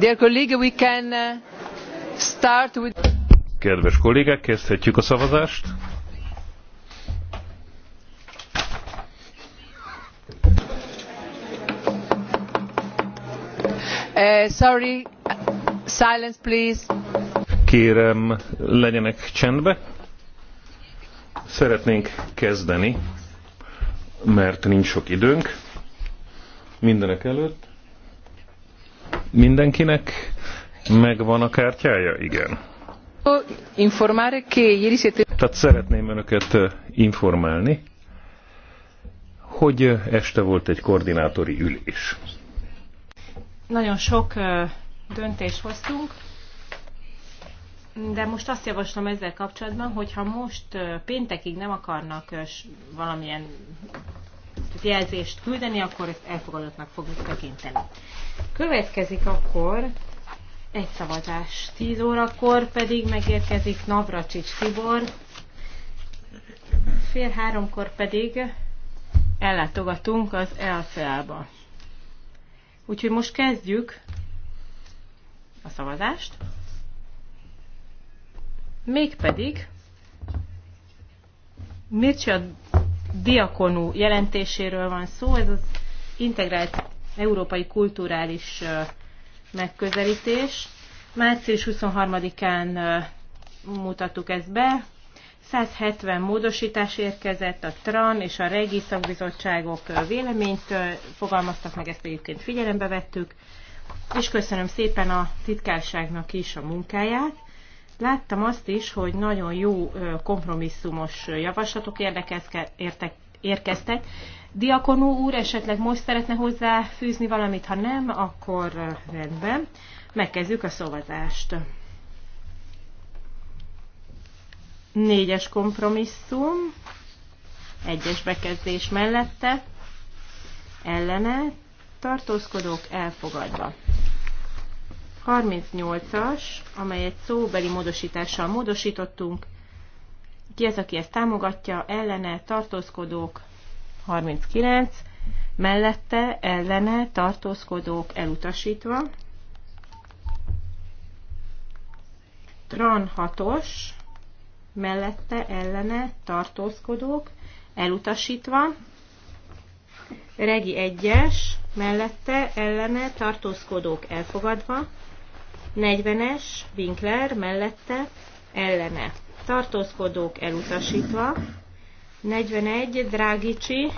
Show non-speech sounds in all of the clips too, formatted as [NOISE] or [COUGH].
Uh, Kedves kollégák, kezdhetjük a szavazást. Uh, sorry, silence please. Kérem, legyenek csendbe. Szeretnénk kezdeni, mert nincs sok időnk. Mindenek előtt Mindenkinek megvan a kártyája? Igen. Tehát szeretném önöket eh, informálni, hogy eh, este volt egy koordinátori ülés. Nagyon sok eh, döntést hoztunk, de most azt javaslom ezzel kapcsolatban, hogy ha most péntekig nem akarnak valamilyen jelzést küldeni, akkor ezt elfogadottnak fogjuk tekinteni. Következik akkor egy szavazás 10 órakor, pedig megérkezik Navracsics Tibor, fél háromkor pedig ellátogatunk az ELFEA-ba. Úgyhogy most kezdjük a szavazást. Mégpedig Mircea diakonú jelentéséről van szó, ez az integrált európai kulturális megközelítés. Március 23-án mutattuk ezt be. 170 módosítás érkezett, a TRAN és a REGI szakbizottságok véleményt fogalmaztak meg, ezt egyébként figyelembe vettük, és köszönöm szépen a titkárságnak is a munkáját. Láttam azt is, hogy nagyon jó kompromisszumos javaslatok értek, érkeztek. Diakonú úr esetleg most szeretne hozzáfűzni valamit, ha nem, akkor rendben. Megkezdjük a szavazást. Négyes kompromisszum, egyes bekezdés mellette, ellene, tartózkodók elfogadva. 38-as, amelyet szóbeli módosítással módosítottunk. Ki az, aki ezt támogatja, ellene, tartózkodók, 39, mellette, ellene, tartózkodók, elutasítva. Tran 6-os, mellette, ellene, tartózkodók, elutasítva. Regi 1-es, mellette, ellene, tartózkodók, elfogadva. 40-es Winkler mellette ellene. Tartózkodók elutasítva. 41 Drágicsi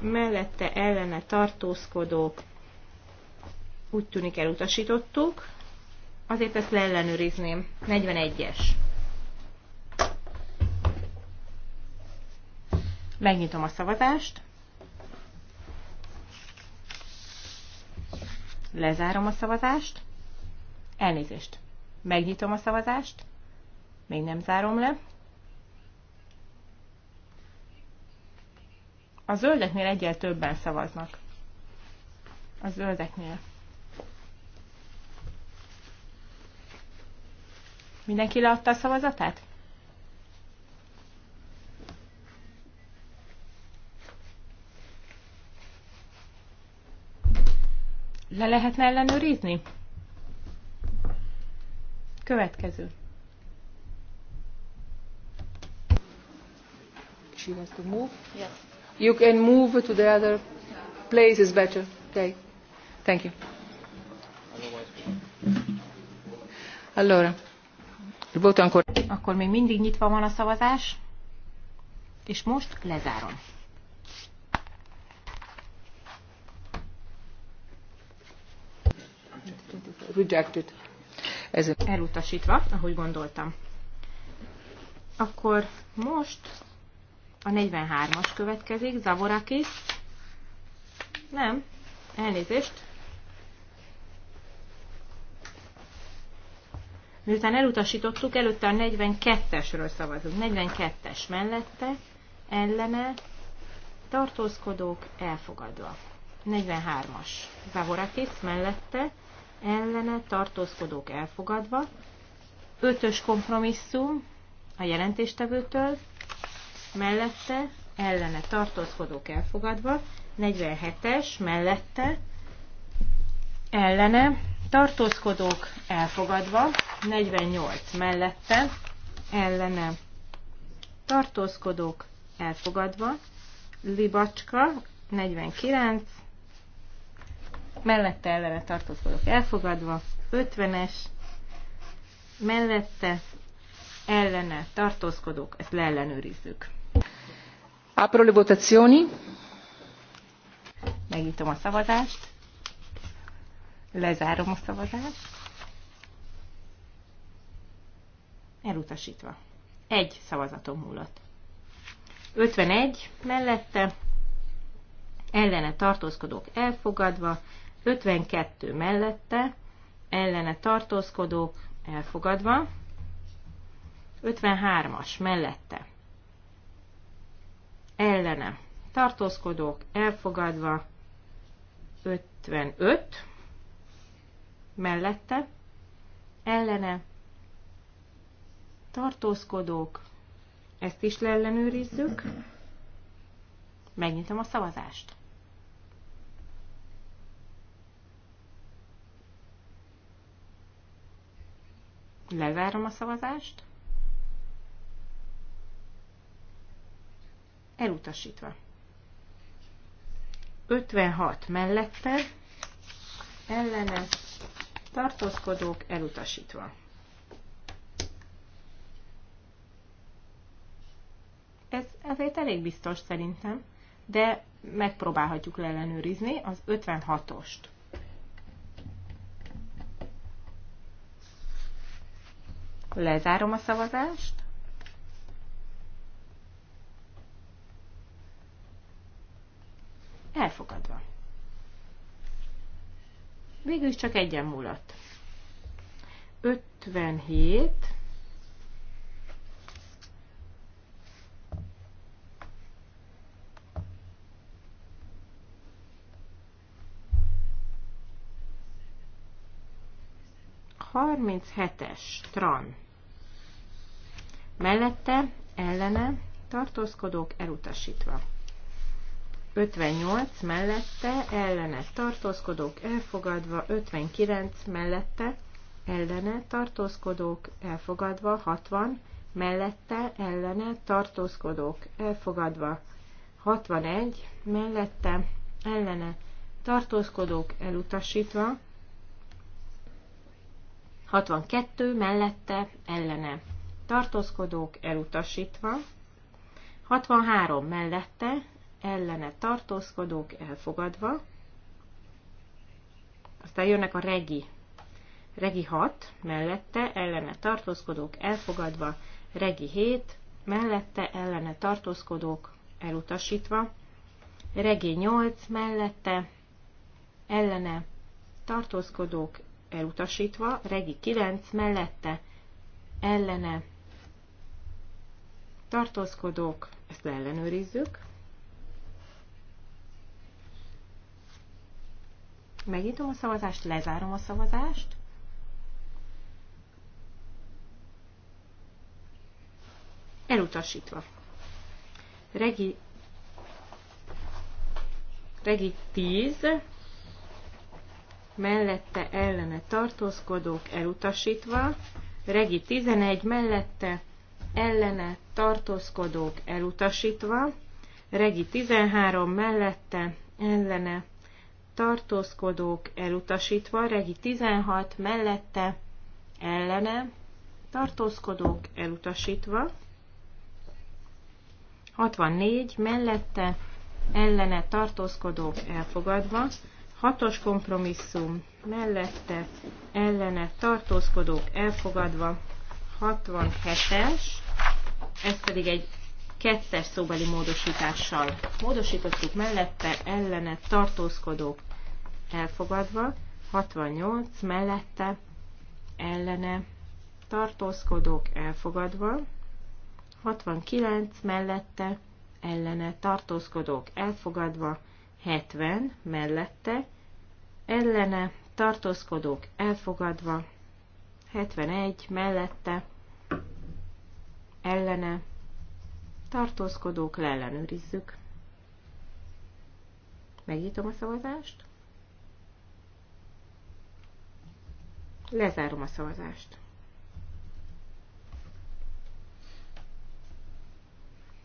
mellette ellene tartózkodók úgy tűnik elutasítottuk. Azért ezt leellenőrizném. 41-es. Megnyitom a szavazást. Lezárom a szavazást. Elnézést. Megnyitom a szavazást. Még nem zárom le. A zöldeknél egyel többen szavaznak. A zöldeknél. Mindenki leadta a szavazatát? Le lehetne ellenőrizni? Következő. She has to move. Yes. You can move to the other place is better. Okay. Thank you. Allora. Akkor még mindig nyitva van a szavazás, és most lezárom. Rejected. Ez elutasítva, ahogy gondoltam. Akkor most a 43-as következik, Zavorakis. Nem, elnézést. Miután elutasítottuk, előtte a 42-esről szavazunk. 42-es mellette, ellene, tartózkodók, elfogadva. 43-as. Zavorakis mellette, ellene tartózkodók elfogadva, ötös kompromisszum a jelentéstevőtől, mellette ellene tartózkodók elfogadva, 47-es mellette ellene tartózkodók elfogadva, 48 mellette ellene tartózkodók elfogadva, Libacska 49 mellette ellene vagyok elfogadva, 50-es mellette ellene tartózkodok, ezt leellenőrizzük. Apro le votazioni. Megnyitom a szavazást. Lezárom a szavazást. Elutasítva. Egy szavazatom múlott. 51 mellette ellene tartózkodók elfogadva, 52 mellette, ellene tartózkodók elfogadva, 53-as mellette, ellene tartózkodók elfogadva, 55 mellette, ellene tartózkodók, ezt is leellenőrizzük, megnyitom a szavazást. Lezárom a szavazást. Elutasítva. 56 mellette, ellene, tartózkodók elutasítva. Ez azért elég biztos szerintem, de megpróbálhatjuk leellenőrizni az 56-ost. Lezárom a szavazást. Elfogadva. Végül is csak egyen múlott. 57. hetes, tran mellette, ellene, tartózkodók elutasítva. 58 mellette, ellene, tartózkodók elfogadva, 59 mellette, ellene, tartózkodók elfogadva, 60 mellette, ellene, tartózkodók elfogadva, 61 mellette, ellene, tartózkodók elutasítva, 62 mellette, ellene, tartózkodók elutasítva, 63 mellette, ellene tartózkodók elfogadva, aztán jönnek a regi, regi 6 mellette, ellene tartózkodók elfogadva, regi 7 mellette, ellene tartózkodók elutasítva, regi 8 mellette, ellene tartózkodók elutasítva, regi 9 mellette, ellene tartózkodók, ezt ellenőrizzük. Megnyitom a szavazást, lezárom a szavazást. Elutasítva. Regi, Regi 10, mellette ellene tartózkodók elutasítva, Regi 11 mellette ellene tartózkodók elutasítva, Regi 13 mellette ellene tartózkodók elutasítva, Regi 16 mellette ellene tartózkodók elutasítva, 64 mellette ellene tartózkodók elfogadva, 6-os kompromisszum mellette ellene tartózkodók elfogadva, 67-es, ez pedig egy kettes szóbeli módosítással módosítottuk mellette, ellene tartózkodók elfogadva, 68 mellette, ellene tartózkodók elfogadva, 69 mellette, ellene tartózkodók elfogadva, 70 mellette, ellene tartózkodók elfogadva, 71 mellette ellene tartózkodók leellenőrizzük. Megnyitom a szavazást. Lezárom a szavazást.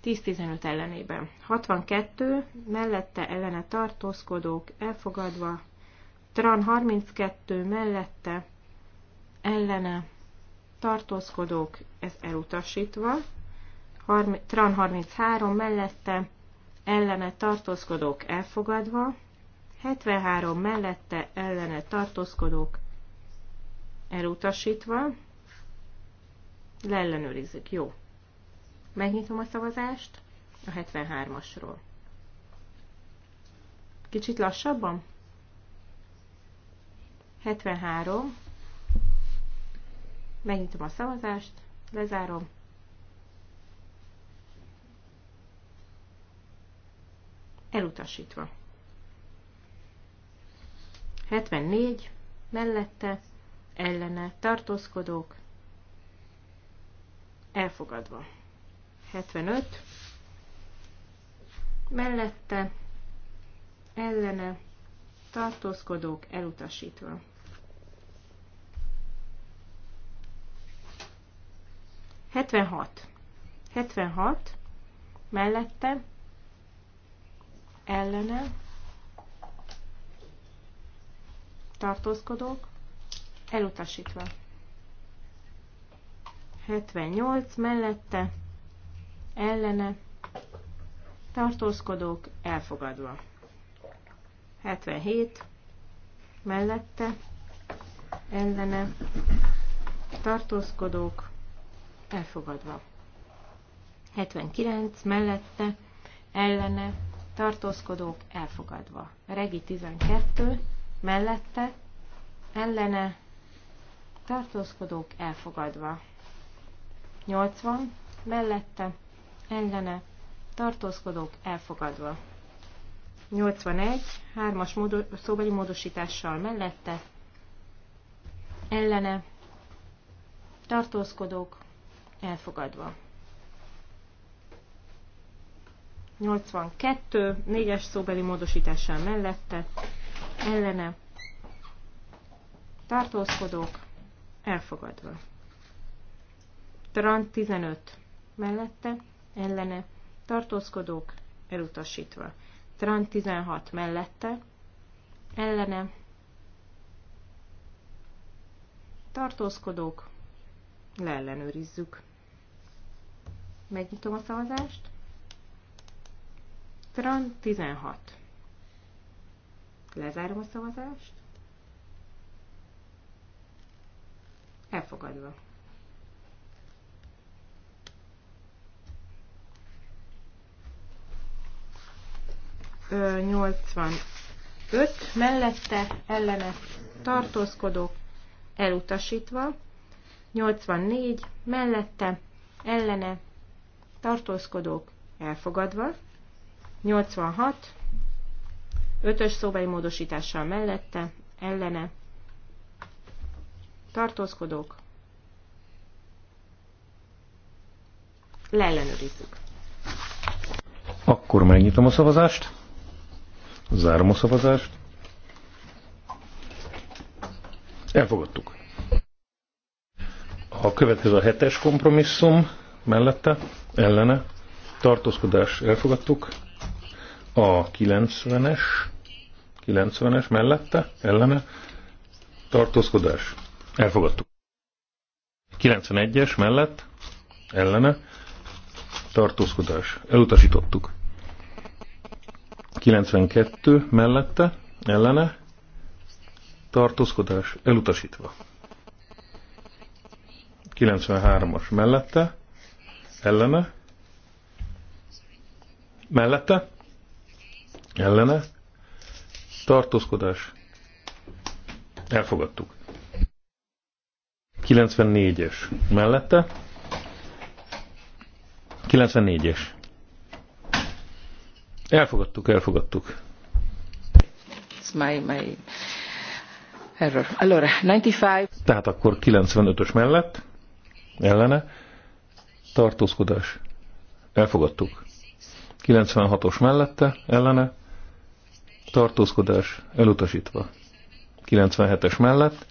10-15 ellenében. 62 mellette ellene tartózkodók elfogadva, Tran 32 mellette ellene tartózkodók, ez elutasítva. Tran 33 mellette ellene tartózkodók elfogadva. 73 mellette ellene tartózkodók elutasítva. Leellenőrizzük. Jó. Megnyitom a szavazást a 73-asról. Kicsit lassabban? 73 Megnyitom a szavazást, lezárom. Elutasítva. 74 mellette, ellene tartózkodók, elfogadva. 75 mellette, ellene tartózkodók, elutasítva. 76. 76 mellette ellene tartózkodók elutasítva. 78 mellette ellene tartózkodók elfogadva. 77 mellette ellene tartózkodók elfogadva. 79 mellette ellene tartózkodók elfogadva. Regi 12 mellette ellene tartózkodók elfogadva. 80 mellette ellene tartózkodók elfogadva. 81 hármas módos, szóbeli módosítással mellette ellene tartózkodók elfogadva. 82, 4 szóbeli módosítással mellette, ellene, tartózkodók, elfogadva. Trant 15, mellette, ellene, tartózkodók, elutasítva. Trant 16, mellette, ellene, tartózkodók, leellenőrizzük. Megnyitom a szavazást. Tran 16. Lezárom a szavazást. Elfogadva. Ö, 85 mellette ellene tartózkodók elutasítva, 84 mellette ellene tartózkodók elfogadva, 86, ötös szóbeli módosítással mellette, ellene, tartózkodók, leellenőrizzük. Akkor megnyitom a szavazást, zárom a szavazást, elfogadtuk. A következő a hetes kompromisszum, mellette, ellene, tartózkodás elfogadtuk, a 90-es, 90-es mellette, ellene, tartózkodás elfogadtuk. 91-es mellett, ellene, tartózkodás elutasítottuk. 92 mellette, ellene, tartózkodás elutasítva. 93-as mellette, ellene, mellette, ellene, tartózkodás, elfogadtuk. 94-es mellette, 94-es. Elfogadtuk, elfogadtuk. It's my, my error. Allora, 95. Tehát akkor 95-ös mellett, ellene, tartózkodás, elfogadtuk. 96-os mellette, ellene, tartózkodás, elutasítva. 97-es mellett,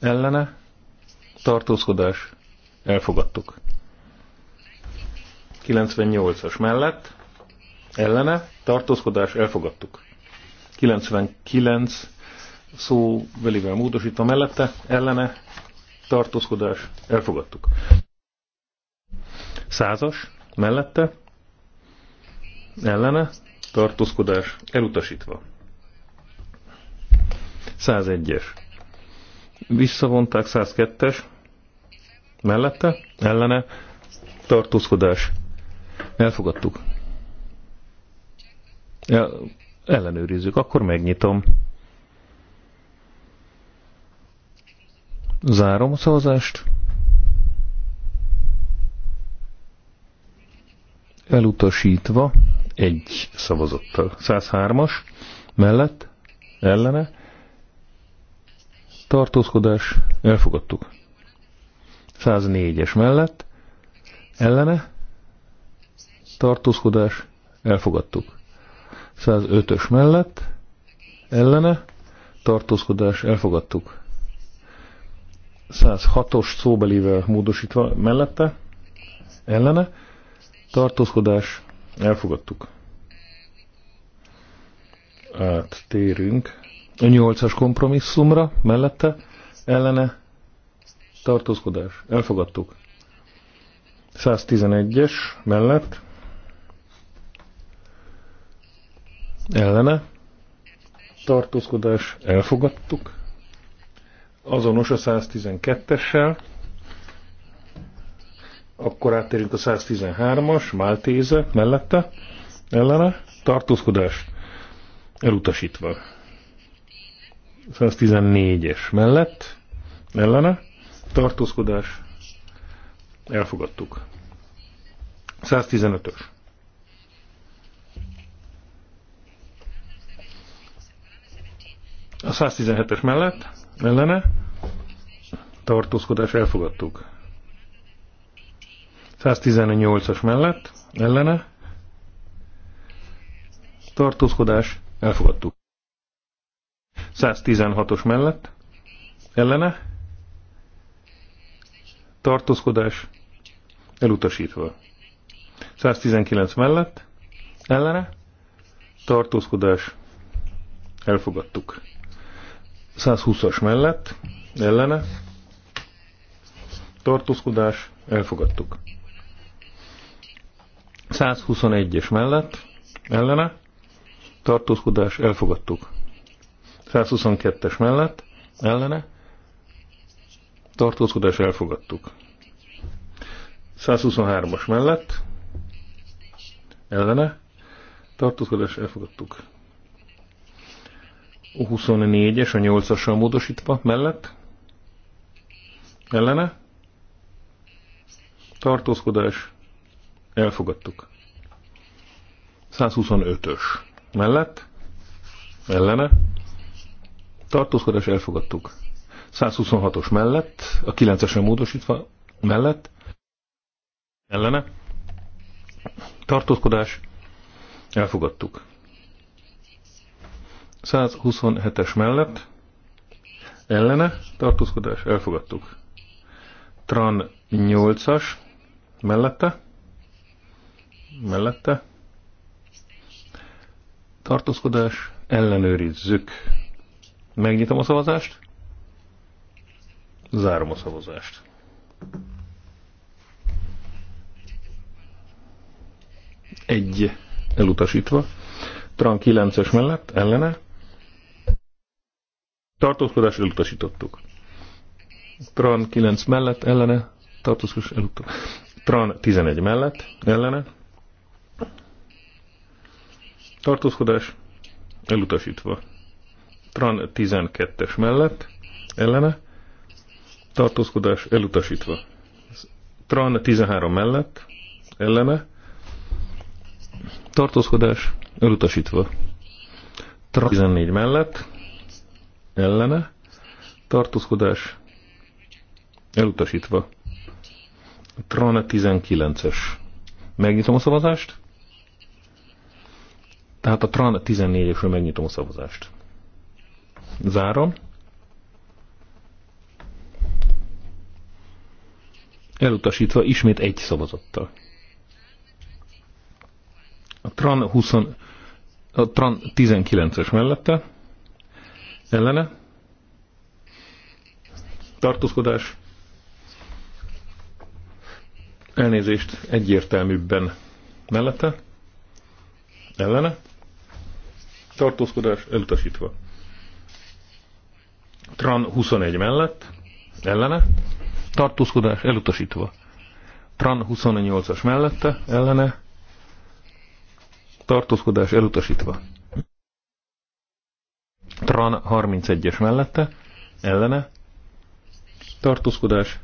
ellene, tartózkodás, elfogadtuk. 98-as mellett, ellene, tartózkodás, elfogadtuk. 99 szó velivel módosítva mellette, ellene, tartózkodás, elfogadtuk. Százas mellette ellene tartózkodás elutasítva. 101-es. Visszavonták 102-es mellette ellene tartózkodás. Elfogadtuk. El, ellenőrizzük, akkor megnyitom. Zárom a szavazást. elutasítva egy szavazattal. 103-as mellett, ellene, tartózkodás, elfogadtuk. 104-es mellett, ellene, tartózkodás, elfogadtuk. 105-ös mellett, ellene, tartózkodás, elfogadtuk. 106-os szóbelivel módosítva mellette, ellene, tartózkodás, elfogadtuk. Áttérünk a nyolcas kompromisszumra, mellette, ellene, tartózkodás, elfogadtuk. 111-es mellett, ellene, tartózkodás, elfogadtuk. Azonos a 112-essel, akkor áttérünk a 113-as, Máltéze mellette, ellene, tartózkodás elutasítva. 114-es mellett, ellene, tartózkodás elfogadtuk. 115-ös. A 117-es mellett, ellene, tartózkodás elfogadtuk. 118-as mellett, ellene, tartózkodás, elfogadtuk. 116-os mellett, ellene, tartózkodás, elutasítva. 119 mellett, ellene, tartózkodás, elfogadtuk. 120-as mellett, ellene, tartózkodás, elfogadtuk. 121-es mellett ellene tartózkodás elfogadtuk. 122-es mellett ellene tartózkodás elfogadtuk. 123-as mellett ellene tartózkodás elfogadtuk. 24-es, a 8-assal módosítva mellett ellene tartózkodás Elfogadtuk. 125-ös. Mellett? Ellene? Tartózkodás elfogadtuk. 126-os mellett, a 9-esen módosítva mellett, ellene, tartózkodás, elfogadtuk. 127-es mellett, ellene, tartózkodás, elfogadtuk. Tran 8-as mellette, mellette. Tartózkodás, ellenőrizzük. Megnyitom a szavazást. Zárom a szavazást. Egy elutasítva. Tran 9-es mellett ellene. Tartózkodás elutasítottuk. Tran 9 mellett ellene. Tartózkodás elutasítottuk. Tran 11 mellett ellene tartózkodás elutasítva. Tran 12-es mellett ellene tartózkodás elutasítva. Tran 13 mellett ellene tartózkodás elutasítva. Tran 14 mellett ellene tartózkodás elutasítva. Tran 19-es. Megnyitom a szavazást. Tehát a TRAN 14-esről megnyitom a szavazást. Zárom. Elutasítva ismét egy szavazattal. A TRAN 20, a TRAN 19-es mellette ellene tartózkodás elnézést egyértelműbben mellette ellene tartózkodás elutasítva. Tran 21 mellett, ellene, tartózkodás elutasítva. Tran 28-as mellette, ellene, tartózkodás elutasítva. Tran 31-es mellette, ellene, tartózkodás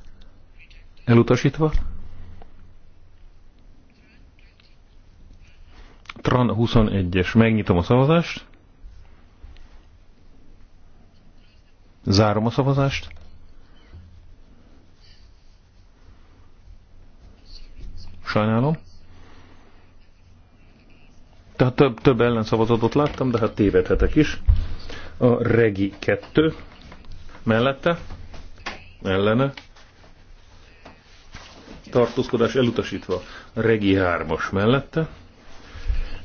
elutasítva. TRAN 21-es. Megnyitom a szavazást. Zárom a szavazást. Sajnálom. Tehát több, több ellenszavazatot láttam, de hát tévedhetek is. A Regi 2 mellette, ellene, tartózkodás elutasítva. Regi 3-as mellette,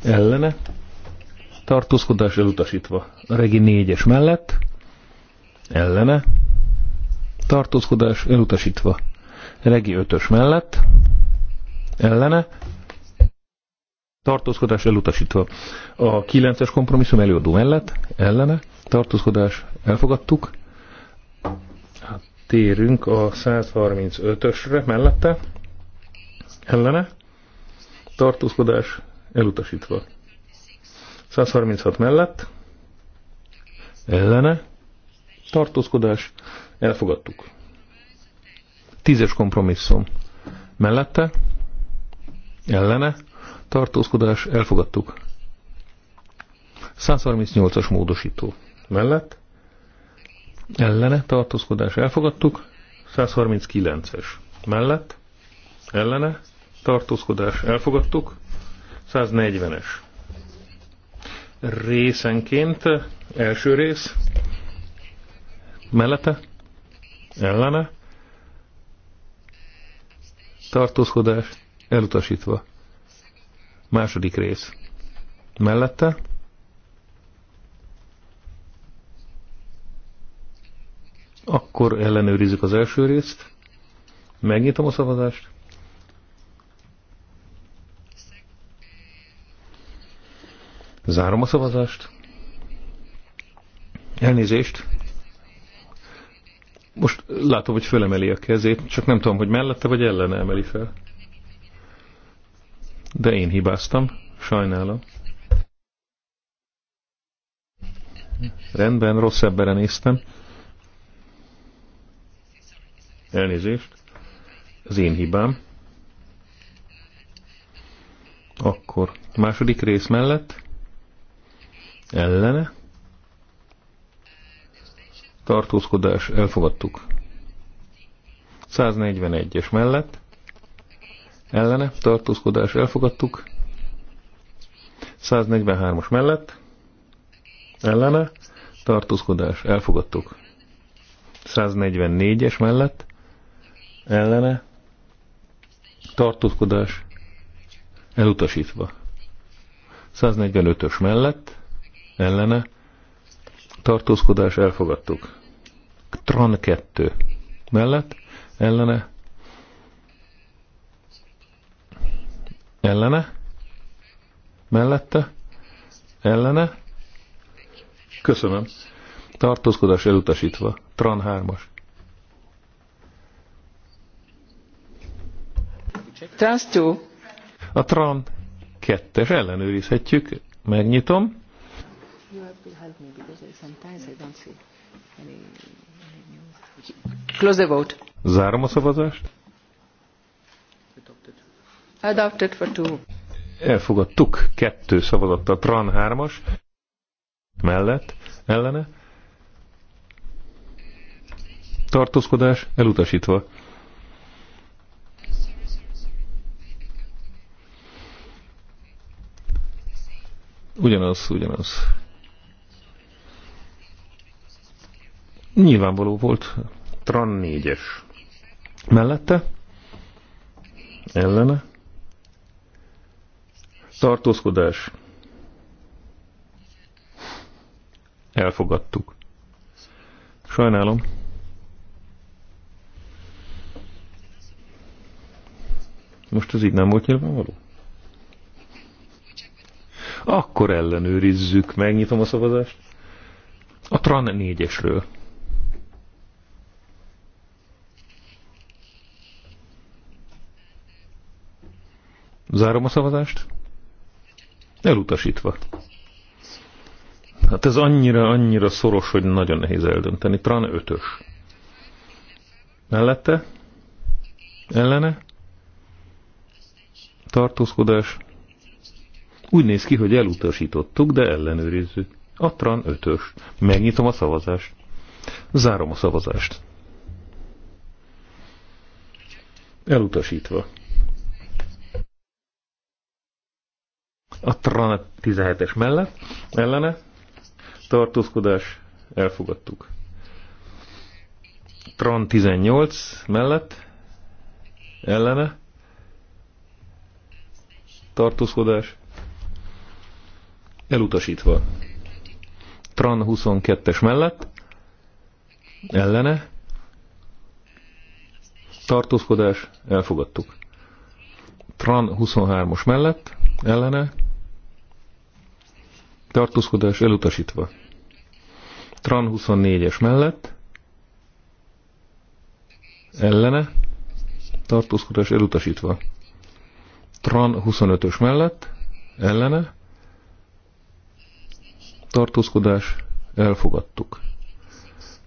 ellene, tartózkodás elutasítva. Regi 4-es mellett, ellene, tartózkodás elutasítva. Regi 5-ös mellett, ellene, tartózkodás elutasítva. A 9-es kompromisszum előadó mellett, ellene, tartózkodás elfogadtuk. Hát térünk a 135-ösre mellette, ellene, tartózkodás elutasítva. 136 mellett, ellene, tartózkodás, elfogadtuk. Tízes kompromisszum. Mellette, ellene, tartózkodás, elfogadtuk. 138-as módosító. Mellett, ellene, tartózkodás, elfogadtuk. 139-es. Mellett, ellene, tartózkodás, elfogadtuk. 140-es. Részenként első rész mellette ellene tartózkodás elutasítva. Második rész mellette Akkor ellenőrizzük az első részt. Megnyitom a szavazást. Zárom a szavazást. Elnézést. Most látom, hogy fölemeli a kezét, csak nem tudom, hogy mellette vagy ellene emeli fel. De én hibáztam, sajnálom. Rendben, rossz ebben néztem. Elnézést. Az én hibám. Akkor második rész mellett ellene, tartózkodás, elfogadtuk. 141-es mellett, ellene, tartózkodás, elfogadtuk. 143-as mellett, ellene, tartózkodás, elfogadtuk. 144-es mellett, ellene, tartózkodás, elutasítva. 145-ös mellett, ellene tartózkodás elfogadtuk. Tran 2 mellett ellene ellene mellette ellene köszönöm tartózkodás elutasítva Tran 3-as a Tran 2-es ellenőrizhetjük megnyitom you have to help me because sometimes I don't see any, any news. Close the vote. Zárom a szavazást. Adopted for two. Elfogadtuk kettő szavazattal. Tran 3-as mellett, ellene. Tartózkodás elutasítva. Ugyanaz, ugyanaz. Nyilvánvaló volt. Tran 4-es. Mellette? Ellene? Tartózkodás. Elfogadtuk. Sajnálom. Most ez így nem volt nyilvánvaló? Akkor ellenőrizzük, megnyitom a szavazást. A Tran 4-esről. Zárom a szavazást. Elutasítva. Hát ez annyira, annyira szoros, hogy nagyon nehéz eldönteni. Tran ötös. Mellette? Ellene? Tartózkodás? Úgy néz ki, hogy elutasítottuk, de ellenőrizzük. A Tran ötös. Megnyitom a szavazást. Zárom a szavazást. Elutasítva. A TRAN 17-es mellett ellene tartózkodás elfogadtuk. TRAN 18 mellett ellene tartózkodás elutasítva. TRAN 22-es mellett ellene tartózkodás elfogadtuk. TRAN 23-os mellett ellene tartózkodás elutasítva. Tran 24-es mellett, ellene, tartózkodás elutasítva. Tran 25-ös mellett, ellene, tartózkodás elfogadtuk.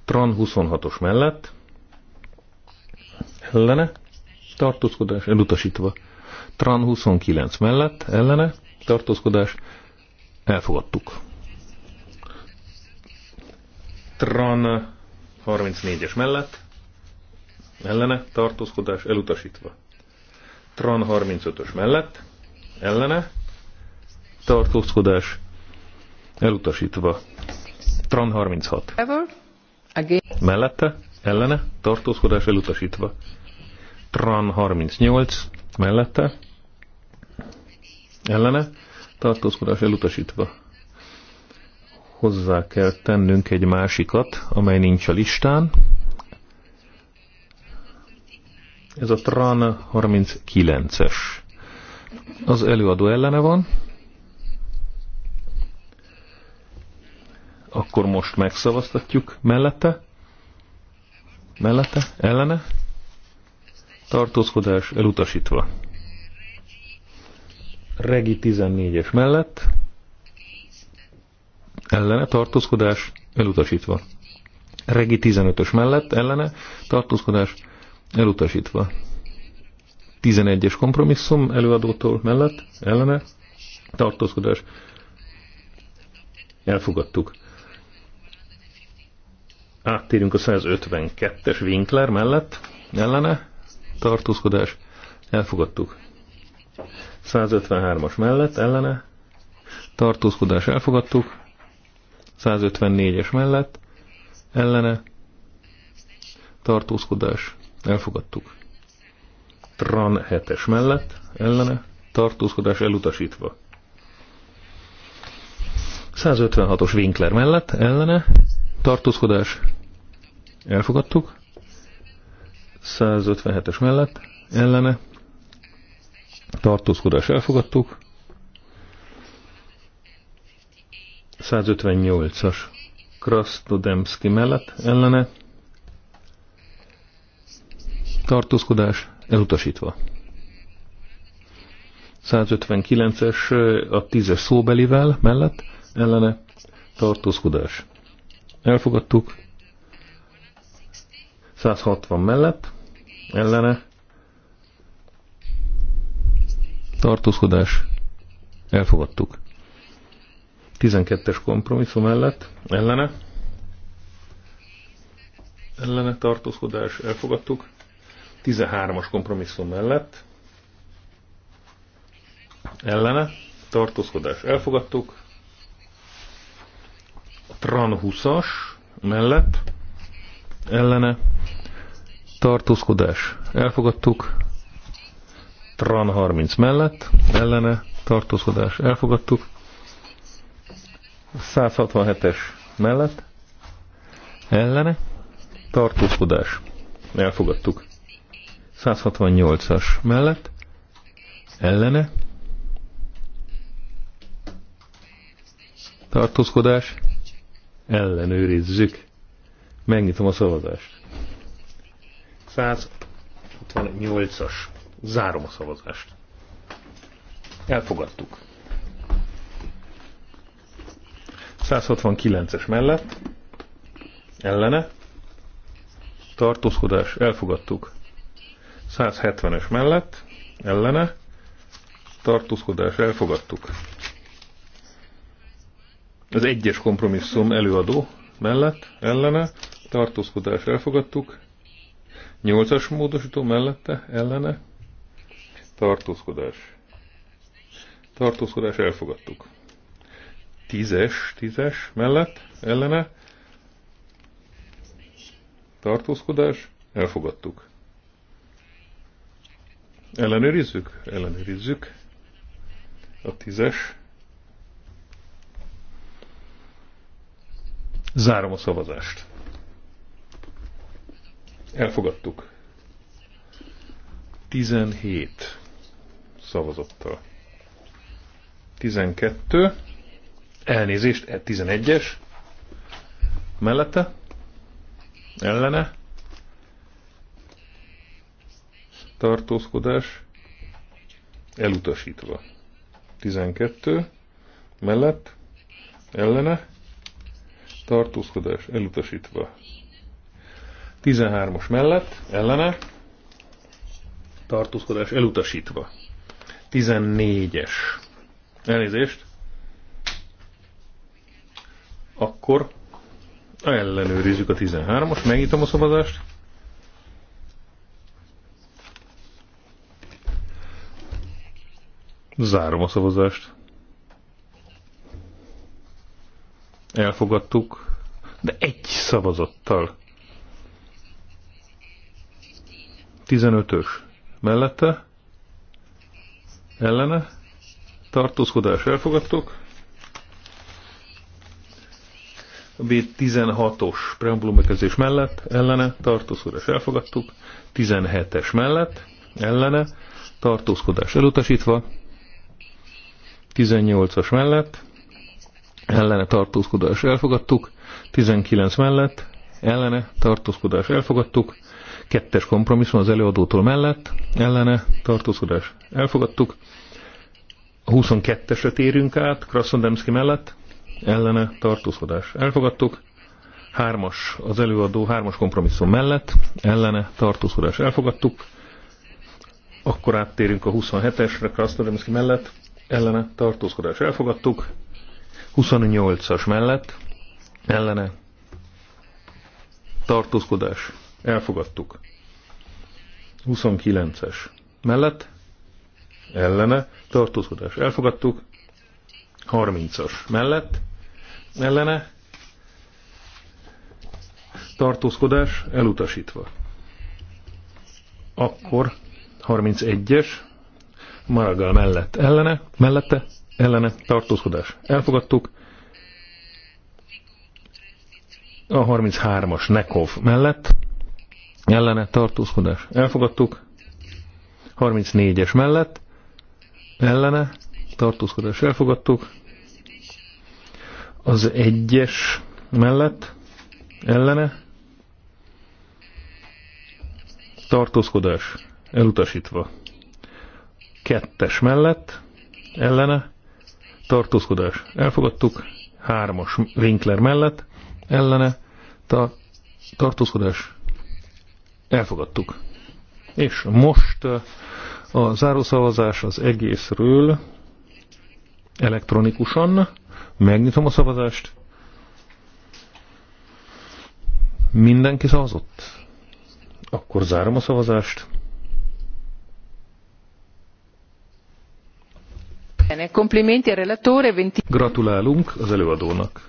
Tran 26-os mellett, ellene, tartózkodás elutasítva. Tran 29 mellett, ellene, tartózkodás Elfogadtuk. Tran 34-es mellett, ellene, tartózkodás elutasítva. Tran 35-ös mellett, ellene, tartózkodás elutasítva. Tran 36. Mellette, ellene, tartózkodás elutasítva. Tran 38, mellette, ellene, tartózkodás elutasítva. Hozzá kell tennünk egy másikat, amely nincs a listán. Ez a TRAN 39-es. Az előadó ellene van. Akkor most megszavaztatjuk mellette. Mellette, ellene. Tartózkodás elutasítva. Regi 14-es mellett ellene tartózkodás elutasítva. Regi 15-ös mellett ellene tartózkodás elutasítva. 11-es kompromisszum előadótól mellett ellene tartózkodás elfogadtuk. Áttérünk a 152-es Winkler mellett ellene tartózkodás elfogadtuk. 153-as mellett ellene, tartózkodás elfogadtuk, 154-es mellett ellene, tartózkodás elfogadtuk. Tran 7-es mellett ellene, tartózkodás elutasítva. 156-os Winkler mellett ellene, tartózkodás elfogadtuk, 157-es mellett ellene, tartózkodás elfogadtuk. 158-as Krasnodemski mellett ellene tartózkodás elutasítva. 159-es a 10-es szóbelivel mellett ellene tartózkodás. Elfogadtuk. 160 mellett ellene tartózkodás, elfogadtuk. 12-es kompromisszum mellett, ellene, ellene tartózkodás, elfogadtuk. 13-as kompromisszum mellett, ellene, tartózkodás, elfogadtuk. A TRAN 20-as mellett, ellene, tartózkodás, elfogadtuk. Tran 30 mellett, ellene, tartózkodás elfogadtuk. 167-es mellett, ellene, tartózkodás elfogadtuk. 168-as mellett, ellene, tartózkodás, ellenőrizzük. Megnyitom a szavazást. 168-as. Zárom a szavazást. Elfogadtuk. 169-es mellett, ellene, tartózkodás, elfogadtuk. 170-es mellett, ellene, tartózkodás, elfogadtuk. Az egyes kompromisszum előadó mellett, ellene, tartózkodás, elfogadtuk. 8-as módosító mellette, ellene, tartózkodás. Tartózkodás elfogadtuk. Tízes, tízes mellett, ellene, tartózkodás, elfogadtuk. Ellenőrizzük? Ellenőrizzük. A tízes. Zárom a szavazást. Elfogadtuk. 17 szavazattal. 12. Elnézést, 11-es. E, Mellette. Ellene. Tartózkodás. Elutasítva. 12. Mellett. Ellene. Tartózkodás. Elutasítva. 13 os mellett. Ellene. Tartózkodás. Elutasítva. 14-es. Elnézést. Akkor ellenőrizzük a 13-as, megnyitom a szavazást. Zárom a szavazást. Elfogadtuk, de egy szavazattal. 15-ös mellette ellene, tartózkodás elfogadtok. A B16-os preambulumbekezés mellett, ellene, tartózkodás elfogadtuk. 17-es mellett, ellene, tartózkodás elutasítva. 18-as mellett, ellene tartózkodás elfogadtuk, 19 mellett, ellene tartózkodás elfogadtuk, Kettes kompromisszum az előadótól mellett, ellene tartózkodás. Elfogadtuk. A 22-esre térünk át, Krasnodemski mellett, ellene tartózkodás. Elfogadtuk. Hármas az előadó hármas kompromisszum mellett, ellene tartózkodás. Elfogadtuk. Akkor áttérünk a 27-esre, Krasnodemski mellett, ellene tartózkodás. Elfogadtuk. 28-as mellett, ellene tartózkodás Elfogadtuk. 29-es. Mellett? Ellene. Tartózkodás. Elfogadtuk. 30-as. Mellett? Ellene. Tartózkodás. Elutasítva. Akkor 31-es. Maragal mellett. Ellene. Mellette? Ellene. Tartózkodás. Elfogadtuk. A 33-as Nekov mellett ellene tartózkodás elfogadtuk, 34-es mellett ellene tartózkodás elfogadtuk, az egyes mellett ellene tartózkodás elutasítva. Kettes mellett ellene tartózkodás elfogadtuk, hármas Winkler mellett ellene ta, tartózkodás Elfogadtuk. És most uh, a zárószavazás az egészről elektronikusan. Megnyitom a szavazást. Mindenki szavazott? Akkor zárom a szavazást. Gratulálunk az előadónak.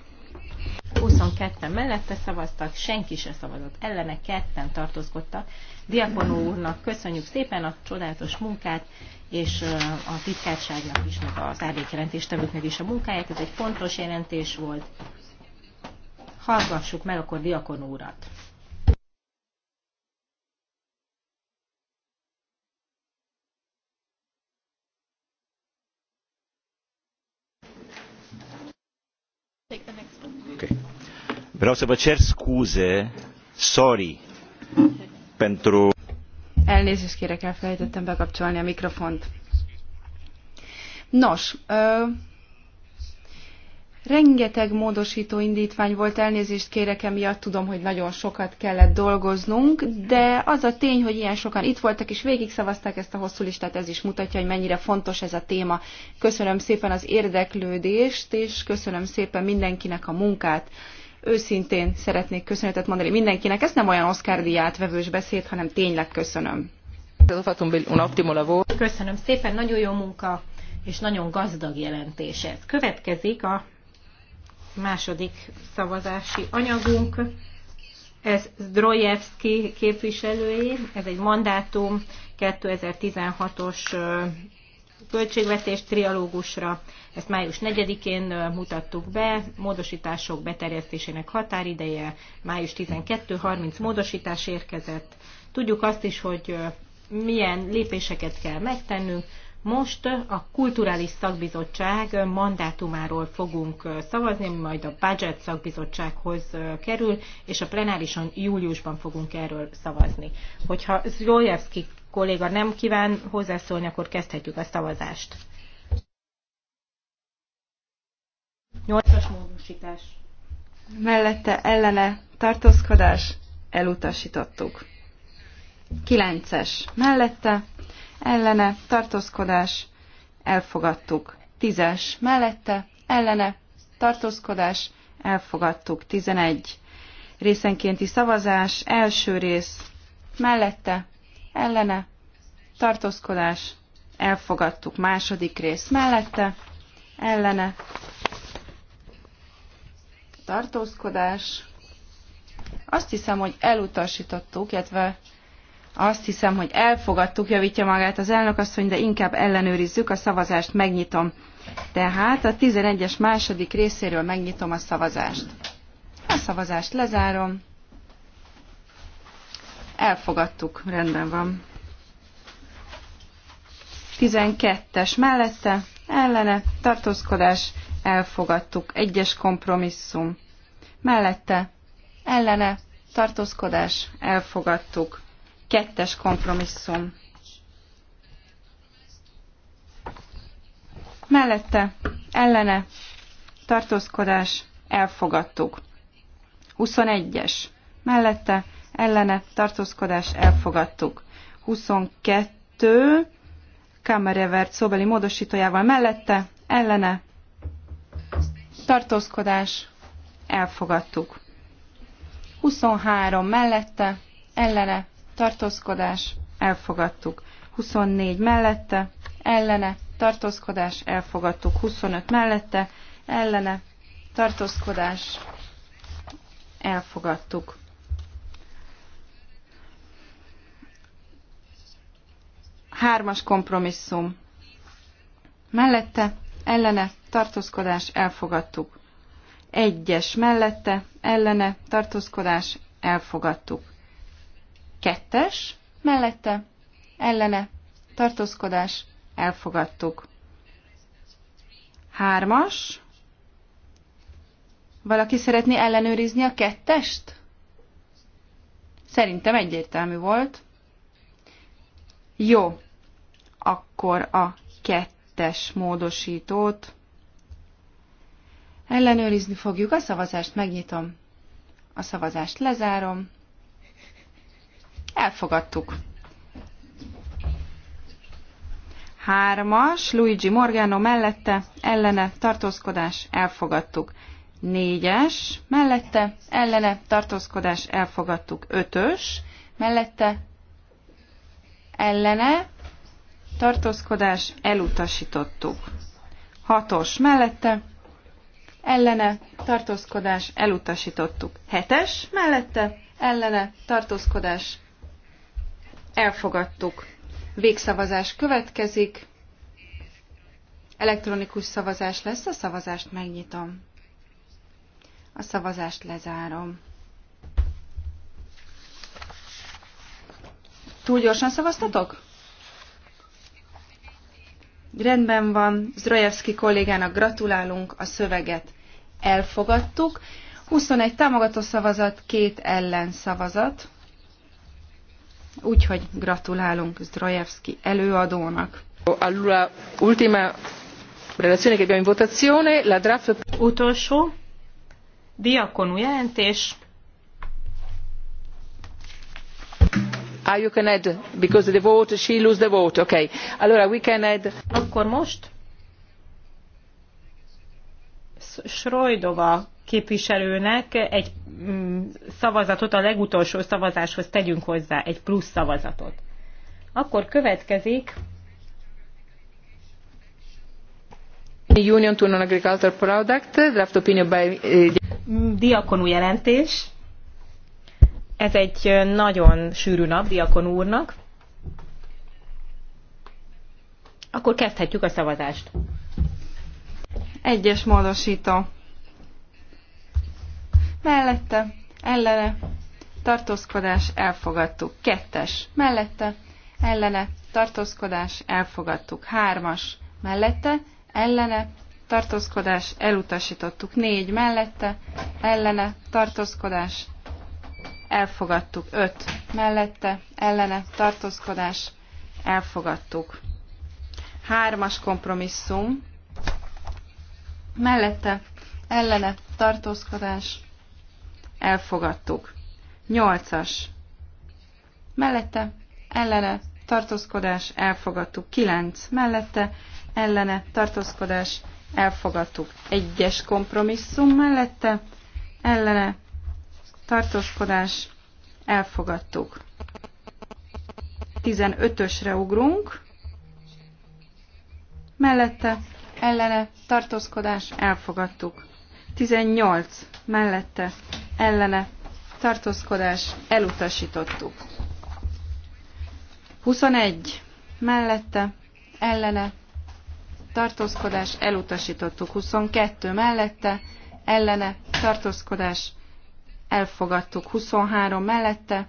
22-en mellette szavaztak, senki se szavazott ellene, ketten tartózkodtak. Diakonó úrnak köszönjük szépen a csodálatos munkát, és a titkárságnak is, meg az árvékjelentéstevőknek is a munkáját. Ez egy fontos jelentés volt. Hallgassuk meg akkor Diakonó urat. Vreau să vă cer scuze, sorry, pentru... Elnézést kérek, elfelejtettem bekapcsolni a mikrofont. Nos, ö, rengeteg módosító indítvány volt, elnézést kérek emiatt, tudom, hogy nagyon sokat kellett dolgoznunk, de az a tény, hogy ilyen sokan itt voltak és végig szavazták ezt a hosszú listát, ez is mutatja, hogy mennyire fontos ez a téma. Köszönöm szépen az érdeklődést, és köszönöm szépen mindenkinek a munkát. Őszintén szeretnék köszönetet mondani mindenkinek. Ez nem olyan Oscar díját vevős beszéd, hanem tényleg köszönöm. Köszönöm szépen, nagyon jó munka és nagyon gazdag jelentés ez. Következik a második szavazási anyagunk. Ez Zdrojevski képviselői, ez egy mandátum 2016-os költségvetés trialógusra. Ezt május 4-én mutattuk be, módosítások beterjesztésének határideje május 12-30 módosítás érkezett. Tudjuk azt is, hogy milyen lépéseket kell megtennünk. Most a Kulturális Szakbizottság mandátumáról fogunk szavazni, majd a Budget Szakbizottsághoz kerül, és a plenárison júliusban fogunk erről szavazni. Hogyha Zrojevski kolléga nem kíván hozzászólni, akkor kezdhetjük a szavazást. 8-as módosítás. Mellette ellene tartózkodás elutasítottuk. 9-es mellette ellene tartózkodás elfogadtuk. 10-es mellette ellene tartózkodás elfogadtuk. 11 részenkénti szavazás első rész mellette ellene, tartózkodás, elfogadtuk második rész mellette, ellene, tartózkodás. Azt hiszem, hogy elutasítottuk, illetve azt hiszem, hogy elfogadtuk, javítja magát az elnök asszony, de inkább ellenőrizzük, a szavazást megnyitom. Tehát a 11-es második részéről megnyitom a szavazást. A szavazást lezárom. Elfogadtuk, rendben van. 12-es mellette, ellene, tartózkodás, elfogadtuk. Egyes kompromisszum. Mellette, ellene, tartózkodás, elfogadtuk. Kettes kompromisszum. Mellette, ellene, tartózkodás, elfogadtuk. 21-es. Mellette, ellene tartózkodás elfogadtuk. 22 Kamerevert szóbeli módosítójával mellette ellene tartózkodás elfogadtuk. 23 mellette ellene tartózkodás elfogadtuk. 24 mellette ellene tartózkodás elfogadtuk. 25 mellette ellene tartózkodás elfogadtuk. Hármas kompromisszum. Mellette, ellene, tartózkodás, elfogadtuk. Egyes mellette, ellene, tartózkodás, elfogadtuk. Kettes, mellette, ellene, tartózkodás, elfogadtuk. Hármas, valaki szeretné ellenőrizni a kettest? Szerintem egyértelmű volt. Jó, akkor a kettes módosítót ellenőrizni fogjuk. A szavazást megnyitom, a szavazást lezárom. Elfogadtuk. Hármas, Luigi Morgano mellette, ellene, tartózkodás, elfogadtuk. Négyes, mellette, ellene, tartózkodás, elfogadtuk. Ötös, mellette, ellene, tartózkodás, elutasítottuk. Hatos mellette, ellene, tartózkodás, elutasítottuk. Hetes mellette, ellene, tartózkodás, elfogadtuk. Végszavazás következik. Elektronikus szavazás lesz, a szavazást megnyitom. A szavazást lezárom. Túl gyorsan szavaztatok? Rendben van, Zrojevski kollégának gratulálunk, a szöveget elfogadtuk. 21 támogató szavazat, két ellen szavazat. Úgyhogy gratulálunk Zdrojevski előadónak. Allora, ultima relazione che abbiamo in votazione, la draft... Utolsó, diakonú jelentés, Ah, you can add, because the vote, she lose the vote, okay. Allora, we Akkor most? Srojdova képviselőnek egy mm, szavazatot, a legutolsó szavazáshoz tegyünk hozzá egy plusz szavazatot. Akkor következik Union to non-agricultural product, draft opinion by... Eh, diakonú jelentés. Ez egy nagyon sűrű nap Diakon úrnak. Akkor kezdhetjük a szavazást. Egyes módosító. Mellette, ellene, tartózkodás, elfogadtuk. Kettes, mellette, ellene, tartózkodás, elfogadtuk. Hármas, mellette, ellene, tartózkodás, elutasítottuk. Négy, mellette, ellene, tartózkodás, elfogadtuk. 5 mellette, ellene, tartózkodás, elfogadtuk. Hármas kompromisszum, mellette, ellene, tartózkodás, elfogadtuk. Nyolcas, mellette, ellene, tartózkodás, elfogadtuk. Kilenc, mellette, ellene, tartózkodás, elfogadtuk. Egyes kompromisszum mellette, ellene, tartózkodás, elfogadtuk. 15-ösre ugrunk, mellette, ellene, tartózkodás, elfogadtuk. 18, mellette, ellene, tartózkodás, elutasítottuk. 21, mellette, ellene, tartózkodás, elutasítottuk. 22, mellette, ellene, tartózkodás, elfogadtuk 23 mellette,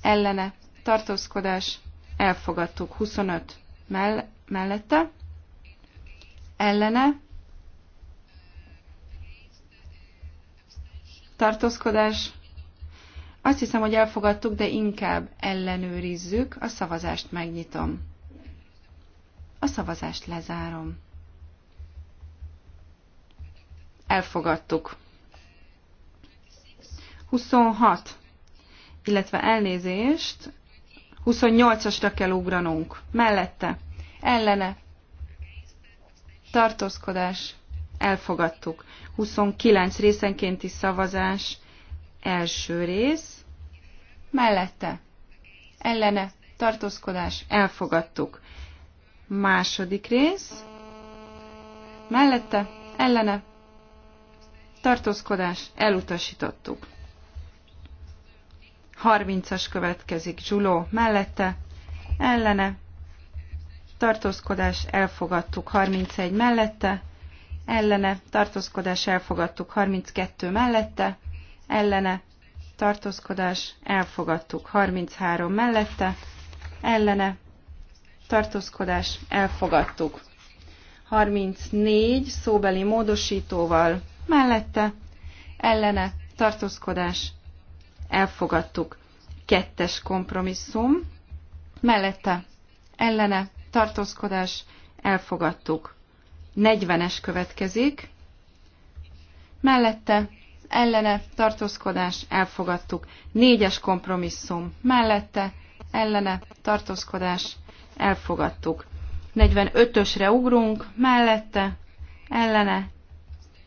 ellene tartózkodás, elfogadtuk 25 mell- mellette, ellene tartózkodás, azt hiszem, hogy elfogadtuk, de inkább ellenőrizzük, a szavazást megnyitom. A szavazást lezárom. Elfogadtuk. 26, illetve elnézést, 28-asra kell ugranunk. Mellette, ellene, tartózkodás, elfogadtuk. 29 részenkénti szavazás, első rész, mellette, ellene, tartózkodás, elfogadtuk. Második rész, mellette, ellene, tartózkodás, elutasítottuk. 30-as következik Zsuló mellette, ellene, tartózkodás elfogadtuk 31 mellette, ellene, tartózkodás elfogadtuk 32 mellette, ellene, tartózkodás elfogadtuk 33 mellette, ellene, tartózkodás elfogadtuk 34 szóbeli módosítóval mellette, ellene, tartózkodás elfogadtuk. Kettes kompromisszum, mellette ellene tartózkodás, elfogadtuk. 40-es következik, mellette ellene tartózkodás, elfogadtuk. Négyes kompromisszum, mellette ellene tartózkodás, elfogadtuk. 45-ösre ugrunk, mellette ellene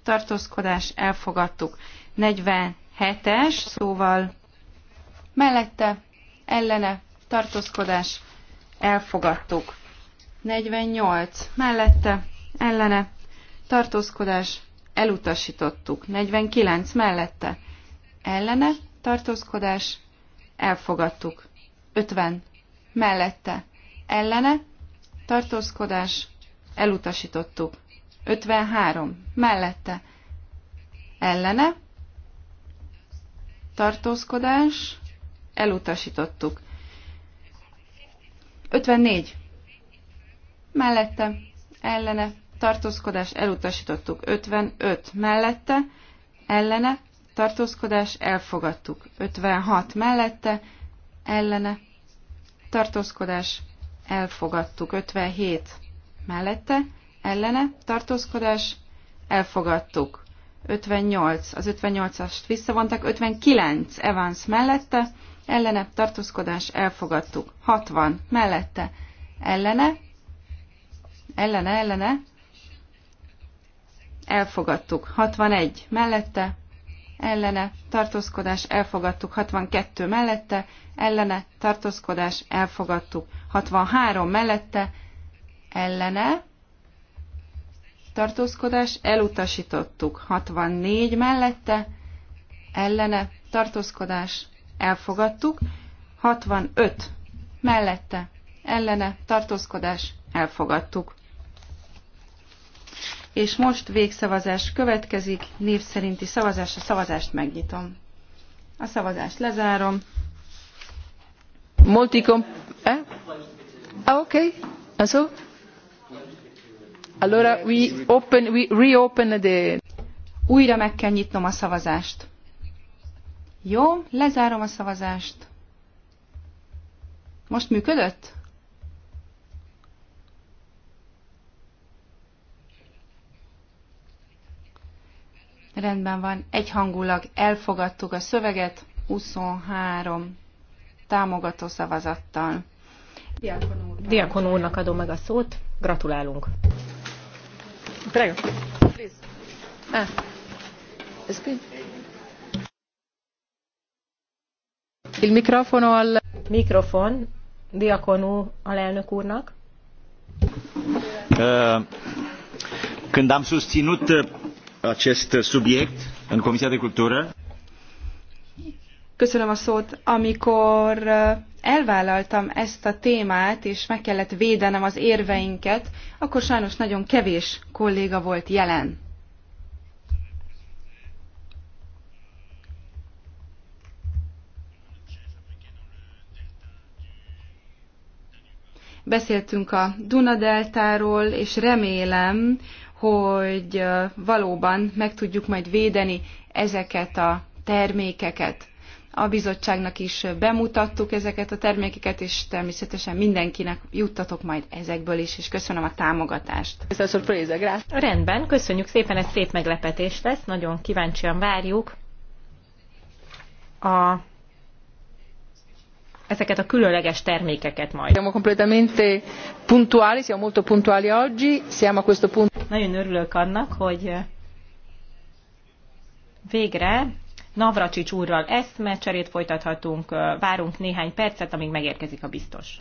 tartózkodás, elfogadtuk hetes szóval mellette, ellene, tartózkodás, elfogadtuk. 48 mellette, ellene, tartózkodás, elutasítottuk. 49 mellette, ellene, tartózkodás, elfogadtuk. 50 mellette, ellene, tartózkodás, elutasítottuk. 53 mellette, ellene, tartózkodás, elutasítottuk. 54. Mellette, ellene, tartózkodás, elutasítottuk. 55. Mellette, ellene, tartózkodás, elfogadtuk. 56. Mellette, ellene, tartózkodás, elfogadtuk. 57. Mellette, ellene, tartózkodás, elfogadtuk. 58, az 58-ast visszavonták, 59 Evans mellette, ellene tartózkodás elfogadtuk, 60 mellette, ellene, ellene, ellene, elfogadtuk, 61 mellette, ellene, tartózkodás, elfogadtuk, 62 mellette, ellene, tartózkodás, elfogadtuk, 63 mellette, ellene, tartózkodás, elutasítottuk 64 mellette, ellene tartózkodás, elfogadtuk 65 mellette, ellene tartózkodás, elfogadtuk. És most végszavazás következik, név szerinti szavazás, a szavazást megnyitom. A szavazást lezárom. Multikom... Eh? Ah, okay. Also? Allora we open, we reopen the... Újra meg kell nyitnom a szavazást. Jó, lezárom a szavazást. Most működött? Rendben van, egyhangulag elfogadtuk a szöveget 23 támogató szavazattal. Diakon, úrnak adom meg a szót, gratulálunk! Prego. Ah. Il microfono al... Mikrofon Diaconú alelnök úrnak. Când am susținut uh, acest subiect în Comisia de Cultură, Köszönöm a szót. Amikor elvállaltam ezt a témát, és meg kellett védenem az érveinket, akkor sajnos nagyon kevés kolléga volt jelen. Beszéltünk a Dunadeltáról, és remélem, hogy valóban meg tudjuk majd védeni ezeket a termékeket a bizottságnak is bemutattuk ezeket a termékeket, és természetesen mindenkinek juttatok majd ezekből is, és köszönöm a támogatást. Rendben, köszönjük szépen, ez szép meglepetés lesz, nagyon kíváncsian várjuk a ezeket a különleges termékeket majd. Siamo completamente puntuali, siamo molto puntuali oggi, siamo a questo punto. Nagyon örülök annak, hogy végre Navracsics úrral eszmecserét folytathatunk, várunk néhány percet, amíg megérkezik a biztos.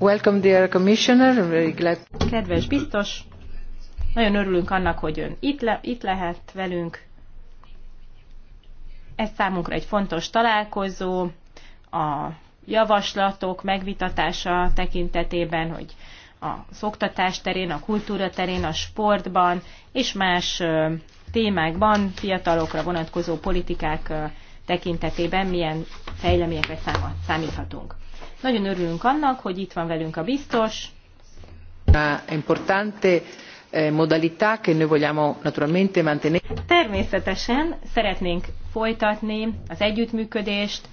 Welcome, dear Commissioner. very glad. Kedves biztos, nagyon örülünk annak, hogy ön itt, le, itt lehet velünk. Ez számunkra egy fontos találkozó, a javaslatok megvitatása tekintetében, hogy a szoktatás terén, a kultúra terén, a sportban és más témákban, fiatalokra vonatkozó politikák tekintetében milyen fejleményekre számíthatunk. Nagyon örülünk annak, hogy itt van velünk a biztos. Importante eh, modalità che noi vogliamo naturalmente mantenere. Természetesen szeretnénk folytatni az együttműködést,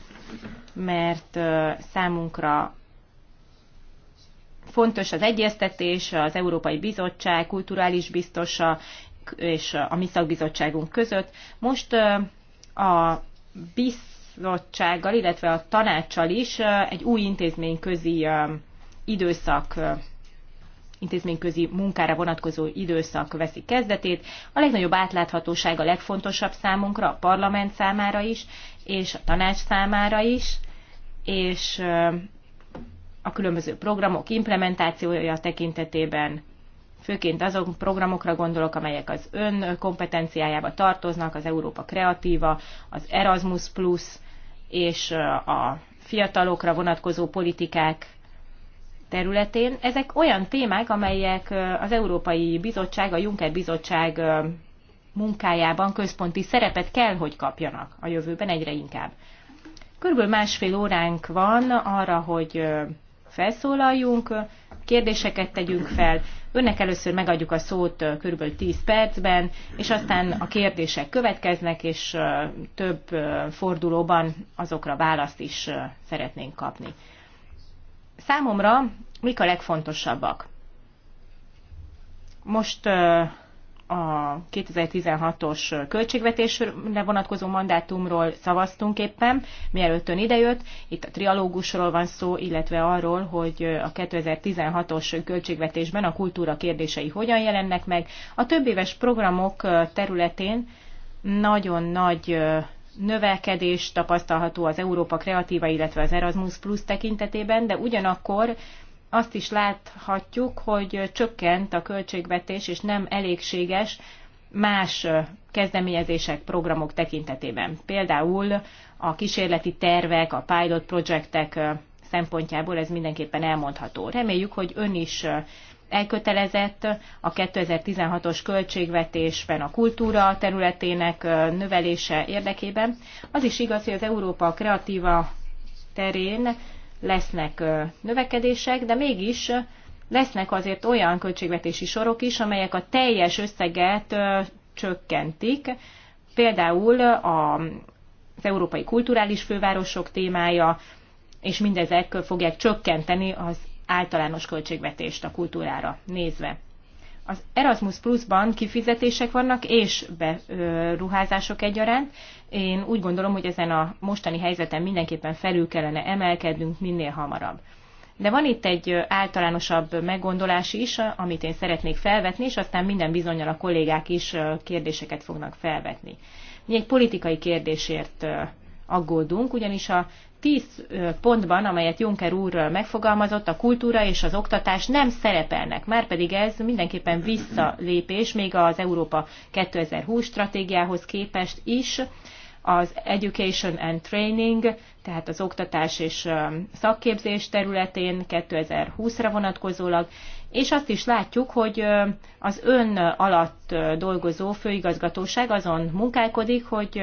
mert eh, számunkra fontos az egyeztetés az Európai Bizottság, kulturális biztosa és a mi szakbizottságunk között. Most eh, a BISZ bizottsággal, illetve a tanácssal is egy új intézményközi időszak intézményközi munkára vonatkozó időszak veszi kezdetét. A legnagyobb átláthatóság a legfontosabb számunkra, a parlament számára is, és a tanács számára is, és a különböző programok implementációja tekintetében, főként azok programokra gondolok, amelyek az ön kompetenciájába tartoznak, az Európa Kreatíva, az Erasmus Plus, és a fiatalokra vonatkozó politikák területén. Ezek olyan témák, amelyek az Európai Bizottság, a Juncker Bizottság munkájában központi szerepet kell, hogy kapjanak a jövőben egyre inkább. Körülbelül másfél óránk van arra, hogy felszólaljunk, kérdéseket tegyünk fel, Önnek először megadjuk a szót kb. 10 percben, és aztán a kérdések következnek, és több fordulóban azokra választ is szeretnénk kapni. Számomra mik a legfontosabbak? Most a 2016-os költségvetésre vonatkozó mandátumról szavaztunk éppen, mielőtt ön idejött. Itt a trialógusról van szó, illetve arról, hogy a 2016-os költségvetésben a kultúra kérdései hogyan jelennek meg. A többéves programok területén nagyon nagy növekedés tapasztalható az Európa Kreatíva, illetve az Erasmus Plus tekintetében, de ugyanakkor azt is láthatjuk, hogy csökkent a költségvetés, és nem elégséges más kezdeményezések, programok tekintetében. Például a kísérleti tervek, a pilot projektek szempontjából ez mindenképpen elmondható. Reméljük, hogy ön is elkötelezett a 2016-os költségvetésben a kultúra területének növelése érdekében. Az is igaz, hogy az Európa kreatíva terén lesznek növekedések, de mégis lesznek azért olyan költségvetési sorok is, amelyek a teljes összeget csökkentik. Például a, az európai kulturális fővárosok témája, és mindezek fogják csökkenteni az általános költségvetést a kultúrára nézve az Erasmus Plus-ban kifizetések vannak és beruházások egyaránt. Én úgy gondolom, hogy ezen a mostani helyzeten mindenképpen felül kellene emelkednünk minél hamarabb. De van itt egy általánosabb meggondolás is, amit én szeretnék felvetni, és aztán minden bizonyal a kollégák is kérdéseket fognak felvetni. Mi egy politikai kérdésért aggódunk, ugyanis a tíz pontban, amelyet Juncker úr megfogalmazott, a kultúra és az oktatás nem szerepelnek, márpedig ez mindenképpen visszalépés, még az Európa 2020 stratégiához képest is, az Education and Training, tehát az oktatás és szakképzés területén 2020-ra vonatkozólag, és azt is látjuk, hogy az ön alatt dolgozó főigazgatóság azon munkálkodik, hogy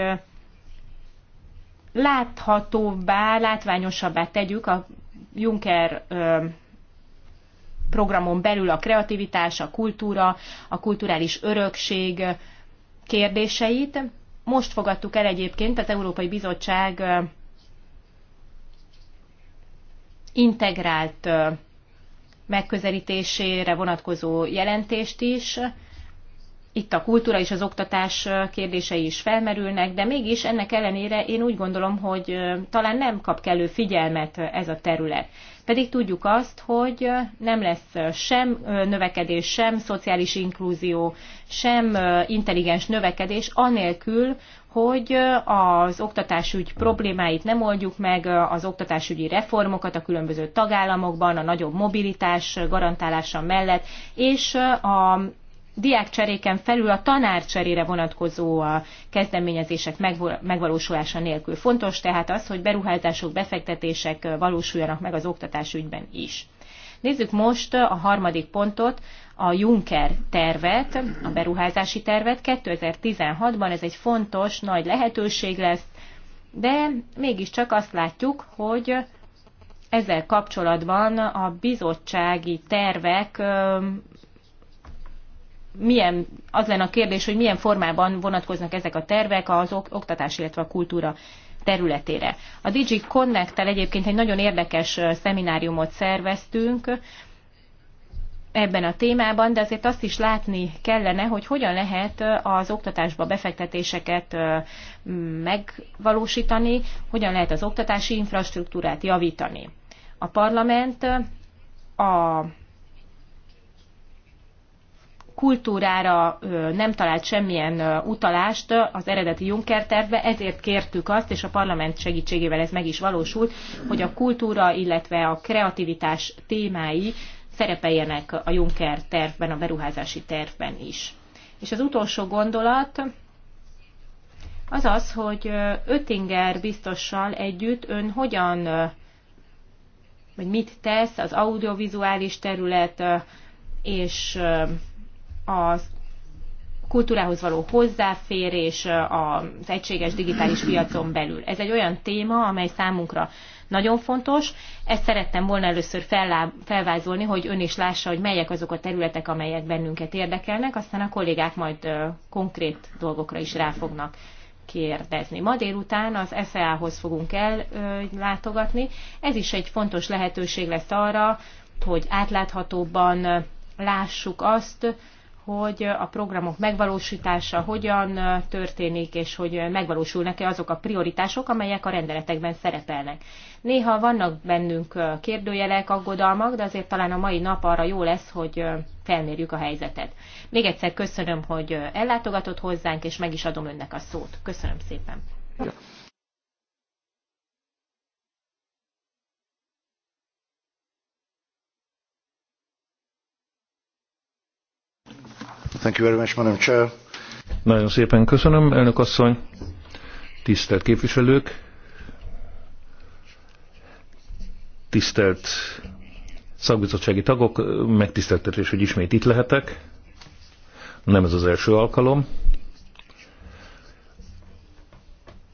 láthatóbbá, látványosabbá tegyük a Juncker programon belül a kreativitás, a kultúra, a kulturális örökség kérdéseit. Most fogadtuk el egyébként az Európai Bizottság integrált megközelítésére vonatkozó jelentést is, itt a kultúra és az oktatás kérdései is felmerülnek, de mégis ennek ellenére én úgy gondolom, hogy talán nem kap kellő figyelmet ez a terület. Pedig tudjuk azt, hogy nem lesz sem növekedés, sem szociális inkluzió, sem intelligens növekedés, anélkül, hogy az oktatásügy problémáit nem oldjuk meg, az oktatásügyi reformokat a különböző tagállamokban, a nagyobb mobilitás garantálása mellett, és a diákcseréken felül a tanárcserére vonatkozó a kezdeményezések megvalósulása nélkül. Fontos tehát az, hogy beruházások, befektetések valósuljanak meg az oktatás ügyben is. Nézzük most a harmadik pontot, a Juncker tervet, a beruházási tervet 2016-ban. Ez egy fontos, nagy lehetőség lesz, de mégiscsak azt látjuk, hogy ezzel kapcsolatban a bizottsági tervek milyen, az lenne a kérdés, hogy milyen formában vonatkoznak ezek a tervek az oktatás, illetve a kultúra területére. A Digi connect egyébként egy nagyon érdekes szemináriumot szerveztünk ebben a témában, de azért azt is látni kellene, hogy hogyan lehet az oktatásba befektetéseket megvalósítani, hogyan lehet az oktatási infrastruktúrát javítani. A parlament a kultúrára nem talált semmilyen utalást az eredeti Juncker tervbe, ezért kértük azt, és a parlament segítségével ez meg is valósult, hogy a kultúra, illetve a kreativitás témái szerepeljenek a Juncker tervben, a beruházási tervben is. És az utolsó gondolat az az, hogy Öttinger biztossal együtt ön hogyan, vagy mit tesz az audiovizuális terület és a kultúrához való hozzáférés az egységes digitális piacon belül. Ez egy olyan téma, amely számunkra nagyon fontos. Ezt szerettem volna először felvázolni, hogy ön is lássa, hogy melyek azok a területek, amelyek bennünket érdekelnek, aztán a kollégák majd konkrét dolgokra is rá fognak kérdezni. Ma délután az SEA-hoz fogunk ellátogatni. Ez is egy fontos lehetőség lesz arra, hogy átláthatóban lássuk azt, hogy a programok megvalósítása hogyan történik, és hogy megvalósulnak-e azok a prioritások, amelyek a rendeletekben szerepelnek. Néha vannak bennünk kérdőjelek, aggodalmak, de azért talán a mai nap arra jó lesz, hogy felmérjük a helyzetet. Még egyszer köszönöm, hogy ellátogatott hozzánk, és meg is adom önnek a szót. Köszönöm szépen. Ja. Thank you very much, Madam Chair. Nagyon szépen köszönöm, elnök asszony, tisztelt képviselők, tisztelt szakbizottsági tagok, megtiszteltetés, hogy ismét itt lehetek. Nem ez az első alkalom.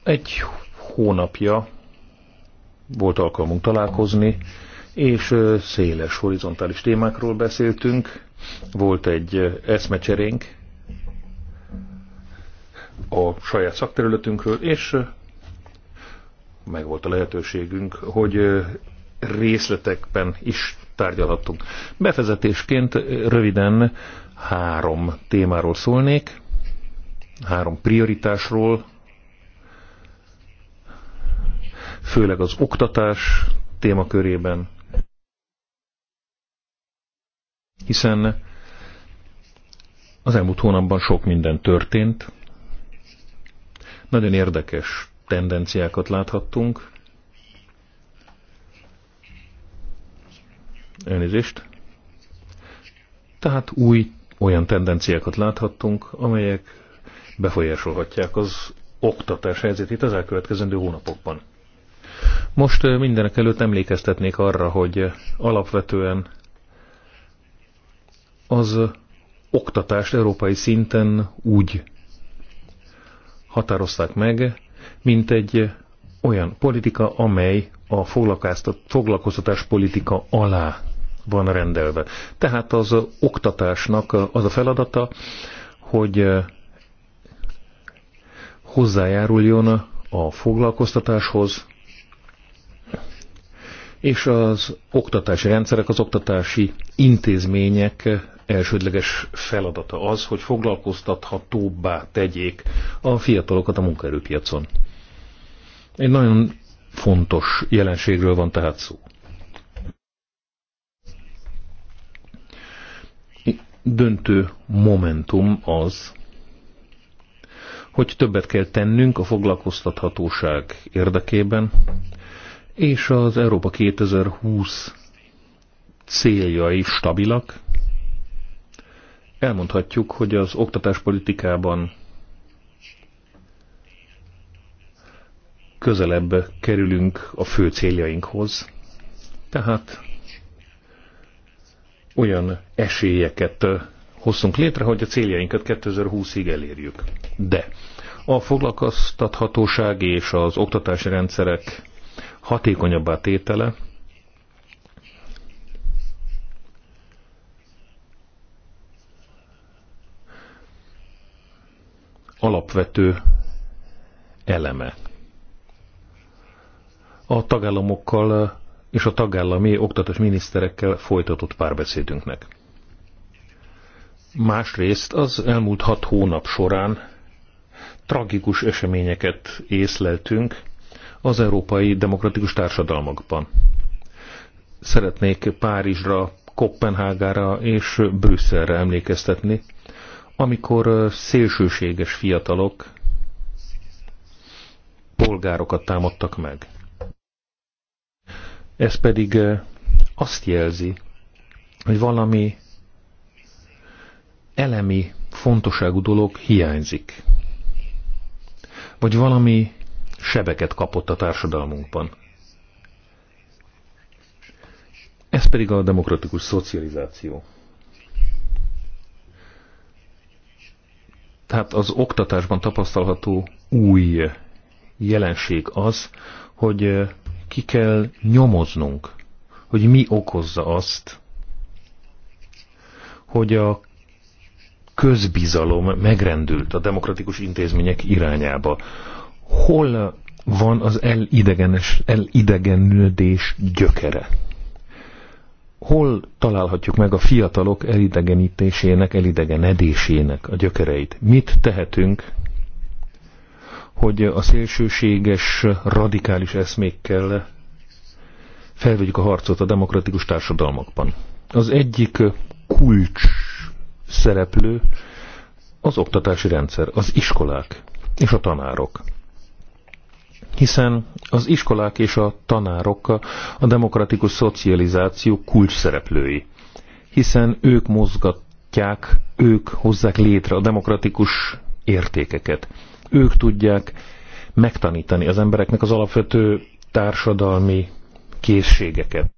Egy hónapja volt alkalmunk találkozni, és széles horizontális témákról beszéltünk, volt egy eszmecserénk a saját szakterületünkről, és meg volt a lehetőségünk, hogy részletekben is tárgyalhattunk. Befezetésként röviden három témáról szólnék, három prioritásról, főleg az oktatás témakörében, hiszen az elmúlt hónapban sok minden történt, nagyon érdekes tendenciákat láthattunk. Elnézést. Tehát új olyan tendenciákat láthattunk, amelyek befolyásolhatják az oktatás helyzetét az elkövetkezendő hónapokban. Most mindenek előtt emlékeztetnék arra, hogy alapvetően az oktatást európai szinten úgy határozták meg, mint egy olyan politika, amely a foglalkoztatás politika alá van rendelve. Tehát az oktatásnak az a feladata, hogy hozzájáruljon a foglalkoztatáshoz, és az oktatási rendszerek, az oktatási intézmények elsődleges feladata az, hogy foglalkoztathatóbbá tegyék a fiatalokat a munkaerőpiacon. Egy nagyon fontos jelenségről van tehát szó. Döntő momentum az, hogy többet kell tennünk a foglalkoztathatóság érdekében, és az Európa 2020 céljai stabilak, elmondhatjuk, hogy az oktatáspolitikában közelebb kerülünk a fő céljainkhoz, tehát olyan esélyeket hozzunk létre, hogy a céljainkat 2020-ig elérjük. De a foglalkoztathatóság és az oktatási rendszerek hatékonyabbá tétele alapvető eleme. A tagállamokkal és a tagállami oktatás miniszterekkel folytatott párbeszédünknek. Másrészt az elmúlt hat hónap során tragikus eseményeket észleltünk az európai demokratikus társadalmakban. Szeretnék Párizsra, Kopenhágára és Brüsszelre emlékeztetni, amikor szélsőséges fiatalok polgárokat támadtak meg. Ez pedig azt jelzi, hogy valami elemi fontosságú dolog hiányzik. Vagy valami sebeket kapott a társadalmunkban. Ez pedig a demokratikus szocializáció. Tehát az oktatásban tapasztalható új jelenség az, hogy eh, ki kell nyomoznunk, hogy mi okozza azt, hogy a közbizalom megrendült a demokratikus intézmények irányába. Hol van az elidegenes, elidegenődés gyökere? hol találhatjuk meg a fiatalok elidegenítésének, elidegenedésének a gyökereit? Mit tehetünk, hogy a szélsőséges, radikális eszmékkel felvegyük a harcot a demokratikus társadalmakban? Az egyik kulcs szereplő az oktatási rendszer, az iskolák és a tanárok hiszen az iskolák és a tanárok a demokratikus szocializáció kulcsszereplői, hiszen ők mozgatják, ők hozzák létre a demokratikus értékeket. Ők tudják megtanítani az embereknek az alapvető társadalmi készségeket,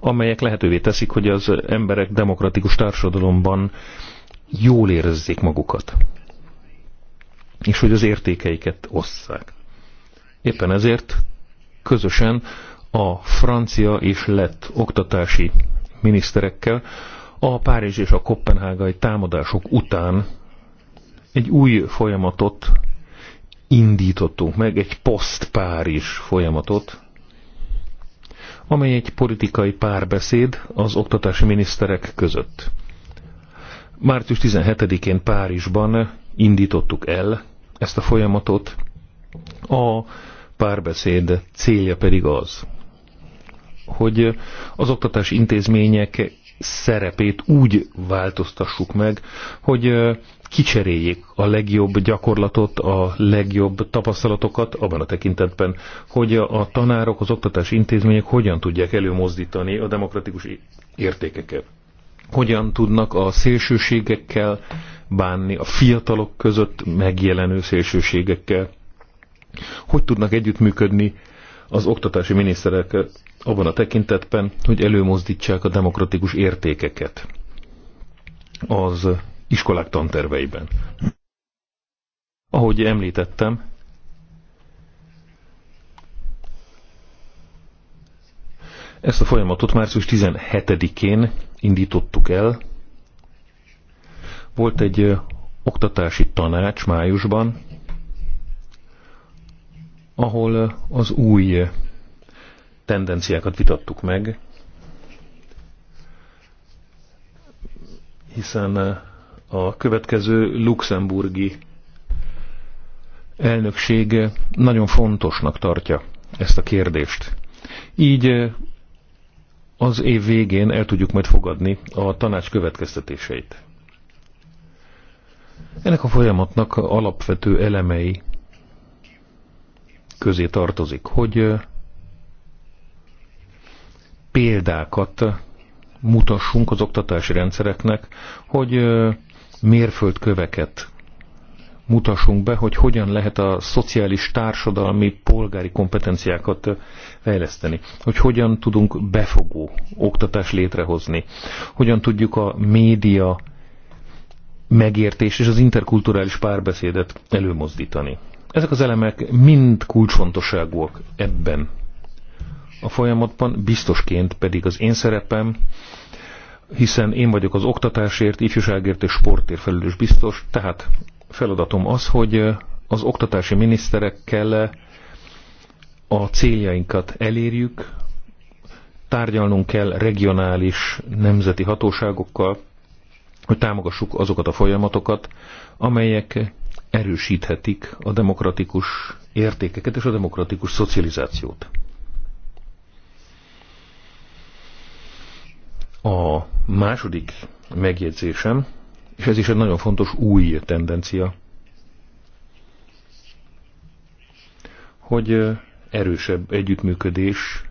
amelyek lehetővé teszik, hogy az emberek demokratikus társadalomban jól érezzék magukat, és hogy az értékeiket osszák. Éppen ezért közösen a francia és lett oktatási miniszterekkel a Párizs és a Kopenhágai támadások után egy új folyamatot indítottunk meg, egy poszt-Párizs folyamatot, amely egy politikai párbeszéd az oktatási miniszterek között. Március 17-én Párizsban indítottuk el ezt a folyamatot. A párbeszéd célja pedig az, hogy az oktatás intézmények szerepét úgy változtassuk meg, hogy kicseréljék a legjobb gyakorlatot, a legjobb tapasztalatokat abban a tekintetben, hogy a tanárok, az oktatás intézmények hogyan tudják előmozdítani a demokratikus értékeket. Hogyan tudnak a szélsőségekkel bánni, a fiatalok között megjelenő szélsőségekkel. Hogy tudnak együttműködni az oktatási miniszterek abban a tekintetben, hogy előmozdítsák a demokratikus értékeket az iskolák tanterveiben. Ahogy említettem, ezt a folyamatot március 17-én indítottuk el. Volt egy oktatási tanács májusban, ahol az új tendenciákat vitattuk meg, hiszen a következő luxemburgi elnökség nagyon fontosnak tartja ezt a kérdést. Így az év végén el tudjuk majd fogadni a tanács következtetéseit. Ennek a folyamatnak alapvető elemei közé tartozik, hogy példákat mutassunk az oktatási rendszereknek, hogy mérföldköveket mutassunk be, hogy hogyan lehet a szociális, társadalmi, polgári kompetenciákat fejleszteni, hogy hogyan tudunk befogó oktatást létrehozni, hogyan tudjuk a média megértés és az interkulturális párbeszédet előmozdítani. Ezek az elemek mind kulcsfontosságúak ebben a folyamatban, biztosként pedig az én szerepem, hiszen én vagyok az oktatásért, ifjúságért és sportért felelős biztos, tehát feladatom az, hogy az oktatási miniszterekkel a céljainkat elérjük, tárgyalnunk kell regionális nemzeti hatóságokkal, hogy támogassuk azokat a folyamatokat, amelyek erősíthetik a demokratikus értékeket és a demokratikus szocializációt. A második megjegyzésem, és ez is egy nagyon fontos új tendencia, hogy erősebb együttműködés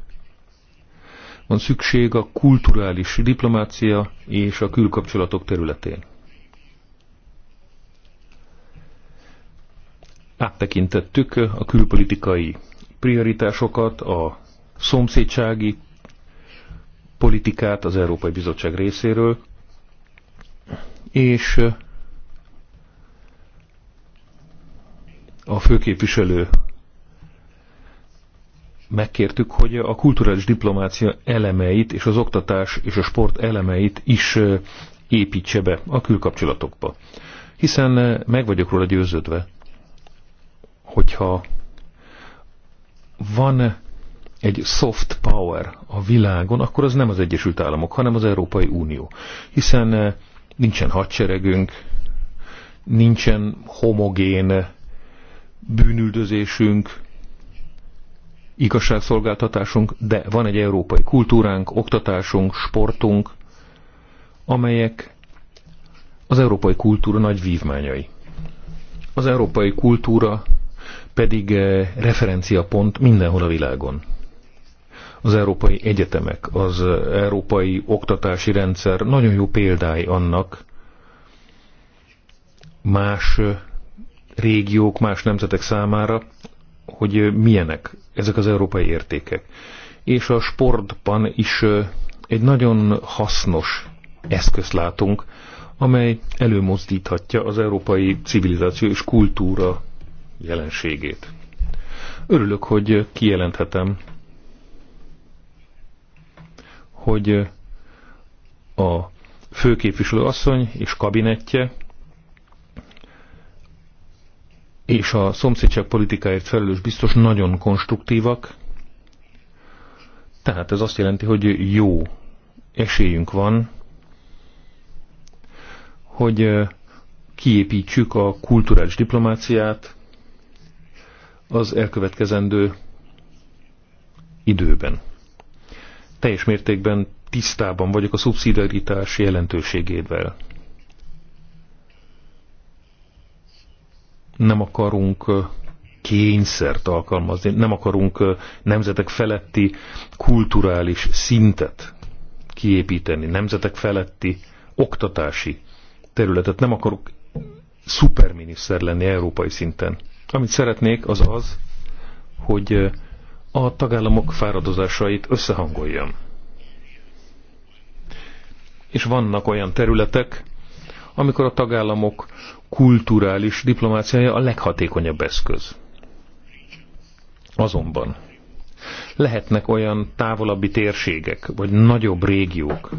van szükség a kulturális diplomácia és a külkapcsolatok területén. áttekintettük a külpolitikai prioritásokat, a szomszédsági politikát az Európai Bizottság részéről, és a főképviselő megkértük, hogy a kulturális diplomácia elemeit és az oktatás és a sport elemeit is építse be a külkapcsolatokba. Hiszen meg vagyok róla győződve, hogyha van egy soft power a világon, akkor az nem az Egyesült Államok, hanem az Európai Unió. Hiszen eh, nincsen hadseregünk, nincsen homogén bűnüldözésünk, igazságszolgáltatásunk, de van egy európai kultúránk, oktatásunk, sportunk, amelyek az európai kultúra nagy vívmányai. Az európai kultúra pedig eh, referenciapont mindenhol a világon. Az európai egyetemek, az eh, európai oktatási rendszer nagyon jó példái annak, más eh, régiók, más nemzetek számára, hogy milyenek ezek az európai értékek. És a sportban is egy nagyon hasznos eszközt látunk, amely előmozdíthatja az európai civilizáció és kultúra jelenségét. Örülök, hogy kijelenthetem, hogy a főképviselő asszony és kabinettje és a szomszédság politikáért felelős biztos nagyon konstruktívak, tehát ez azt jelenti, hogy jó esélyünk van, hogy kiépítsük a kulturális diplomáciát, az elkövetkezendő időben. Teljes mértékben tisztában vagyok a szubszidiaritás jelentőségével. Nem akarunk kényszert alkalmazni, nem akarunk nemzetek feletti kulturális szintet kiépíteni, nemzetek feletti oktatási területet. Nem akarok szuperminiszter lenni európai szinten. Amit szeretnék, az az, hogy a tagállamok fáradozásait összehangoljam. És vannak olyan területek, amikor a tagállamok kulturális diplomáciája a leghatékonyabb eszköz. Azonban lehetnek olyan távolabbi térségek, vagy nagyobb régiók,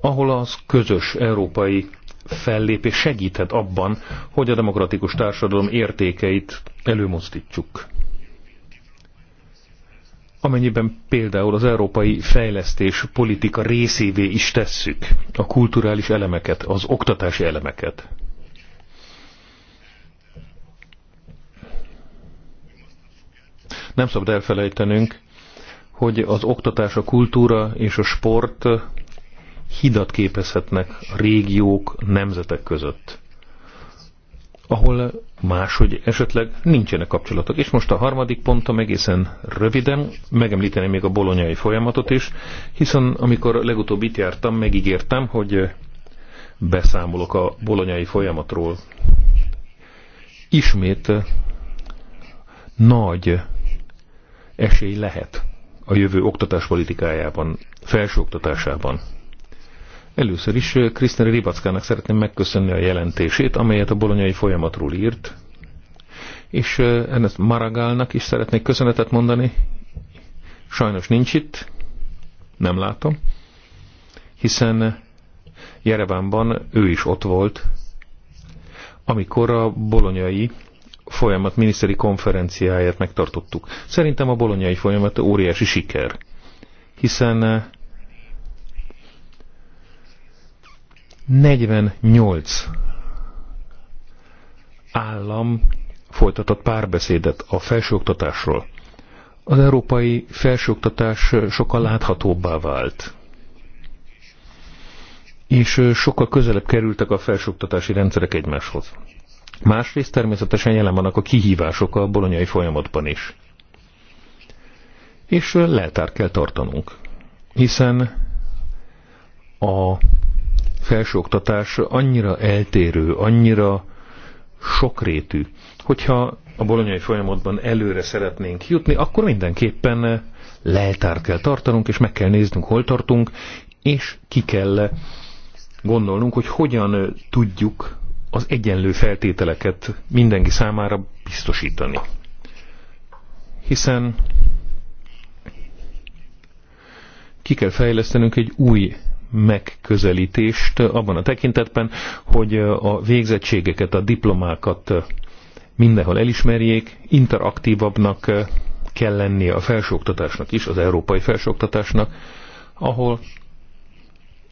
ahol az közös európai fellépés segíthet abban, hogy a demokratikus társadalom értékeit előmozdítsuk. Amennyiben például az európai fejlesztés politika részévé is tesszük a kulturális elemeket, az oktatási elemeket. Nem szabad elfelejtenünk, hogy az oktatás, a kultúra és a sport hidat képezhetnek a régiók, nemzetek között, ahol máshogy esetleg nincsenek kapcsolatok. És most a harmadik pontom egészen röviden, megemlíteném még a bolonyai folyamatot is, hiszen amikor legutóbb itt jártam, megígértem, hogy beszámolok a bolonyai folyamatról. Ismét nagy esély lehet a jövő oktatáspolitikájában, felsőoktatásában. Először is eh, Krisztina Ribackának szeretném megköszönni a jelentését, amelyet a bolonyai folyamatról írt, és ennek eh, Maragálnak is szeretnék köszönetet mondani. Sajnos nincs itt, nem látom, hiszen Jerevánban ő is ott volt, amikor a bolonyai folyamat miniszteri konferenciáját megtartottuk. Szerintem a bolonyai folyamat óriási siker, hiszen eh, 48 állam folytatott párbeszédet a felsőoktatásról. Az európai felsőoktatás sokkal láthatóbbá vált, és sokkal közelebb kerültek a felsőoktatási rendszerek egymáshoz. Másrészt természetesen jelen vannak a kihívások a bolonyai folyamatban is. És leltár kell tartanunk, hiszen a felsőoktatás annyira eltérő, annyira sokrétű, hogyha a bolonyai folyamatban előre szeretnénk jutni, akkor mindenképpen leltár kell tartanunk, és meg kell néznünk, hol tartunk, és ki kell gondolnunk, hogy hogyan tudjuk az egyenlő feltételeket mindenki számára biztosítani. Hiszen ki kell fejlesztenünk egy új megközelítést abban a tekintetben, hogy a végzettségeket, a diplomákat mindenhol elismerjék, interaktívabbnak kell lennie a felsőoktatásnak is, az európai felsőoktatásnak, ahol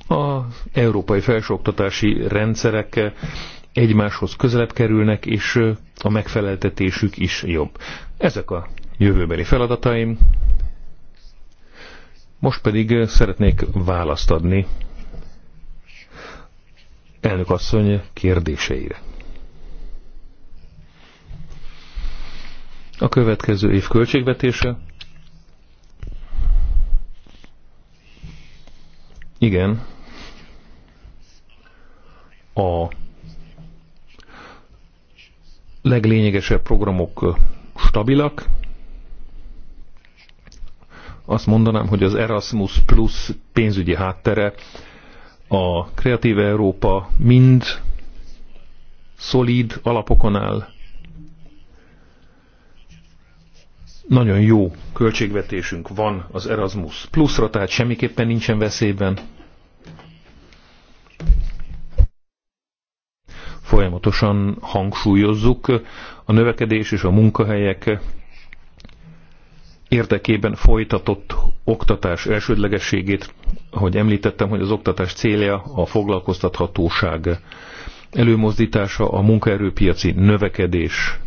az európai felsőoktatási rendszerek egymáshoz közelebb kerülnek, és a megfeleltetésük is jobb. Ezek a jövőbeli feladataim, most pedig eh, szeretnék választ adni elnök asszony kérdéseire. A következő év költségvetése? Igen. A leglényegesebb programok stabilak, azt mondanám, hogy az Erasmus Plus pénzügyi háttere, a Kreatív Európa mind szolíd alapokon áll, nagyon jó költségvetésünk van az Erasmus pluszra, tehát semmiképpen nincsen veszélyben. Folyamatosan hangsúlyozzuk a növekedés és a munkahelyek érdekében folytatott oktatás elsődlegességét, ahogy említettem, hogy az oktatás célja a foglalkoztathatóság előmozdítása, a munkaerőpiaci növekedés,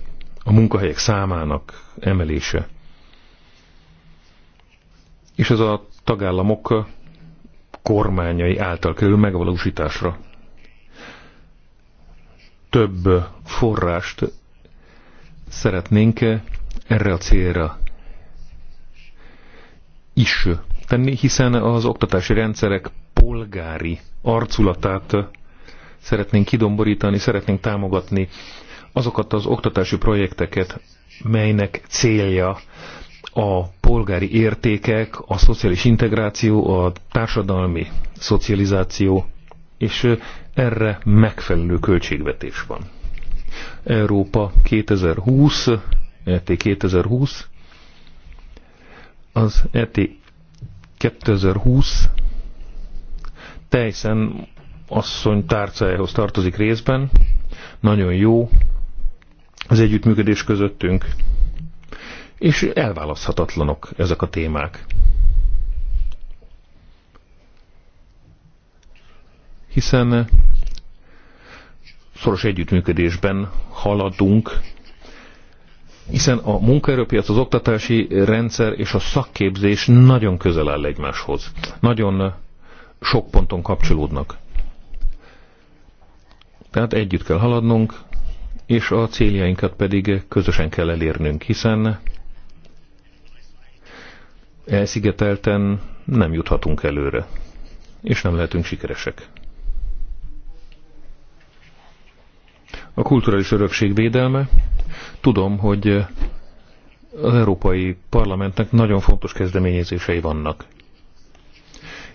a munkahelyek számának emelése. És ez a tagállamok kormányai által kerül megvalósításra. Több forrást szeretnénk erre a célra is tenni, hiszen az oktatási rendszerek polgári arculatát szeretnénk kidomborítani, szeretnénk támogatni azokat az oktatási projekteket, melynek célja a polgári értékek, a szociális integráció, a társadalmi szocializáció, és erre megfelelő költségvetés van. Európa 2020, ET 2020 az ETI 2020 teljesen asszony tárcájához tartozik részben. Nagyon jó az együttműködés közöttünk. És elválaszthatatlanok ezek a témák. Hiszen szoros együttműködésben haladunk hiszen a munkaerőpiac, az oktatási rendszer és a szakképzés nagyon közel áll egymáshoz. Nagyon eh, sok ponton kapcsolódnak. Tehát együtt kell haladnunk, és a céljainkat pedig közösen kell elérnünk, hiszen elszigetelten nem juthatunk előre, és nem lehetünk sikeresek. A kulturális örökség védelme Tudom, hogy az Európai Parlamentnek nagyon fontos kezdeményezései vannak.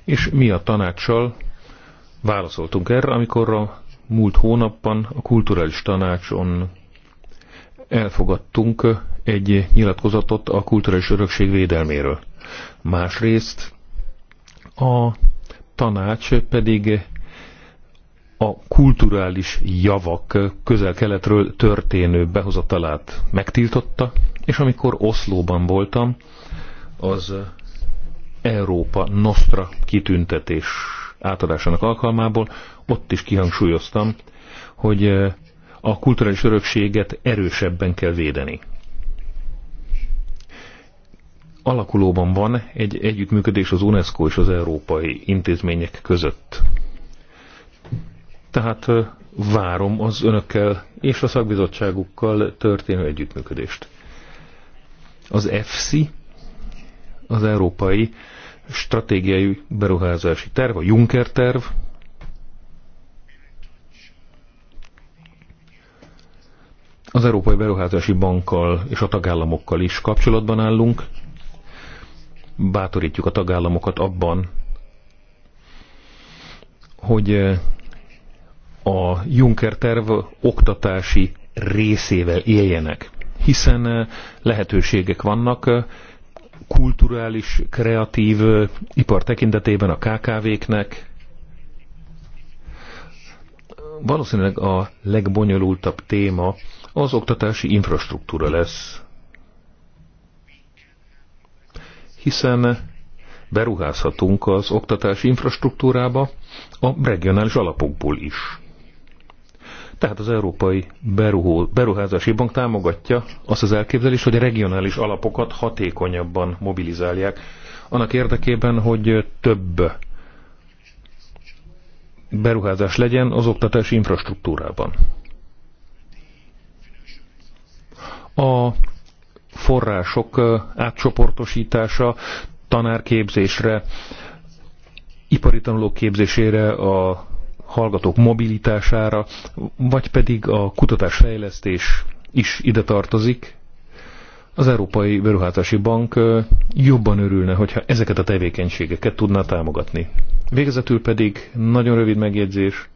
És mi a tanácssal válaszoltunk erre, amikor a múlt hónapban a kulturális tanácson elfogadtunk egy nyilatkozatot a kulturális örökség védelméről. Másrészt a tanács pedig a kulturális javak közel-keletről történő behozatalát megtiltotta, és amikor Oszlóban voltam, az Európa Nostra kitüntetés átadásának alkalmából, ott is kihangsúlyoztam, hogy eh, a kulturális örökséget erősebben kell védeni. Alakulóban van egy együttműködés az UNESCO és az európai intézmények között tehát várom az önökkel és a szakbizottságukkal történő együttműködést. Az EFSI, az Európai Stratégiai Beruházási Terv, a Juncker terv, az Európai Beruházási Bankkal és a tagállamokkal is kapcsolatban állunk. Bátorítjuk a tagállamokat abban, hogy a Juncker terv oktatási részével éljenek, hiszen eh, lehetőségek vannak eh, kulturális, kreatív eh, ipar tekintetében a KKV-knek. Valószínűleg a legbonyolultabb téma az oktatási infrastruktúra lesz, hiszen beruházhatunk az oktatási infrastruktúrába a regionális alapokból is. Tehát az Európai Beruházási Bank támogatja azt az elképzelést, hogy a regionális alapokat hatékonyabban mobilizálják, annak érdekében, hogy több beruházás legyen az oktatási infrastruktúrában. A források átcsoportosítása tanárképzésre, ipari tanulók képzésére, a hallgatók mobilitására, vagy pedig a kutatásfejlesztés is ide tartozik. Az Európai Beruházási Bank jobban örülne, hogyha ezeket a tevékenységeket tudná támogatni. Végezetül pedig nagyon rövid megjegyzés.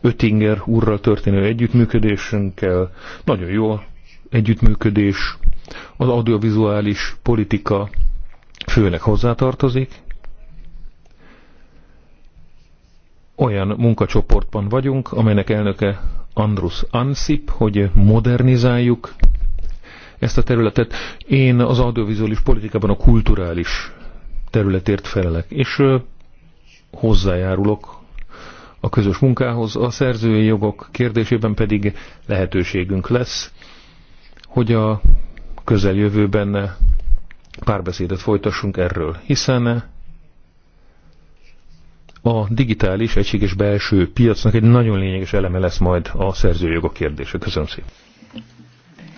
Öttinger úrral történő együttműködésünkkel nagyon jó együttműködés, az audiovizuális politika főleg hozzátartozik. Olyan munkacsoportban vagyunk, amelynek elnöke Andrus Ansip, hogy modernizáljuk ezt a területet. Én az audiovizuális politikában a kulturális területért felelek, és hozzájárulok a közös munkához, a szerzői jogok kérdésében pedig lehetőségünk lesz, hogy a közeljövőben párbeszédet folytassunk erről, hiszen a digitális egységes belső piacnak egy nagyon lényeges eleme lesz majd a szerzőjogok kérdése. Köszönöm szépen.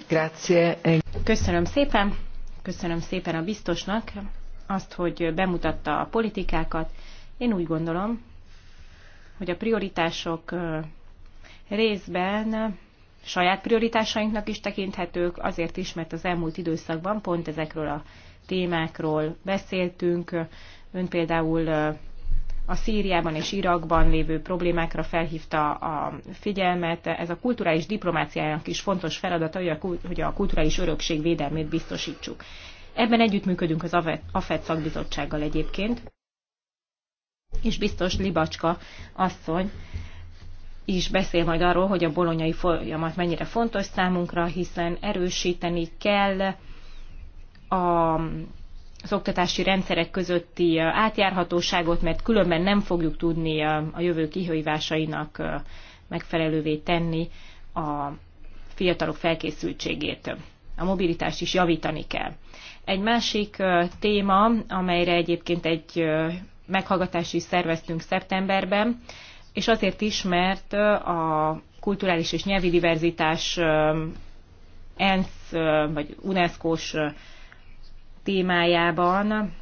Grazie. Köszönöm szépen. Köszönöm szépen a biztosnak azt, hogy bemutatta a politikákat. Én úgy gondolom, hogy a prioritások részben saját prioritásainknak is tekinthetők, azért is, mert az elmúlt időszakban pont ezekről a témákról beszéltünk. Ön például a Szíriában és Irakban lévő problémákra felhívta a figyelmet. Ez a kulturális diplomáciának is fontos feladata, hogy a kulturális örökség védelmét biztosítsuk. Ebben együttműködünk az AFET szakbizottsággal egyébként, és biztos Libacska asszony is beszél majd arról, hogy a bolonyai folyamat mennyire fontos számunkra, hiszen erősíteni kell a az oktatási rendszerek közötti átjárhatóságot, mert különben nem fogjuk tudni a jövő kihívásainak megfelelővé tenni a fiatalok felkészültségét. A mobilitást is javítani kell. Egy másik téma, amelyre egyébként egy meghallgatást is szerveztünk szeptemberben, és azért is, mert a kulturális és nyelvi diverzitás ENSZ vagy UNESCO-s témájában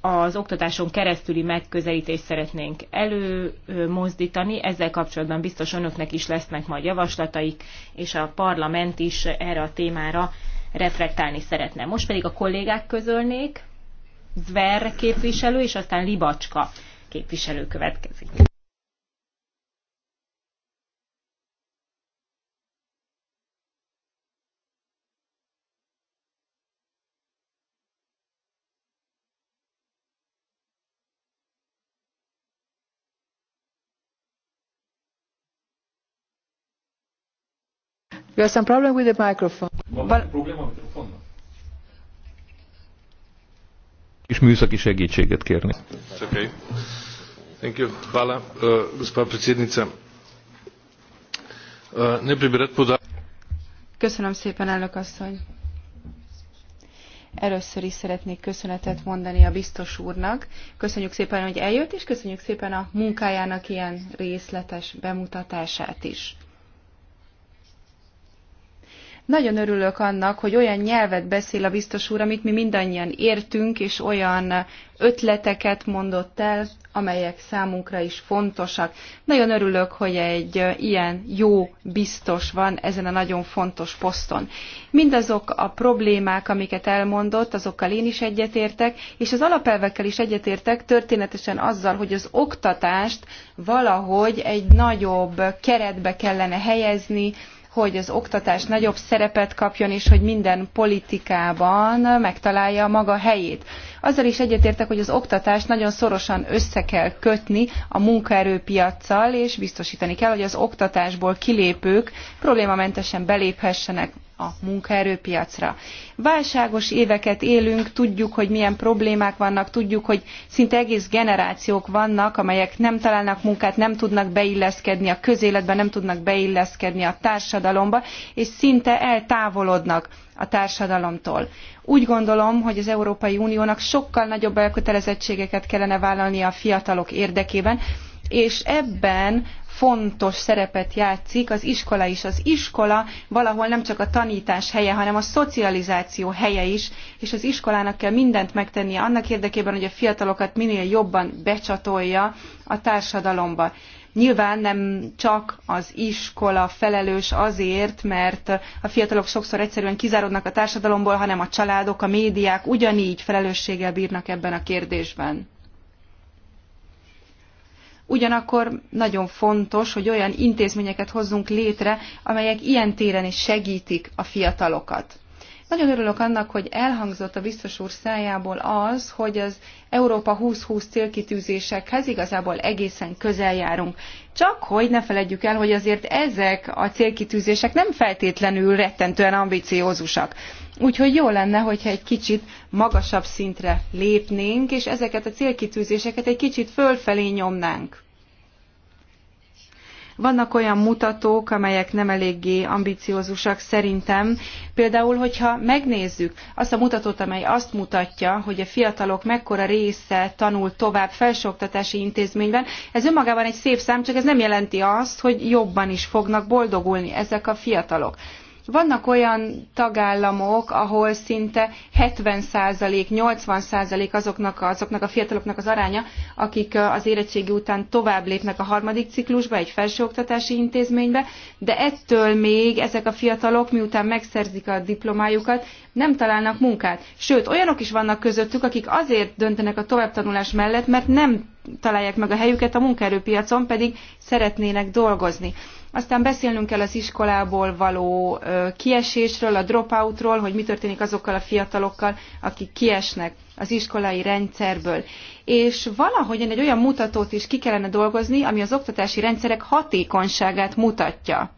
az oktatáson keresztüli megközelítést szeretnénk előmozdítani. Ezzel kapcsolatban biztos önöknek is lesznek majd javaslataik, és a parlament is erre a témára reflektálni szeretne. Most pedig a kollégák közölnék, Zver képviselő, és aztán Libacska képviselő következik. You have some problem with the microphone. Van probléma a mikrofonnal? Kis műszaki segítséget kérni. It's okay. Thank you. Hvala, uh, gospa predsednica. Uh, eh, ne bi rad podal... Köszönöm szépen, elnök asszony. Először is szeretnék köszönetet mondani a biztos úrnak. Köszönjük szépen, hogy eljött, és köszönjük szépen a munkájának ilyen részletes bemutatását is. Nagyon örülök annak, hogy olyan nyelvet beszél a biztos úr, amit mi mindannyian értünk, és olyan ötleteket mondott el, amelyek számunkra is fontosak. Nagyon örülök, hogy egy ilyen jó biztos van ezen a nagyon fontos poszton. Mindazok a problémák, amiket elmondott, azokkal én is egyetértek, és az alapelvekkel is egyetértek, történetesen azzal, hogy az oktatást valahogy egy nagyobb keretbe kellene helyezni, hogy az oktatás nagyobb szerepet kapjon, és hogy minden politikában megtalálja maga helyét. Azzal is egyetértek, hogy az oktatást nagyon szorosan össze kell kötni a munkaerőpiacsal, és biztosítani kell, hogy az oktatásból kilépők problémamentesen beléphessenek a munkaerőpiacra. Válságos éveket élünk, tudjuk, hogy milyen problémák vannak, tudjuk, hogy szinte egész generációk vannak, amelyek nem találnak munkát, nem tudnak beilleszkedni a közéletbe, nem tudnak beilleszkedni a társadalomba, és szinte eltávolodnak a társadalomtól. Úgy gondolom, hogy az Európai Uniónak sokkal nagyobb elkötelezettségeket kellene vállalnia a fiatalok érdekében, és ebben fontos szerepet játszik az iskola is. Az iskola valahol nem csak a tanítás helye, hanem a szocializáció helye is, és az iskolának kell mindent megtennie annak érdekében, hogy a fiatalokat minél jobban becsatolja a társadalomba. Nyilván nem csak az iskola felelős azért, mert a fiatalok sokszor egyszerűen kizárodnak a társadalomból, hanem a családok, a médiák ugyanígy felelősséggel bírnak ebben a kérdésben. Ugyanakkor nagyon fontos, hogy olyan intézményeket hozzunk létre, amelyek ilyen téren is segítik a fiatalokat. Nagyon örülök annak, hogy elhangzott a biztos úr szájából az, hogy az Európa 2020 célkitűzésekhez igazából egészen közel járunk. Csak hogy ne feledjük el, hogy azért ezek a célkitűzések nem feltétlenül rettentően ambiciózusak. Úgyhogy jó lenne, hogyha egy kicsit magasabb szintre lépnénk, és ezeket a célkitűzéseket egy kicsit fölfelé nyomnánk. Vannak olyan mutatók, amelyek nem eléggé ambiciózusak szerintem. Például, hogyha megnézzük azt a mutatót, amely azt mutatja, hogy a fiatalok mekkora része tanul tovább felsőoktatási intézményben, ez önmagában egy szép szám, csak ez nem jelenti azt, hogy jobban is fognak boldogulni ezek a fiatalok. Vannak olyan tagállamok, ahol szinte 70%, 80% azoknak, azoknak a fiataloknak az aránya, akik az érettségi után tovább lépnek a harmadik ciklusba, egy felsőoktatási intézménybe, de ettől még ezek a fiatalok, miután megszerzik a diplomájukat, nem találnak munkát. Sőt, olyanok is vannak közöttük, akik azért döntenek a továbbtanulás mellett, mert nem találják meg a helyüket a munkaerőpiacon, pedig szeretnének dolgozni. Aztán beszélnünk kell az iskolából való kiesésről, a dropoutról, hogy mi történik azokkal a fiatalokkal, akik kiesnek az iskolai rendszerből. És valahogy egy olyan mutatót is ki kellene dolgozni, ami az oktatási rendszerek hatékonyságát mutatja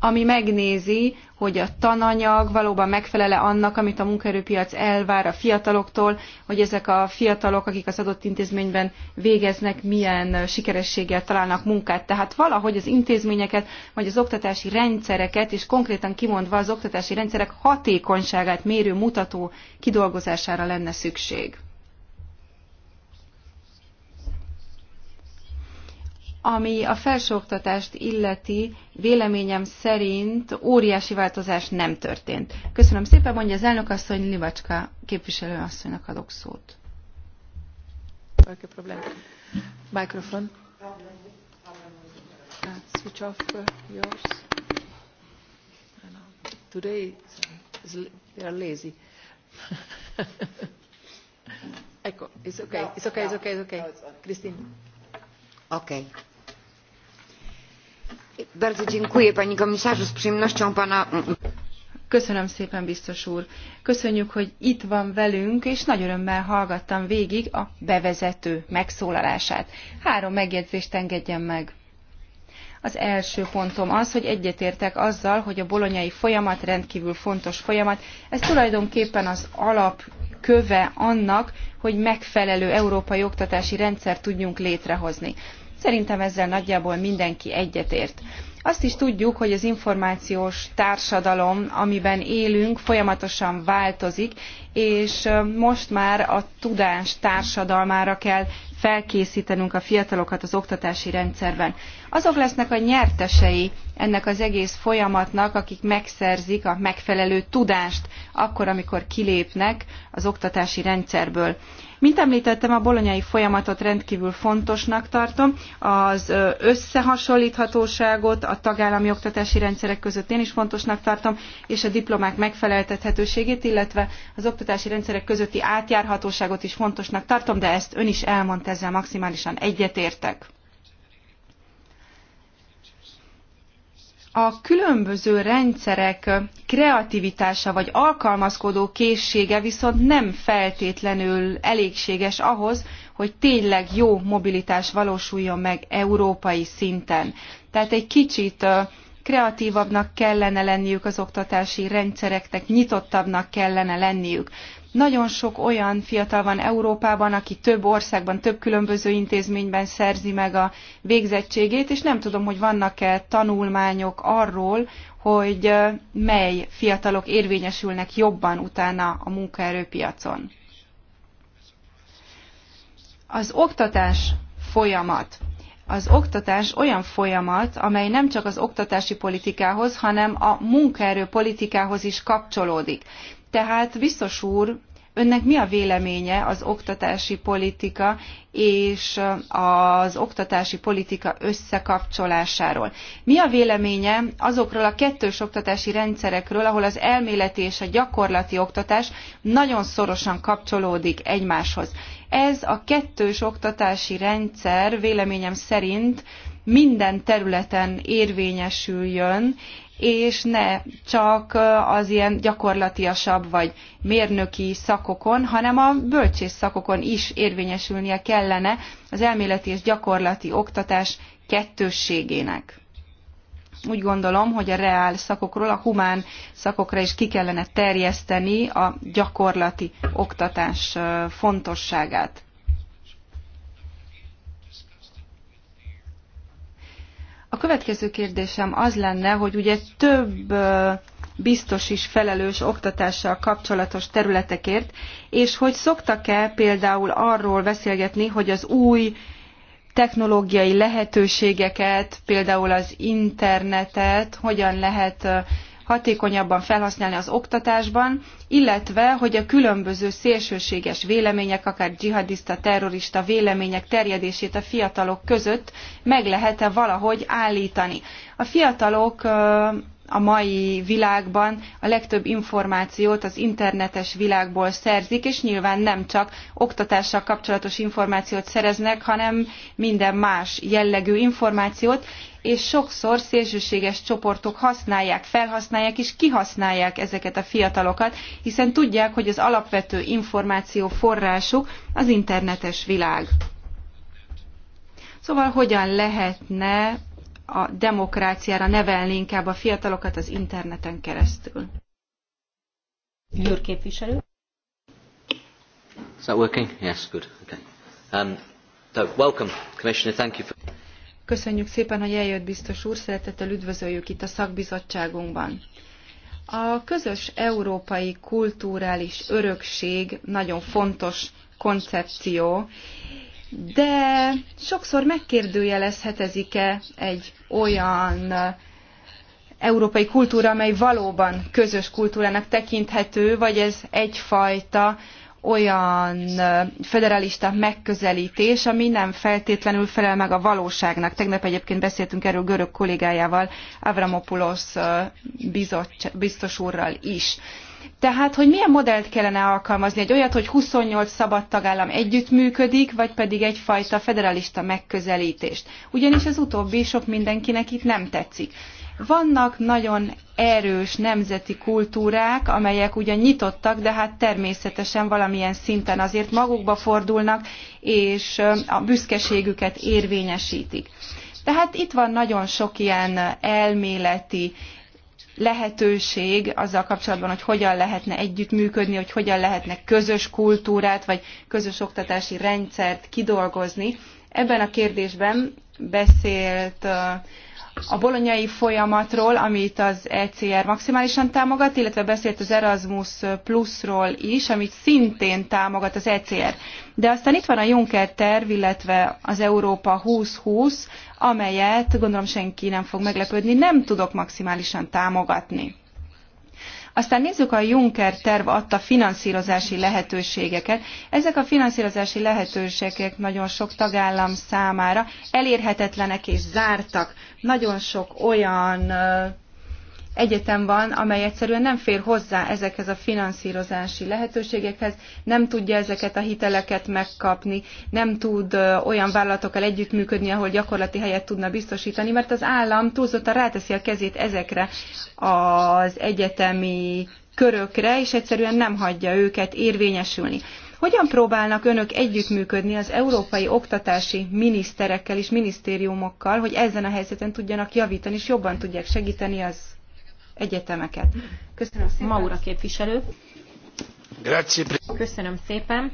ami megnézi, hogy a tananyag valóban megfelele annak, amit a munkaerőpiac elvár a fiataloktól, hogy ezek a fiatalok, akik az adott intézményben végeznek, milyen sikerességgel találnak munkát. Tehát valahogy az intézményeket, vagy az oktatási rendszereket, és konkrétan kimondva az oktatási rendszerek hatékonyságát mérő mutató kidolgozására lenne szükség. Ami a felsőoktatást illeti, véleményem szerint óriási változás nem történt. Köszönöm szépen, mondja az elnök asszony, Livacska képviselő asszonynak adok szót. Mikrofon. Uh, switch off uh, yours. Today they are lazy. [LAUGHS] ecco, it's okay, it's okay, it's okay, it's okay. Christine. Okay. Köszönöm szépen, Köszönjük, hogy itt van velünk, és nagy örömmel hallgattam végig a bevezető megszólalását. Három megjegyzést engedjen meg. Az első pontom az, hogy egyetértek azzal, hogy a bolonyai folyamat rendkívül fontos folyamat. Ez tulajdonképpen az alap köve annak, hogy megfelelő európai oktatási rendszert tudjunk létrehozni. Szerintem ezzel nagyjából mindenki egyetért. Azt is tudjuk, hogy az információs társadalom, amiben élünk, folyamatosan változik, és most már a tudás társadalmára kell felkészítenünk a fiatalokat az oktatási rendszerben. Azok lesznek a nyertesei ennek az egész folyamatnak, akik megszerzik a megfelelő tudást akkor, amikor kilépnek az oktatási rendszerből. Mint említettem, a bolonyai folyamatot rendkívül fontosnak tartom, az összehasonlíthatóságot, a tagállami oktatási rendszerek között én is fontosnak tartom, és a diplomák megfeleltethetőségét, illetve az oktatási rendszerek közötti átjárhatóságot is fontosnak tartom, de ezt ön is elmondta, ezzel maximálisan egyetértek. a különböző rendszerek kreativitása vagy alkalmazkodó készsége viszont nem feltétlenül elégséges ahhoz, hogy tényleg jó mobilitás valósuljon meg európai szinten. Tehát egy kicsit kreatívabbnak kellene lenniük az oktatási rendszereknek, nyitottabbnak kellene lenniük. Nagyon sok olyan fiatal van Európában, aki több országban, több különböző intézményben szerzi meg a végzettségét, és nem tudom, hogy vannak-e tanulmányok arról, hogy mely fiatalok érvényesülnek jobban utána a munkaerőpiacon. Az oktatás folyamat az oktatás olyan folyamat, amely nem csak az oktatási politikához, hanem a munkaerő politikához is kapcsolódik. Tehát biztos úr, önnek mi a véleménye az oktatási politika és az oktatási politika összekapcsolásáról? Mi a véleménye azokról a kettős oktatási rendszerekről, ahol az elméleti és a gyakorlati oktatás nagyon szorosan kapcsolódik egymáshoz? Ez a kettős oktatási rendszer véleményem szerint minden területen érvényesüljön, és ne csak az ilyen gyakorlatiasabb vagy mérnöki szakokon, hanem a bölcsész szakokon is érvényesülnie kellene az elméleti és gyakorlati oktatás kettősségének úgy gondolom, hogy a reál szakokról a humán szakokra is ki kellene terjeszteni a gyakorlati oktatás fontosságát. A következő kérdésem az lenne, hogy ugye több biztos is felelős oktatással kapcsolatos területekért, és hogy szoktak-e például arról beszélgetni, hogy az új technológiai lehetőségeket, például az internetet hogyan lehet hatékonyabban felhasználni az oktatásban, illetve hogy a különböző szélsőséges vélemények, akár dzsihadista, terrorista vélemények terjedését a fiatalok között meg lehet-e valahogy állítani. A fiatalok a mai világban a legtöbb információt az internetes világból szerzik, és nyilván nem csak oktatással kapcsolatos információt szereznek, hanem minden más jellegű információt, és sokszor szélsőséges csoportok használják, felhasználják és kihasználják ezeket a fiatalokat, hiszen tudják, hogy az alapvető információ forrásuk az internetes világ. Szóval hogyan lehetne a demokráciára nevelni inkább a fiatalokat az interneten keresztül. Győr képviselő. Is that working? Yes, good. Okay. Um, so welcome, Commissioner. Thank you for... Köszönjük szépen, hogy eljött biztos úr, szeretettel üdvözöljük itt a szakbizottságunkban. A közös európai kulturális örökség nagyon fontos koncepció, de sokszor megkérdőjelezhetezik-e egy olyan uh, európai kultúra, amely valóban közös kultúrának tekinthető, vagy ez egyfajta olyan uh, federalista megközelítés, ami nem feltétlenül felel meg a valóságnak. Tegnap egyébként beszéltünk erről görög kollégájával, Avramopoulos uh, biztos úrral is. Tehát, hogy milyen modellt kellene alkalmazni? Egy olyat, hogy 28 szabad tagállam együttműködik, vagy pedig egyfajta federalista megközelítést? Ugyanis az utóbbi sok mindenkinek itt nem tetszik. Vannak nagyon erős nemzeti kultúrák, amelyek ugyan nyitottak, de hát természetesen valamilyen szinten azért magukba fordulnak, és a büszkeségüket érvényesítik. Tehát itt van nagyon sok ilyen elméleti lehetőség azzal kapcsolatban, hogy hogyan lehetne együttműködni, hogy hogyan lehetne közös kultúrát vagy közös oktatási rendszert kidolgozni. Ebben a kérdésben beszélt a bolonyai folyamatról, amit az ECR maximálisan támogat, illetve beszélt az Erasmus Plusról is, amit szintén támogat az ECR. De aztán itt van a Juncker terv, illetve az Európa 2020, amelyet gondolom senki nem fog meglepődni, nem tudok maximálisan támogatni. Aztán nézzük a Juncker terv adta finanszírozási lehetőségeket. Ezek a finanszírozási lehetőségek nagyon sok tagállam számára elérhetetlenek és zártak nagyon sok olyan egyetem van, amely egyszerűen nem fér hozzá ezekhez a finanszírozási lehetőségekhez, nem tudja ezeket a hiteleket megkapni, nem tud olyan vállalatokkal együttműködni, ahol gyakorlati helyet tudna biztosítani, mert az állam túlzottan ráteszi a kezét ezekre az egyetemi körökre, és egyszerűen nem hagyja őket érvényesülni. Hogyan próbálnak önök együttműködni az európai oktatási miniszterekkel és minisztériumokkal, hogy ezen a helyzeten tudjanak javítani, és jobban tudják segíteni az egyetemeket? Köszönöm szépen. Maura képviselő. Köszönöm szépen.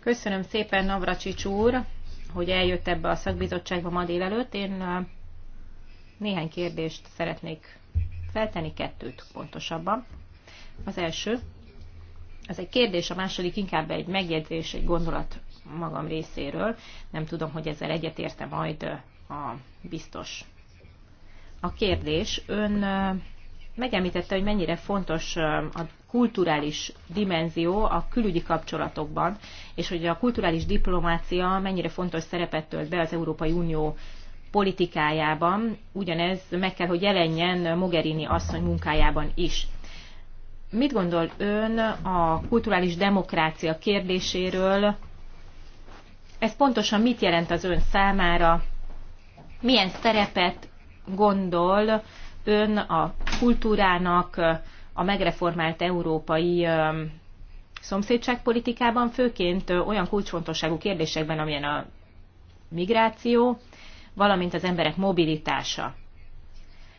Köszönöm szépen Navracsics úr, hogy eljött ebbe a szakbizottságba ma délelőtt. Én néhány kérdést szeretnék feltenni, kettőt pontosabban. Az első, ez egy kérdés, a második inkább egy megjegyzés, egy gondolat magam részéről. Nem tudom, hogy ezzel egyetérte majd a biztos. A kérdés, ön megemlítette, hogy mennyire fontos a kulturális dimenzió a külügyi kapcsolatokban, és hogy a kulturális diplomácia mennyire fontos szerepet tölt be az Európai Unió politikájában, ugyanez meg kell, hogy jelenjen Mogherini asszony munkájában is. Mit gondol ön a kulturális demokrácia kérdéséről? Ez pontosan mit jelent az ön számára? Milyen szerepet gondol ön a kultúrának a megreformált európai szomszédságpolitikában, főként olyan kulcsfontosságú kérdésekben, amilyen a migráció, valamint az emberek mobilitása.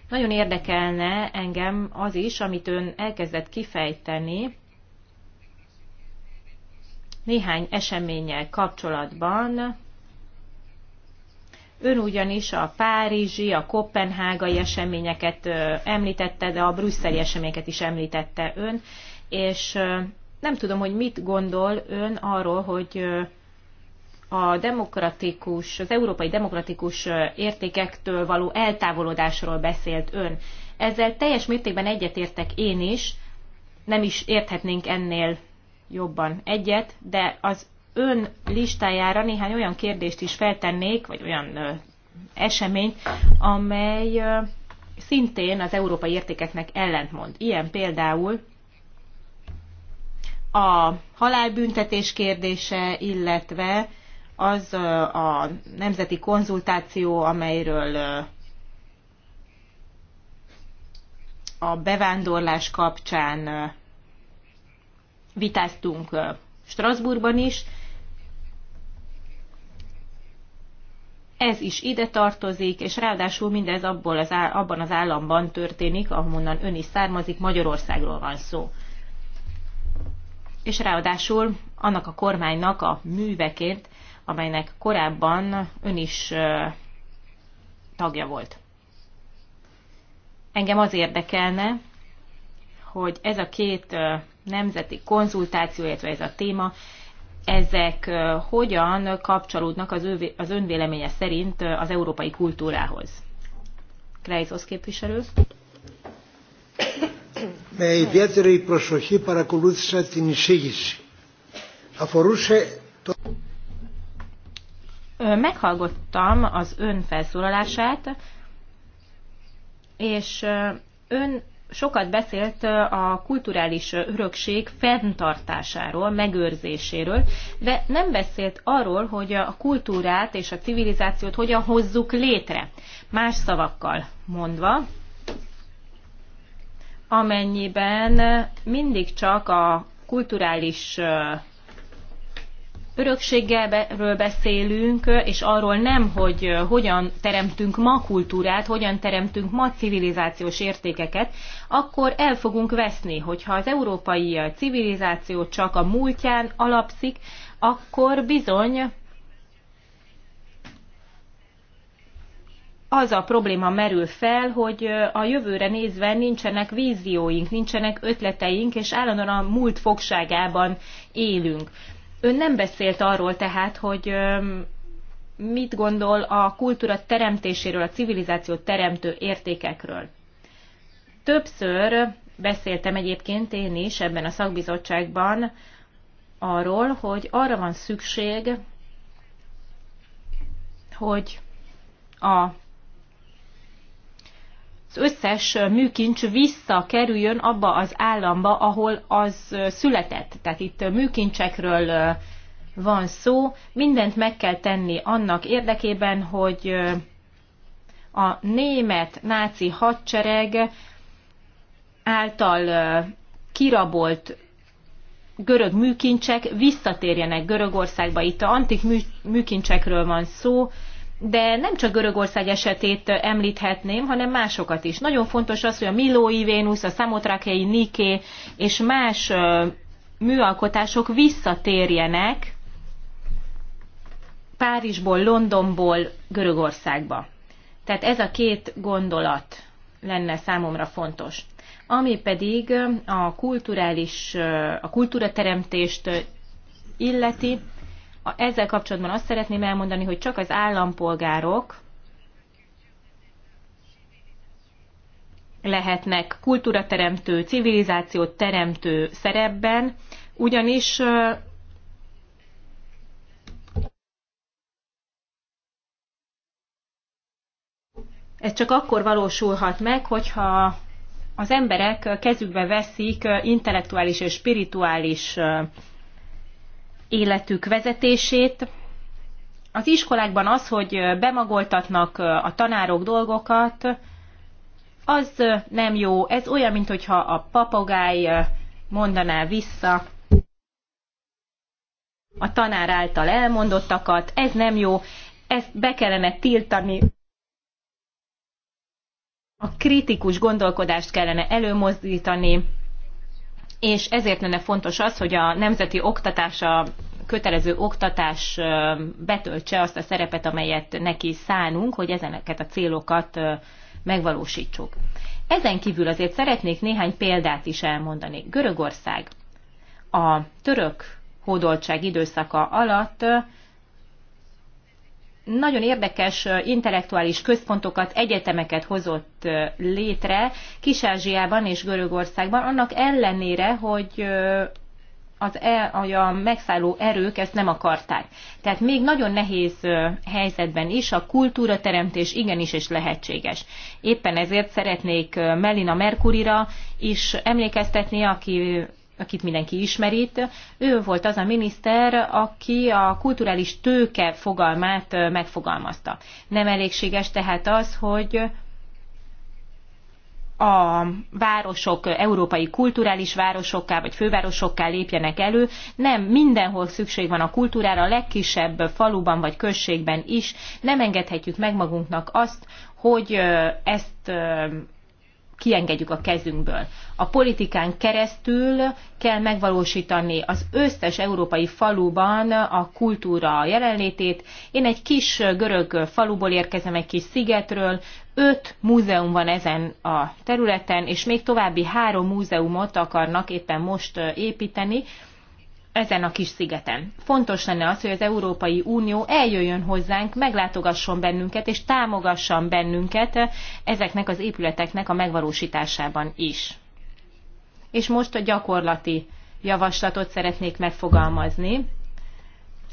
Nagyon érdekelne engem az is, amit ön elkezdett kifejteni néhány eseménnyel kapcsolatban. Ön ugyanis a párizsi, a kopenhágai eseményeket említette, de a brüsszeli eseményeket is említette ön, és nem tudom, hogy mit gondol ön arról, hogy a demokratikus, az európai demokratikus értékektől való eltávolodásról beszélt ön. Ezzel teljes mértékben egyetértek én is, nem is érthetnénk ennél jobban egyet, de az ön listájára néhány olyan kérdést is feltennék, vagy olyan eseményt, amely szintén az európai értékeknek ellentmond. Ilyen például a halálbüntetés kérdése, illetve az a nemzeti konzultáció, amelyről a bevándorlás kapcsán vitáztunk Strasbourgban is. Ez is ide tartozik, és ráadásul mindez abból az, áll, abban az államban történik, ahonnan ön is származik, Magyarországról van szó. És ráadásul annak a kormánynak a műveként amelynek korábban ön is tagja volt. Engem az érdekelne, hogy ez a két nemzeti konzultáció, illetve ez a téma, ezek hogyan kapcsolódnak az, ön véleménye szerint az európai kultúrához? Krejzosz képviselő. Με ιδιαίτερη προσοχή παρακολούθησα την εισήγηση. Αφορούσε το... Meghallgattam az ön felszólalását, és ön sokat beszélt a kulturális örökség fenntartásáról, megőrzéséről, de nem beszélt arról, hogy a kultúrát és a civilizációt hogyan hozzuk létre. Más szavakkal mondva, amennyiben mindig csak a kulturális örökségről beszélünk, és arról nem, hogy hogyan teremtünk ma kultúrát, hogyan teremtünk ma civilizációs értékeket, akkor el fogunk veszni, hogyha az európai civilizáció csak a múltján alapszik, akkor bizony az a probléma merül fel, hogy a jövőre nézve nincsenek vízióink, nincsenek ötleteink, és állandóan a múlt fogságában élünk. Ön nem beszélt arról tehát, hogy mit gondol a kultúra teremtéséről, a civilizáció teremtő értékekről. Többször beszéltem egyébként én is ebben a szakbizottságban arról, hogy arra van szükség, hogy a az összes műkincs visszakerüljön abba az államba, ahol az született. Tehát itt műkincsekről van szó, mindent meg kell tenni annak érdekében, hogy a német náci hadsereg által kirabolt görög műkincsek visszatérjenek Görögországba. Itt a antik műkincsekről van szó, de nem csak Görögország esetét említhetném, hanem másokat is. Nagyon fontos az, hogy a Milói Vénusz, a Szamotrakei Niké és más műalkotások visszatérjenek Párizsból, Londonból Görögországba. Tehát ez a két gondolat lenne számomra fontos. Ami pedig a kulturális, a kultúrateremtést illeti, ezzel kapcsolatban azt szeretném elmondani, hogy csak az állampolgárok lehetnek kultúrateremtő, civilizációt teremtő szerepben, ugyanis ez csak akkor valósulhat meg, hogyha az emberek kezükbe veszik intellektuális és spirituális életük vezetését. Az iskolákban az, hogy bemagoltatnak a tanárok dolgokat, az nem jó. Ez olyan, mintha a papagáj mondaná vissza a tanár által elmondottakat. Ez nem jó. Ezt be kellene tiltani. A kritikus gondolkodást kellene előmozdítani és ezért lenne fontos az, hogy a nemzeti oktatás, a kötelező oktatás betöltse azt a szerepet, amelyet neki szánunk, hogy ezeneket a célokat megvalósítsuk. Ezen kívül azért szeretnék néhány példát is elmondani. Görögország a török hódoltság időszaka alatt nagyon érdekes intellektuális központokat, egyetemeket hozott létre kis és Görögországban, annak ellenére, hogy az e, a megszálló erők ezt nem akarták. Tehát még nagyon nehéz helyzetben is a kultúra teremtés igenis és lehetséges. Éppen ezért szeretnék Melina Merkurira is emlékeztetni, aki akit mindenki ismerít, ő volt az a miniszter, aki a kulturális tőke fogalmát megfogalmazta. Nem elégséges tehát az, hogy a városok európai kulturális városokká vagy fővárosokká lépjenek elő. Nem, mindenhol szükség van a kultúrára, a legkisebb faluban vagy községben is. Nem engedhetjük meg magunknak azt, hogy ezt kiengedjük a kezünkből. A politikán keresztül kell megvalósítani az összes európai faluban a kultúra jelenlétét. Én egy kis görög faluból érkezem, egy kis szigetről, öt múzeum van ezen a területen, és még további három múzeumot akarnak éppen most építeni, ezen a kis szigeten. Fontos lenne az, hogy az Európai Unió eljöjjön hozzánk, meglátogasson bennünket, és támogasson bennünket ezeknek az épületeknek a megvalósításában is. És most a gyakorlati javaslatot szeretnék megfogalmazni.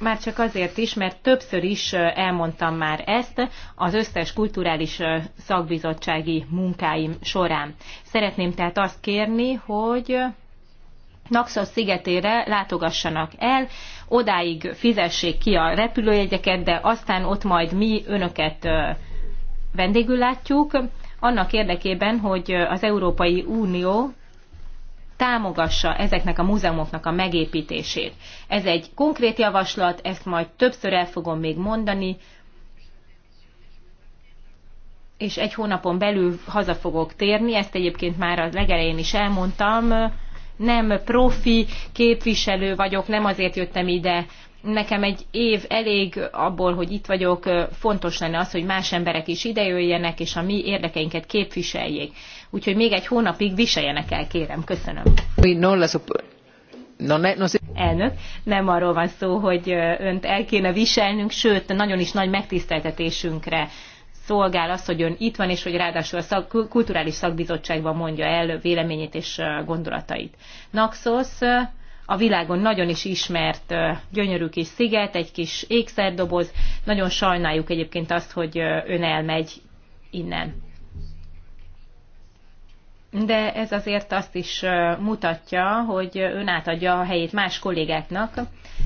Már csak azért is, mert többször is elmondtam már ezt az összes kulturális szakbizottsági munkáim során. Szeretném tehát azt kérni, hogy Naxos szigetére látogassanak el, odáig fizessék ki a repülőjegyeket, de aztán ott majd mi önöket vendégül látjuk, annak érdekében, hogy az Európai Unió támogassa ezeknek a múzeumoknak a megépítését. Ez egy konkrét javaslat, ezt majd többször el fogom még mondani, és egy hónapon belül haza fogok térni, ezt egyébként már a legelején is elmondtam, nem profi képviselő vagyok, nem azért jöttem ide. Nekem egy év elég abból, hogy itt vagyok, fontos lenne az, hogy más emberek is idejöjjenek, és a mi érdekeinket képviseljék. Úgyhogy még egy hónapig viseljenek el, kérem. Köszönöm. Elnök, nem arról van szó, hogy önt el kéne viselnünk, sőt, nagyon is nagy megtiszteltetésünkre szolgál az, hogy ön itt van, és hogy ráadásul a szak, kulturális szakbizottságban mondja el véleményét és gondolatait. Naxos a világon nagyon is ismert gyönyörű kis sziget, egy kis ékszerdoboz. Nagyon sajnáljuk egyébként azt, hogy ön elmegy innen de ez azért azt is mutatja, hogy ön átadja a helyét más kollégáknak,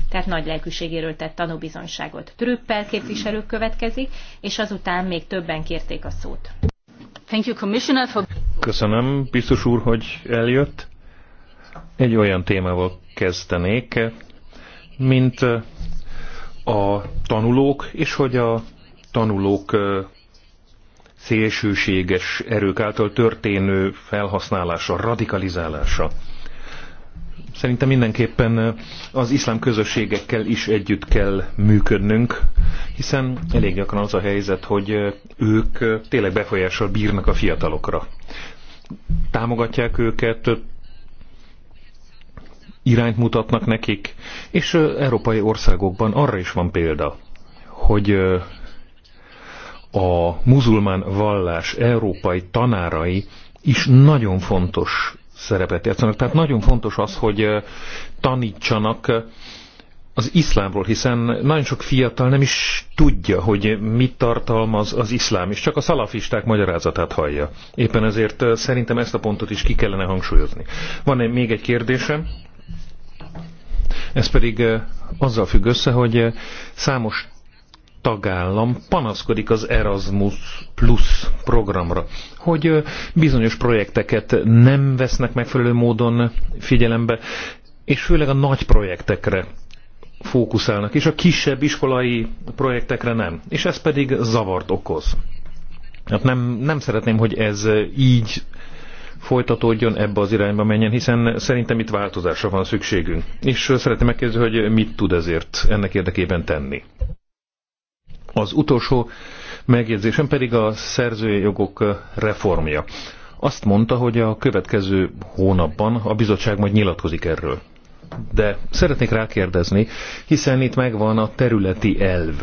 tehát nagy lelkűségéről tett tanúbizonyságot. Trüppel képviselők következik, és azután még többen kérték a szót. Thank you, Commissioner, for... Köszönöm, biztos úr, hogy eljött. Egy olyan témával kezdenék, mint a tanulók, és hogy a tanulók szélsőséges erők által történő felhasználása, radikalizálása. Szerintem mindenképpen az iszlám közösségekkel is együtt kell működnünk, hiszen elég gyakran az a helyzet, hogy ők tényleg befolyással bírnak a fiatalokra. Támogatják őket, irányt mutatnak nekik, és európai országokban arra is van példa, hogy a muzulmán vallás európai tanárai is nagyon fontos szerepet játszanak. Tehát nagyon fontos az, hogy tanítsanak az iszlámról, hiszen nagyon sok fiatal nem is tudja, hogy mit tartalmaz az iszlám, és csak a szalafisták magyarázatát hallja. Éppen ezért szerintem ezt a pontot is ki kellene hangsúlyozni. Van -e még egy kérdésem? Ez pedig azzal függ össze, hogy számos tagállam panaszkodik az Erasmus Plus programra, hogy bizonyos projekteket nem vesznek megfelelő módon figyelembe, és főleg a nagy projektekre fókuszálnak, és a kisebb iskolai projektekre nem. És ez pedig zavart okoz. Hát nem, nem szeretném, hogy ez így folytatódjon, ebbe az irányba menjen, hiszen szerintem itt változásra van szükségünk. És szeretném megkérdezni, hogy mit tud ezért ennek érdekében tenni. Az utolsó megjegyzésem pedig a szerzői jogok reformja. Azt mondta, hogy a következő hónapban a bizottság majd nyilatkozik erről. De szeretnék rákérdezni, hiszen itt megvan a területi elv.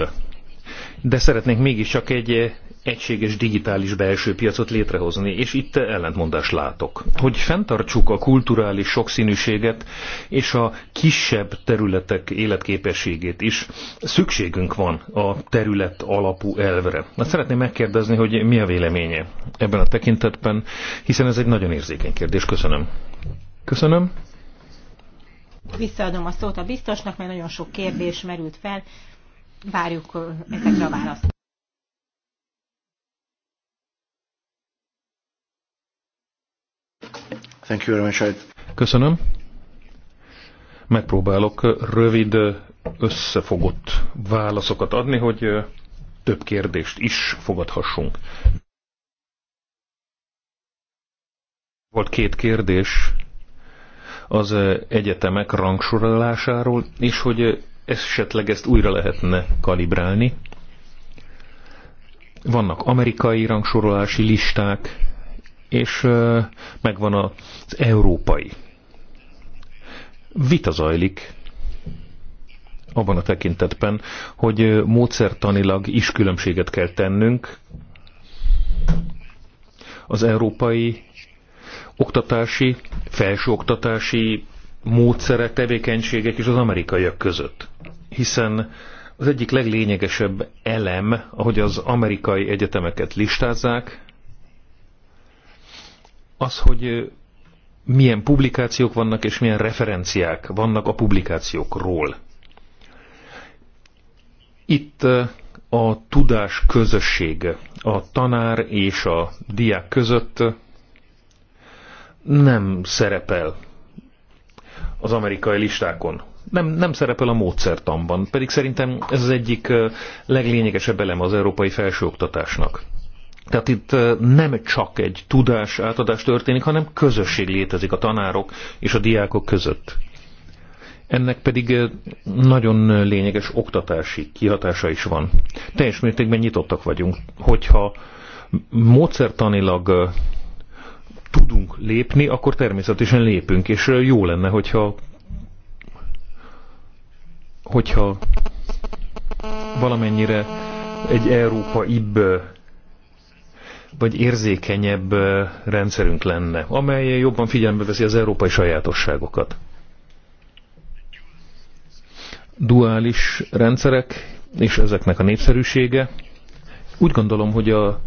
De szeretnék mégiscsak egy egységes digitális belső piacot létrehozni, és itt ellentmondást látok. Hogy fenntartsuk a kulturális sokszínűséget és a kisebb területek életképességét is, szükségünk van a terület alapú elvre. Na szeretném megkérdezni, hogy mi a véleménye ebben a tekintetben, hiszen ez egy nagyon érzékeny kérdés. Köszönöm. Köszönöm. Visszaadom a szót a biztosnak, mert nagyon sok kérdés merült fel. Várjuk ezekre a választ. Thank you very much. Köszönöm. Megpróbálok rövid, összefogott válaszokat adni, hogy több kérdést is fogadhassunk. Volt két kérdés az egyetemek rangsorolásáról, és hogy esetleg ezt újra lehetne kalibrálni. Vannak amerikai rangsorolási listák, és megvan az európai. Vita zajlik abban a tekintetben, hogy módszertanilag is különbséget kell tennünk az európai oktatási, felsőoktatási módszerek, tevékenységek és az amerikaiak között. Hiszen az egyik leglényegesebb elem, ahogy az amerikai egyetemeket listázzák, az, hogy milyen publikációk vannak, és milyen referenciák vannak a publikációkról. Itt a tudás közösség a tanár és a diák között nem szerepel az amerikai listákon. Nem, nem szerepel a módszertanban, pedig szerintem ez az egyik leglényegesebb elem az európai felsőoktatásnak. Tehát itt nem csak egy tudás átadás történik, hanem közösség létezik a tanárok és a diákok között. Ennek pedig nagyon lényeges oktatási kihatása is van. Teljes mértékben nyitottak vagyunk. Hogyha módszertanilag tudunk lépni, akkor természetesen lépünk, és jó lenne, hogyha hogyha valamennyire egy Európa ibb vagy érzékenyebb rendszerünk lenne, amely jobban figyelembe veszi az európai sajátosságokat. Duális rendszerek és ezeknek a népszerűsége. Úgy gondolom, hogy a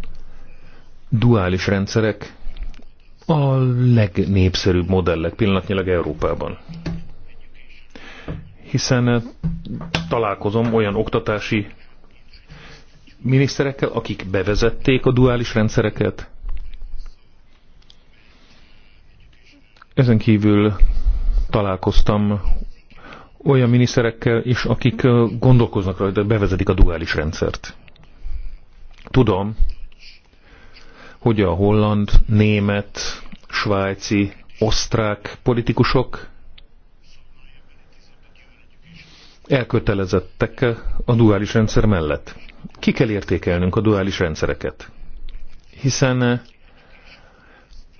duális rendszerek a legnépszerűbb modellek pillanatnyilag Európában. Hiszen találkozom olyan oktatási miniszterekkel, akik bevezették a duális rendszereket. Ezen kívül találkoztam olyan miniszterekkel is, akik gondolkoznak rajta, bevezetik a duális rendszert. Tudom, hogy a holland, német, svájci, osztrák politikusok elkötelezettek a duális rendszer mellett. Ki kell értékelnünk a duális rendszereket, hiszen eh,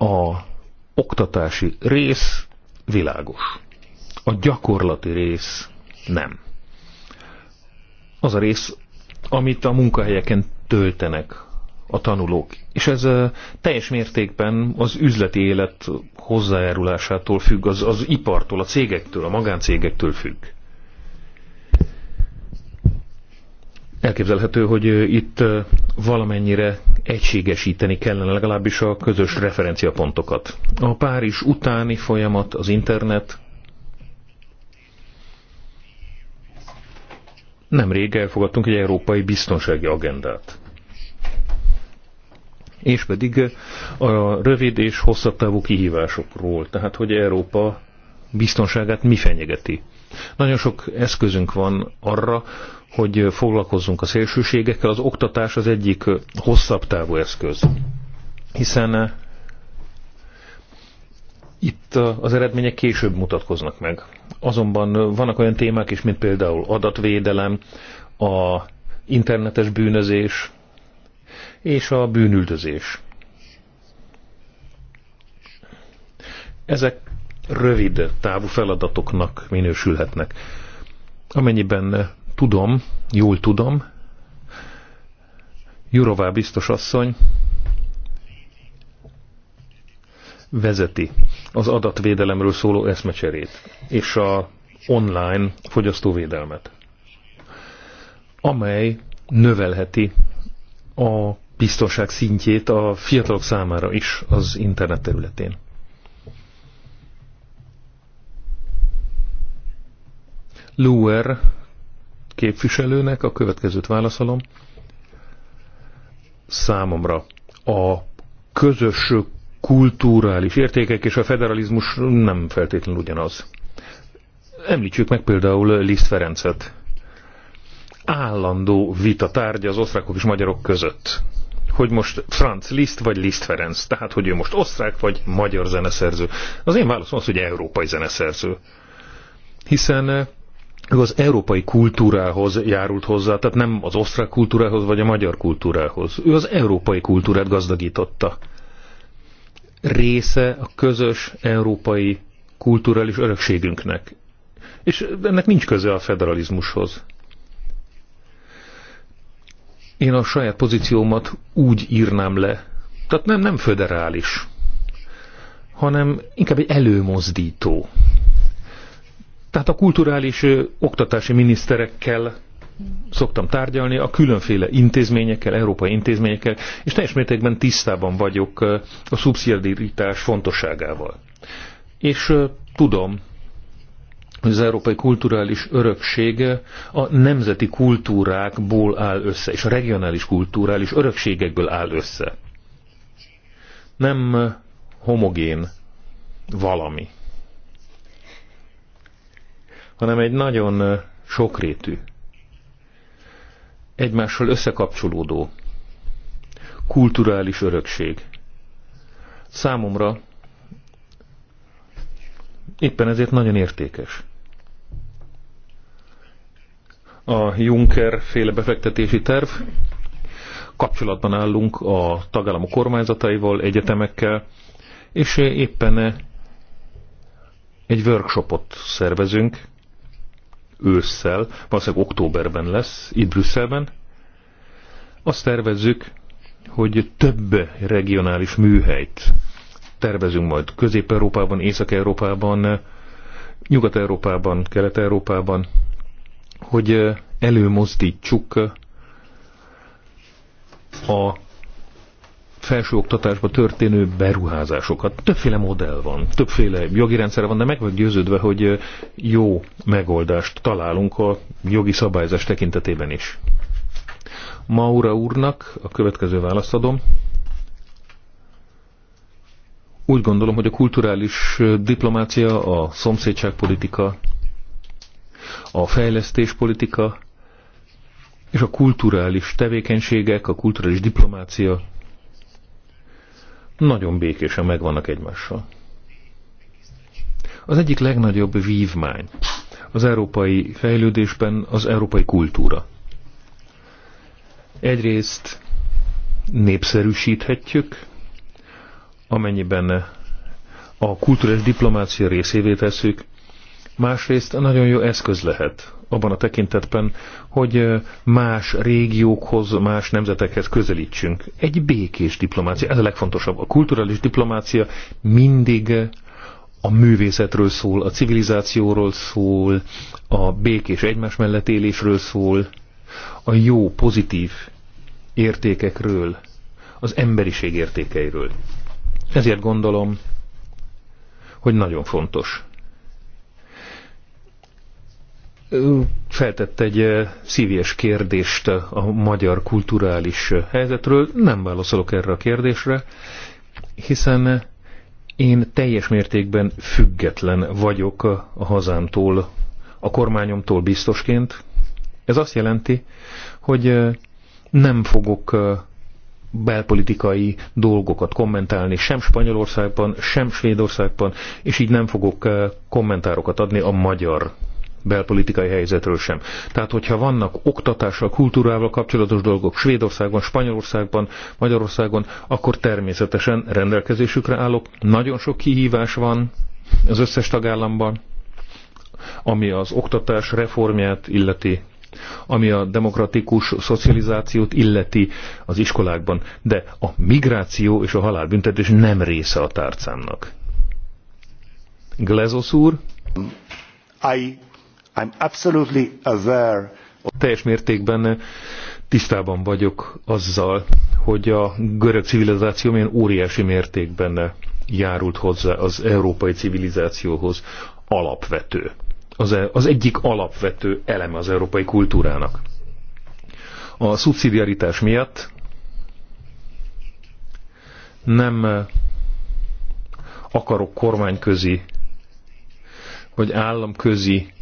a oktatási rész világos, a gyakorlati rész nem. Az a rész, amit a munkahelyeken töltenek a tanulók. És ez eh, teljes mértékben az üzleti élet hozzájárulásától függ, az, az ipartól, a cégektől, a magáncégektől függ. Elképzelhető, hogy itt valamennyire egységesíteni kellene legalábbis a közös referenciapontokat. A Párizs utáni folyamat, az internet, nemrég elfogadtunk egy európai biztonsági agendát. És pedig a rövid és hosszabb távú kihívásokról, tehát hogy Európa biztonságát mi fenyegeti. Nagyon sok eszközünk van arra, hogy foglalkozzunk a szélsőségekkel, az oktatás az egyik hosszabb távú eszköz. Hiszen itt az eredmények később mutatkoznak meg. Azonban vannak olyan témák is, mint például adatvédelem, a internetes bűnözés és a bűnüldözés. Ezek rövid távú feladatoknak minősülhetnek. Amennyiben tudom, jól tudom, Jurová biztos asszony vezeti az adatvédelemről szóló eszmecserét és a online fogyasztóvédelmet, amely növelheti a biztonság szintjét a fiatalok számára is az internet területén. Luer képviselőnek a következőt válaszolom. Számomra a közös kulturális értékek és a federalizmus nem feltétlenül ugyanaz. Említsük meg például Liszt Ferencet. Állandó vita tárgya az osztrákok és magyarok között. Hogy most Franz Liszt vagy Liszt Ferenc, tehát hogy ő most osztrák vagy magyar zeneszerző. Az én válaszom az, hogy európai zeneszerző. Hiszen ő az európai kultúrához járult hozzá, tehát nem az osztrák kultúrához vagy a magyar kultúrához. Ő az európai kultúrát gazdagította. Része a közös európai kulturális örökségünknek. És ennek nincs köze a federalizmushoz. Én a saját pozíciómat úgy írnám le, tehát nem, nem föderális, hanem inkább egy előmozdító tehát a kulturális oktatási miniszterekkel szoktam tárgyalni, a különféle intézményekkel, európai intézményekkel, és teljes mértékben tisztában vagyok a szubszidiaritás fontosságával. És tudom, hogy az európai kulturális örökség a nemzeti kultúrákból áll össze, és a regionális kulturális örökségekből áll össze. Nem homogén valami hanem egy nagyon sokrétű, egymással összekapcsolódó kulturális örökség. Számomra éppen ezért nagyon értékes. A Juncker féle befektetési terv kapcsolatban állunk a tagállamok kormányzataival, egyetemekkel, és éppen egy workshopot szervezünk ősszel, valószínűleg októberben lesz itt Brüsszelben. Azt tervezzük, hogy több regionális műhelyt tervezünk majd Közép-Európában, Észak-Európában, Nyugat-Európában, Kelet-Európában, hogy előmozdítsuk a felsőoktatásba történő beruházásokat. Többféle modell van, többféle jogi rendszer van, de meg vagy győződve, hogy jó megoldást találunk a jogi szabályzás tekintetében is. Maura úrnak a következő választ adom. Úgy gondolom, hogy a kulturális diplomácia, a szomszédságpolitika, a fejlesztéspolitika és a kulturális tevékenységek, a kulturális diplomácia nagyon békésen megvannak egymással. Az egyik legnagyobb vívmány az európai fejlődésben az európai kultúra. Egyrészt népszerűsíthetjük, amennyiben a kulturális diplomácia részévé tesszük, másrészt nagyon jó eszköz lehet abban a tekintetben, hogy más régiókhoz, más nemzetekhez közelítsünk. Egy békés diplomácia, ez a legfontosabb. A kulturális diplomácia mindig a művészetről szól, a civilizációról szól, a békés egymás mellett élésről szól, a jó, pozitív értékekről, az emberiség értékeiről. Ezért gondolom, hogy nagyon fontos feltett egy eh, szívies kérdést a magyar kulturális eh, helyzetről. Nem válaszolok erre a kérdésre, hiszen eh, én teljes mértékben független vagyok a hazámtól, a kormányomtól biztosként. Ez azt jelenti, hogy nem fogok belpolitikai dolgokat kommentálni sem Spanyolországban, sem Svédországban, és így nem fogok kommentárokat adni a magyar belpolitikai helyzetről sem. Tehát, hogyha vannak oktatással, kultúrával kapcsolatos dolgok Svédországban, Spanyolországban, Magyarországon, akkor természetesen rendelkezésükre állok. Nagyon sok kihívás van az összes tagállamban, ami az oktatás reformját illeti, ami a demokratikus szocializációt illeti az iskolákban, de a migráció és a halálbüntetés nem része a tárcámnak. Glezos úr? I I'm absolutely aware teljes mértékben tisztában vagyok azzal, hogy a görög civilizáció milyen óriási mértékben járult hozzá az európai civilizációhoz alapvető. Az, az egyik alapvető eleme az európai kultúrának. A szubszidiaritás miatt nem akarok kormányközi vagy államközi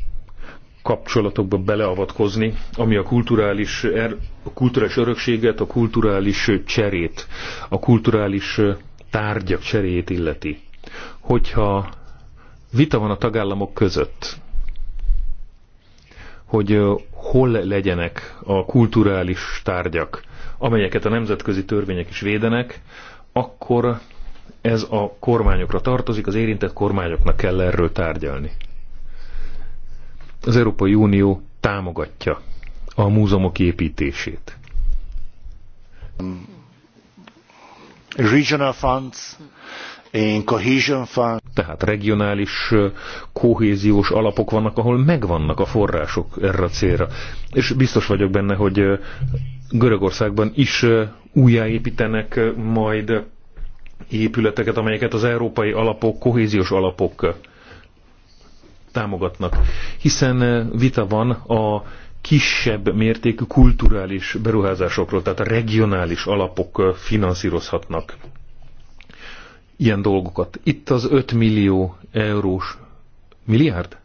kapcsolatokba beleavatkozni, ami a kulturális, er, a kulturális örökséget, a kulturális cserét, a kulturális tárgyak cseréjét illeti. Hogyha vita van a tagállamok között, hogy hol legyenek a kulturális tárgyak, amelyeket a nemzetközi törvények is védenek, akkor ez a kormányokra tartozik, az érintett kormányoknak kell erről tárgyalni az Európai Unió támogatja a múzeumok építését. Regional funds, in cohesion funds. Tehát regionális kohéziós alapok vannak, ahol megvannak a források erre a célra. És biztos vagyok benne, hogy Görögországban is újjáépítenek majd épületeket, amelyeket az európai alapok, kohéziós alapok támogatnak, hiszen eh, vita van a kisebb mértékű kulturális beruházásokról, tehát a regionális alapok eh, finanszírozhatnak ilyen dolgokat. Itt az 5 millió eurós milliárd?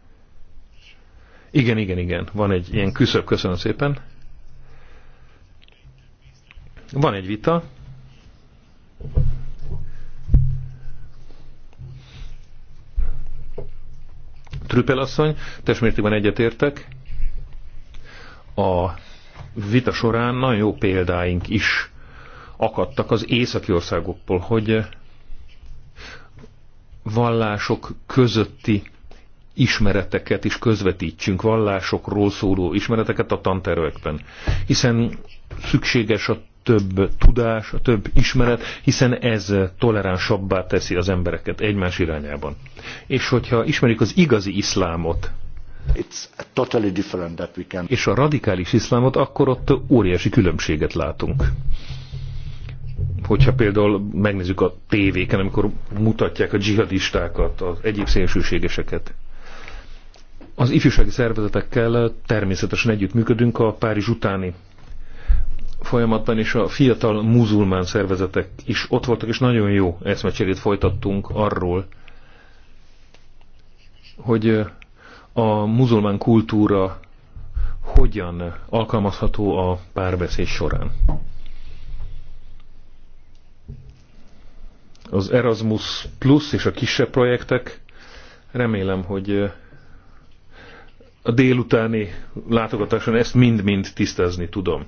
Igen, igen, igen. Van egy ilyen küszöbb, köszönöm szépen. Van egy vita. Trüppel asszony, testmértékben egyetértek. A vita során nagyon jó példáink is akadtak az északi országokból, hogy vallások közötti ismereteket is közvetítsünk, vallásokról szóló ismereteket a tantervekben. Hiszen szükséges a több tudás, a több ismeret, hiszen ez toleránsabbá teszi az embereket egymás irányában. És hogyha ismerik az igazi iszlámot, It's totally different that we can... és a radikális iszlámot, akkor ott óriási különbséget látunk. Hogyha például megnézzük a tévéken, amikor mutatják a dzsihadistákat, az egyéb szélsőségeseket, az ifjúsági szervezetekkel természetesen együttműködünk a Párizs utáni folyamatban is a fiatal muzulmán szervezetek is ott voltak, és nagyon jó eszmecserét folytattunk arról, hogy a muzulmán kultúra hogyan alkalmazható a párbeszéd során. Az Erasmus Plus és a kisebb projektek remélem, hogy a délutáni látogatáson ezt mind-mind tisztázni tudom.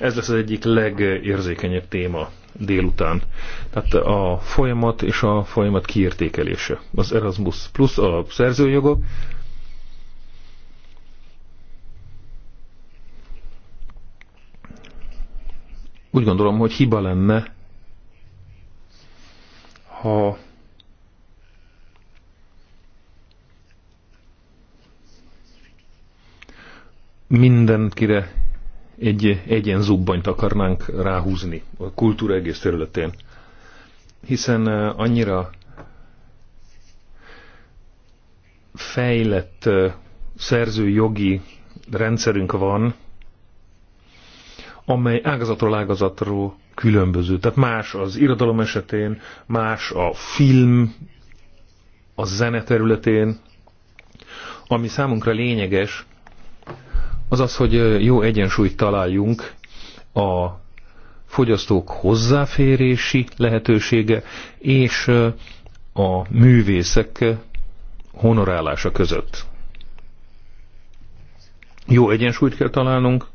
Ez lesz az egyik legérzékenyebb téma délután. Tehát a folyamat és a folyamat kiértékelése. Az Erasmus plusz a szerzőjogok. Úgy gondolom, hogy hiba lenne, ha mindenkire egy egyen zubbanyt akarnánk ráhúzni a kultúra egész területén. Hiszen annyira fejlett szerzőjogi rendszerünk van, amely ágazatról ágazatról különböző. Tehát más az irodalom esetén, más a film, a zene területén. Ami számunkra lényeges, az az, hogy jó egyensúlyt találjunk a fogyasztók hozzáférési lehetősége és a művészek honorálása között. Jó egyensúlyt kell találnunk.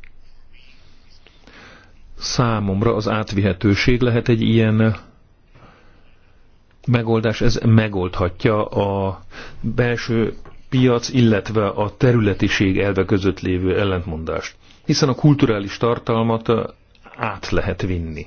Számomra az átvihetőség lehet egy ilyen megoldás, ez megoldhatja a belső piac, illetve a területiség elve között lévő ellentmondást. Hiszen a kulturális tartalmat át lehet vinni.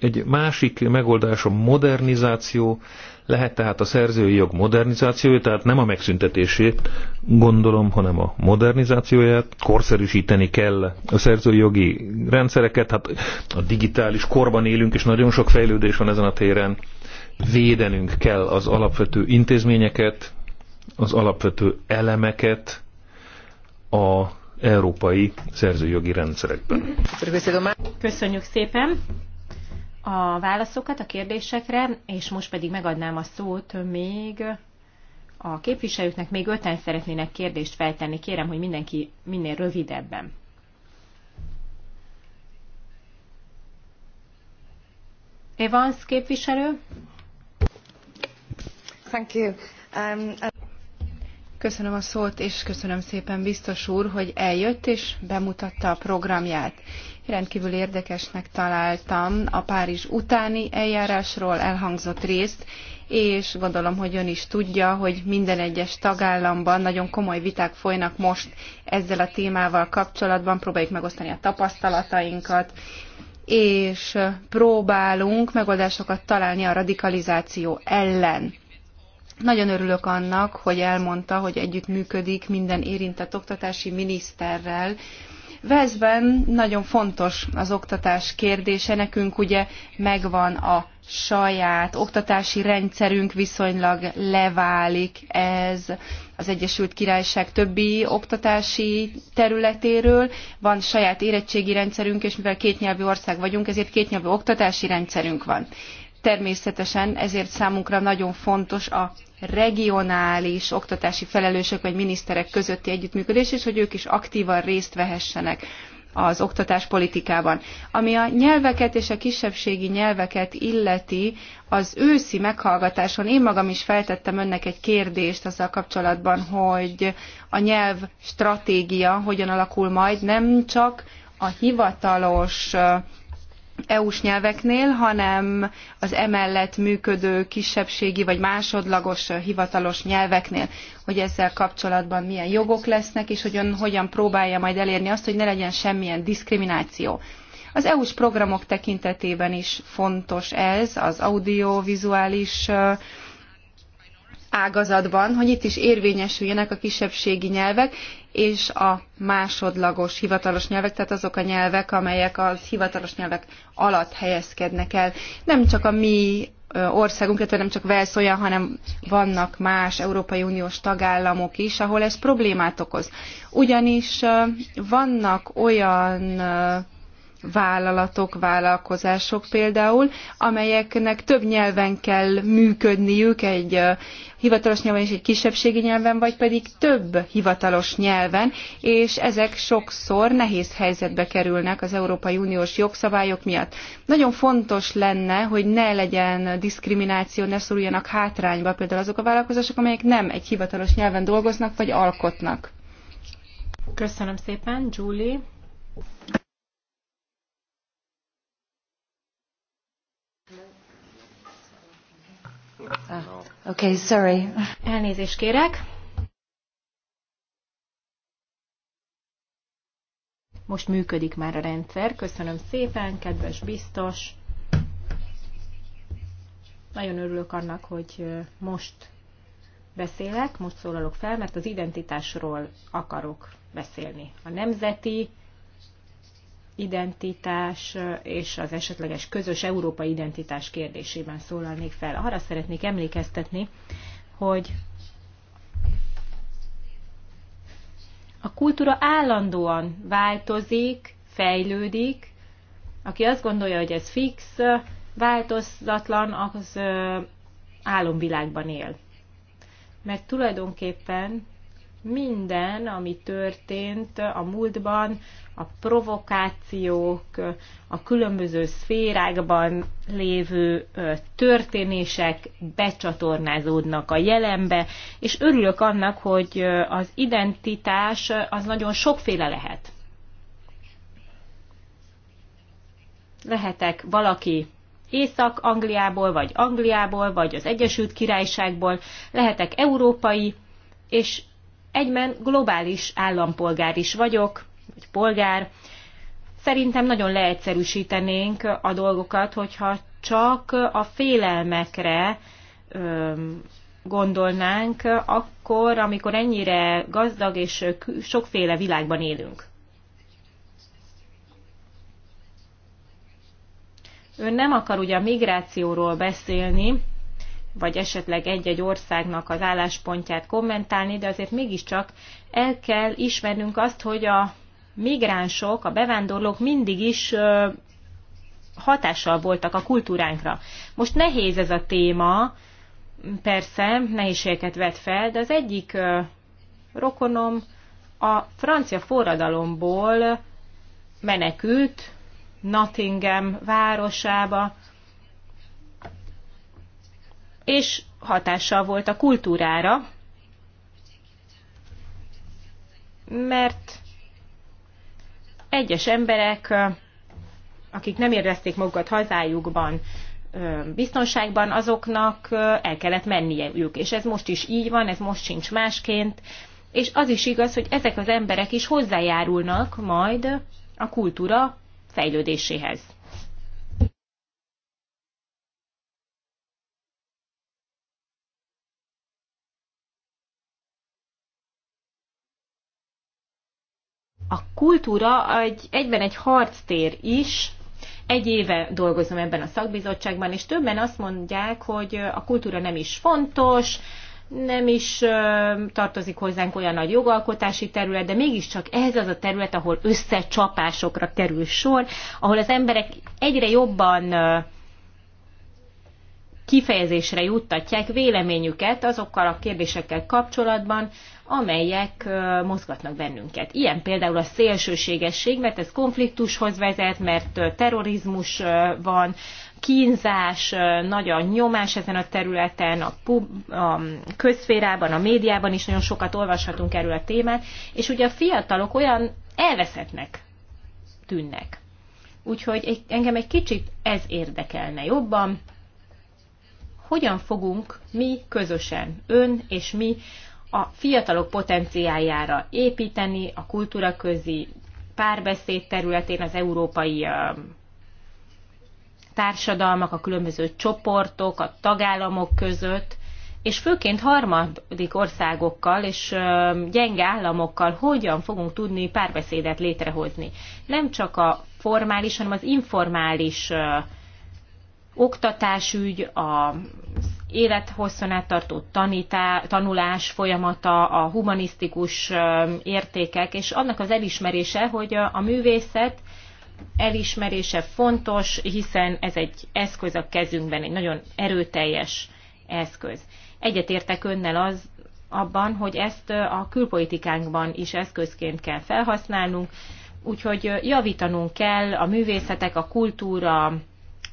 Egy másik megoldás a modernizáció, lehet tehát a szerzői jog modernizációja, tehát nem a megszüntetését gondolom, hanem a modernizációját. Korszerűsíteni kell a szerzői jogi rendszereket, hát a digitális korban élünk, és nagyon sok fejlődés van ezen a téren. Védenünk kell az alapvető intézményeket, az alapvető elemeket a európai szerzőjogi rendszerekben. Köszönjük szépen a válaszokat a kérdésekre, és most pedig megadnám a szót még a képviselőknek. Még öten szeretnének kérdést feltenni. Kérem, hogy mindenki minél rövidebben. Evans képviselő. Thank you. Um, uh, Köszönöm a szót, és köszönöm szépen biztos úr, hogy eljött és bemutatta a programját. Rendkívül érdekesnek találtam a Párizs utáni eljárásról elhangzott részt, és gondolom, hogy ön is tudja, hogy minden egyes tagállamban nagyon komoly viták folynak most ezzel a témával kapcsolatban, próbáljuk megosztani a tapasztalatainkat, és próbálunk megoldásokat találni a radikalizáció ellen nagyon örülök annak, hogy elmondta, hogy együttműködik minden érintett oktatási miniszterrel, Velszben nagyon fontos az oktatás kérdése, nekünk ugye megvan a saját oktatási rendszerünk viszonylag leválik ez az Egyesült Királyság többi oktatási területéről. Van saját érettségi rendszerünk, és mivel kétnyelvű ország vagyunk, ezért kétnyelvű oktatási rendszerünk van. Természetesen ezért számunkra nagyon fontos a regionális oktatási felelősök vagy miniszterek közötti együttműködés, és hogy ők is aktívan részt vehessenek az oktatáspolitikában. Ami a nyelveket és a kisebbségi nyelveket illeti, az őszi meghallgatáson én magam is feltettem önnek egy kérdést azzal kapcsolatban, hogy a nyelv stratégia hogyan alakul majd, nem csak a hivatalos EU-s nyelveknél, hanem az emellett működő kisebbségi vagy másodlagos hivatalos nyelveknél, hogy ezzel kapcsolatban milyen jogok lesznek, és hogy ön hogyan próbálja majd elérni azt, hogy ne legyen semmilyen diszkrimináció. Az EU-s programok tekintetében is fontos ez, az audiovizuális ágazatban, hogy itt is érvényesüljenek a kisebbségi nyelvek és a másodlagos hivatalos nyelvek, tehát azok a nyelvek, amelyek az hivatalos nyelvek alatt helyezkednek el. Nem csak a mi országunk, illetve nem csak Velsz olyan, hanem vannak más Európai Uniós tagállamok is, ahol ez problémát okoz. Ugyanis vannak olyan vállalatok, vállalkozások például, amelyeknek több nyelven kell működniük, egy hivatalos nyelven és egy kisebbségi nyelven, vagy pedig több hivatalos nyelven, és ezek sokszor nehéz helyzetbe kerülnek az Európai Uniós jogszabályok miatt. Nagyon fontos lenne, hogy ne legyen diszkrimináció, ne szoruljanak hátrányba például azok a vállalkozások, amelyek nem egy hivatalos nyelven dolgoznak, vagy alkotnak. Köszönöm szépen, Julie. Uh, okay, sorry. Elnézést kérek. Most működik már a rendszer. Köszönöm szépen, kedves biztos. Nagyon örülök annak, hogy most beszélek, most szólalok fel, mert az identitásról akarok beszélni. A nemzeti identitás és az esetleges közös európai identitás kérdésében szólalnék fel. Arra szeretnék emlékeztetni, hogy a kultúra állandóan változik, fejlődik. Aki azt gondolja, hogy ez fix, változatlan, az álomvilágban él. Mert tulajdonképpen minden, ami történt a múltban, a provokációk, a különböző szférákban lévő történések becsatornázódnak a jelenbe, és örülök annak, hogy az identitás az nagyon sokféle lehet. Lehetek valaki Észak-Angliából, vagy Angliából, vagy az Egyesült Királyságból, lehetek európai, és egyben globális állampolgár is vagyok, vagy polgár. Szerintem nagyon leegyszerűsítenénk a dolgokat, hogyha csak a félelmekre gondolnánk, akkor, amikor ennyire gazdag és sokféle világban élünk. Ön nem akar ugye a migrációról beszélni, vagy esetleg egy-egy országnak az álláspontját kommentálni, de azért mégiscsak el kell ismernünk azt, hogy a migránsok, a bevándorlók mindig is hatással voltak a kultúránkra. Most nehéz ez a téma, persze, nehézségeket vet fel, de az egyik rokonom a francia forradalomból menekült Nottingham városába, és hatással volt a kultúrára, mert egyes emberek, akik nem érezték magukat hazájukban, biztonságban, azoknak el kellett menniük. És ez most is így van, ez most sincs másként. És az is igaz, hogy ezek az emberek is hozzájárulnak majd a kultúra fejlődéséhez. a kultúra egy, egyben egy harctér is. Egy éve dolgozom ebben a szakbizottságban, és többen azt mondják, hogy a kultúra nem is fontos, nem is tartozik hozzánk olyan nagy jogalkotási terület, de mégiscsak ez az a terület, ahol összecsapásokra kerül sor, ahol az emberek egyre jobban kifejezésre juttatják véleményüket azokkal a kérdésekkel kapcsolatban, amelyek mozgatnak bennünket. Ilyen például a szélsőségesség, mert ez konfliktushoz vezet, mert terrorizmus van, kínzás, nagy a nyomás ezen a területen, a, pub, a közférában, a médiában is nagyon sokat olvashatunk erről a témát, és ugye a fiatalok olyan elveszettnek tűnnek. Úgyhogy engem egy kicsit ez érdekelne jobban, hogyan fogunk mi közösen, ön és mi a fiatalok potenciájára építeni, a kultúraközi párbeszéd területén az európai társadalmak, a különböző csoportok, a tagállamok között, és főként harmadik országokkal és gyenge államokkal hogyan fogunk tudni párbeszédet létrehozni. Nem csak a formális, hanem az informális oktatásügy, a élethosszon át tartó tanítá, tanulás folyamata, a humanisztikus értékek, és annak az elismerése, hogy a művészet elismerése fontos, hiszen ez egy eszköz a kezünkben, egy nagyon erőteljes eszköz. Egyetértek önnel az, abban, hogy ezt a külpolitikánkban is eszközként kell felhasználnunk, úgyhogy javítanunk kell a művészetek, a kultúra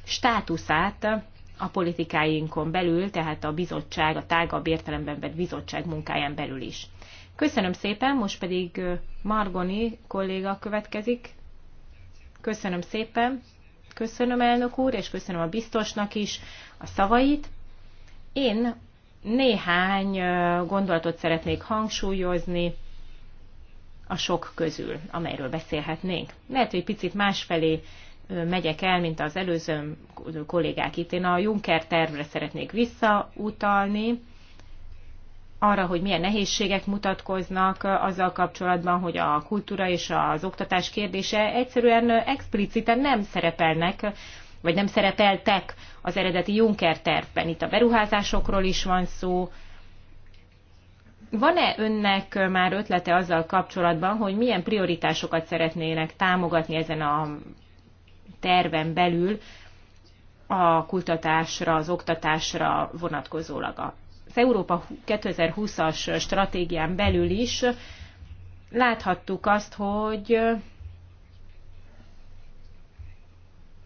státuszát a politikáinkon belül, tehát a bizottság, a tágabb értelemben vett bizottság munkáján belül is. Köszönöm szépen, most pedig Margoni kolléga következik. Köszönöm szépen, köszönöm elnök úr, és köszönöm a biztosnak is a szavait. Én néhány gondolatot szeretnék hangsúlyozni a sok közül, amelyről beszélhetnénk. Lehet, hogy picit másfelé megyek el, mint az előző kollégák itt. Én a Juncker tervre szeretnék visszautalni, arra, hogy milyen nehézségek mutatkoznak azzal kapcsolatban, hogy a kultúra és az oktatás kérdése egyszerűen expliciten nem szerepelnek, vagy nem szerepeltek az eredeti Juncker tervben. Itt a beruházásokról is van szó, van-e önnek már ötlete azzal kapcsolatban, hogy milyen prioritásokat szeretnének támogatni ezen a terven belül a kutatásra, az oktatásra vonatkozólag. Az Európa 2020-as stratégián belül is láthattuk azt, hogy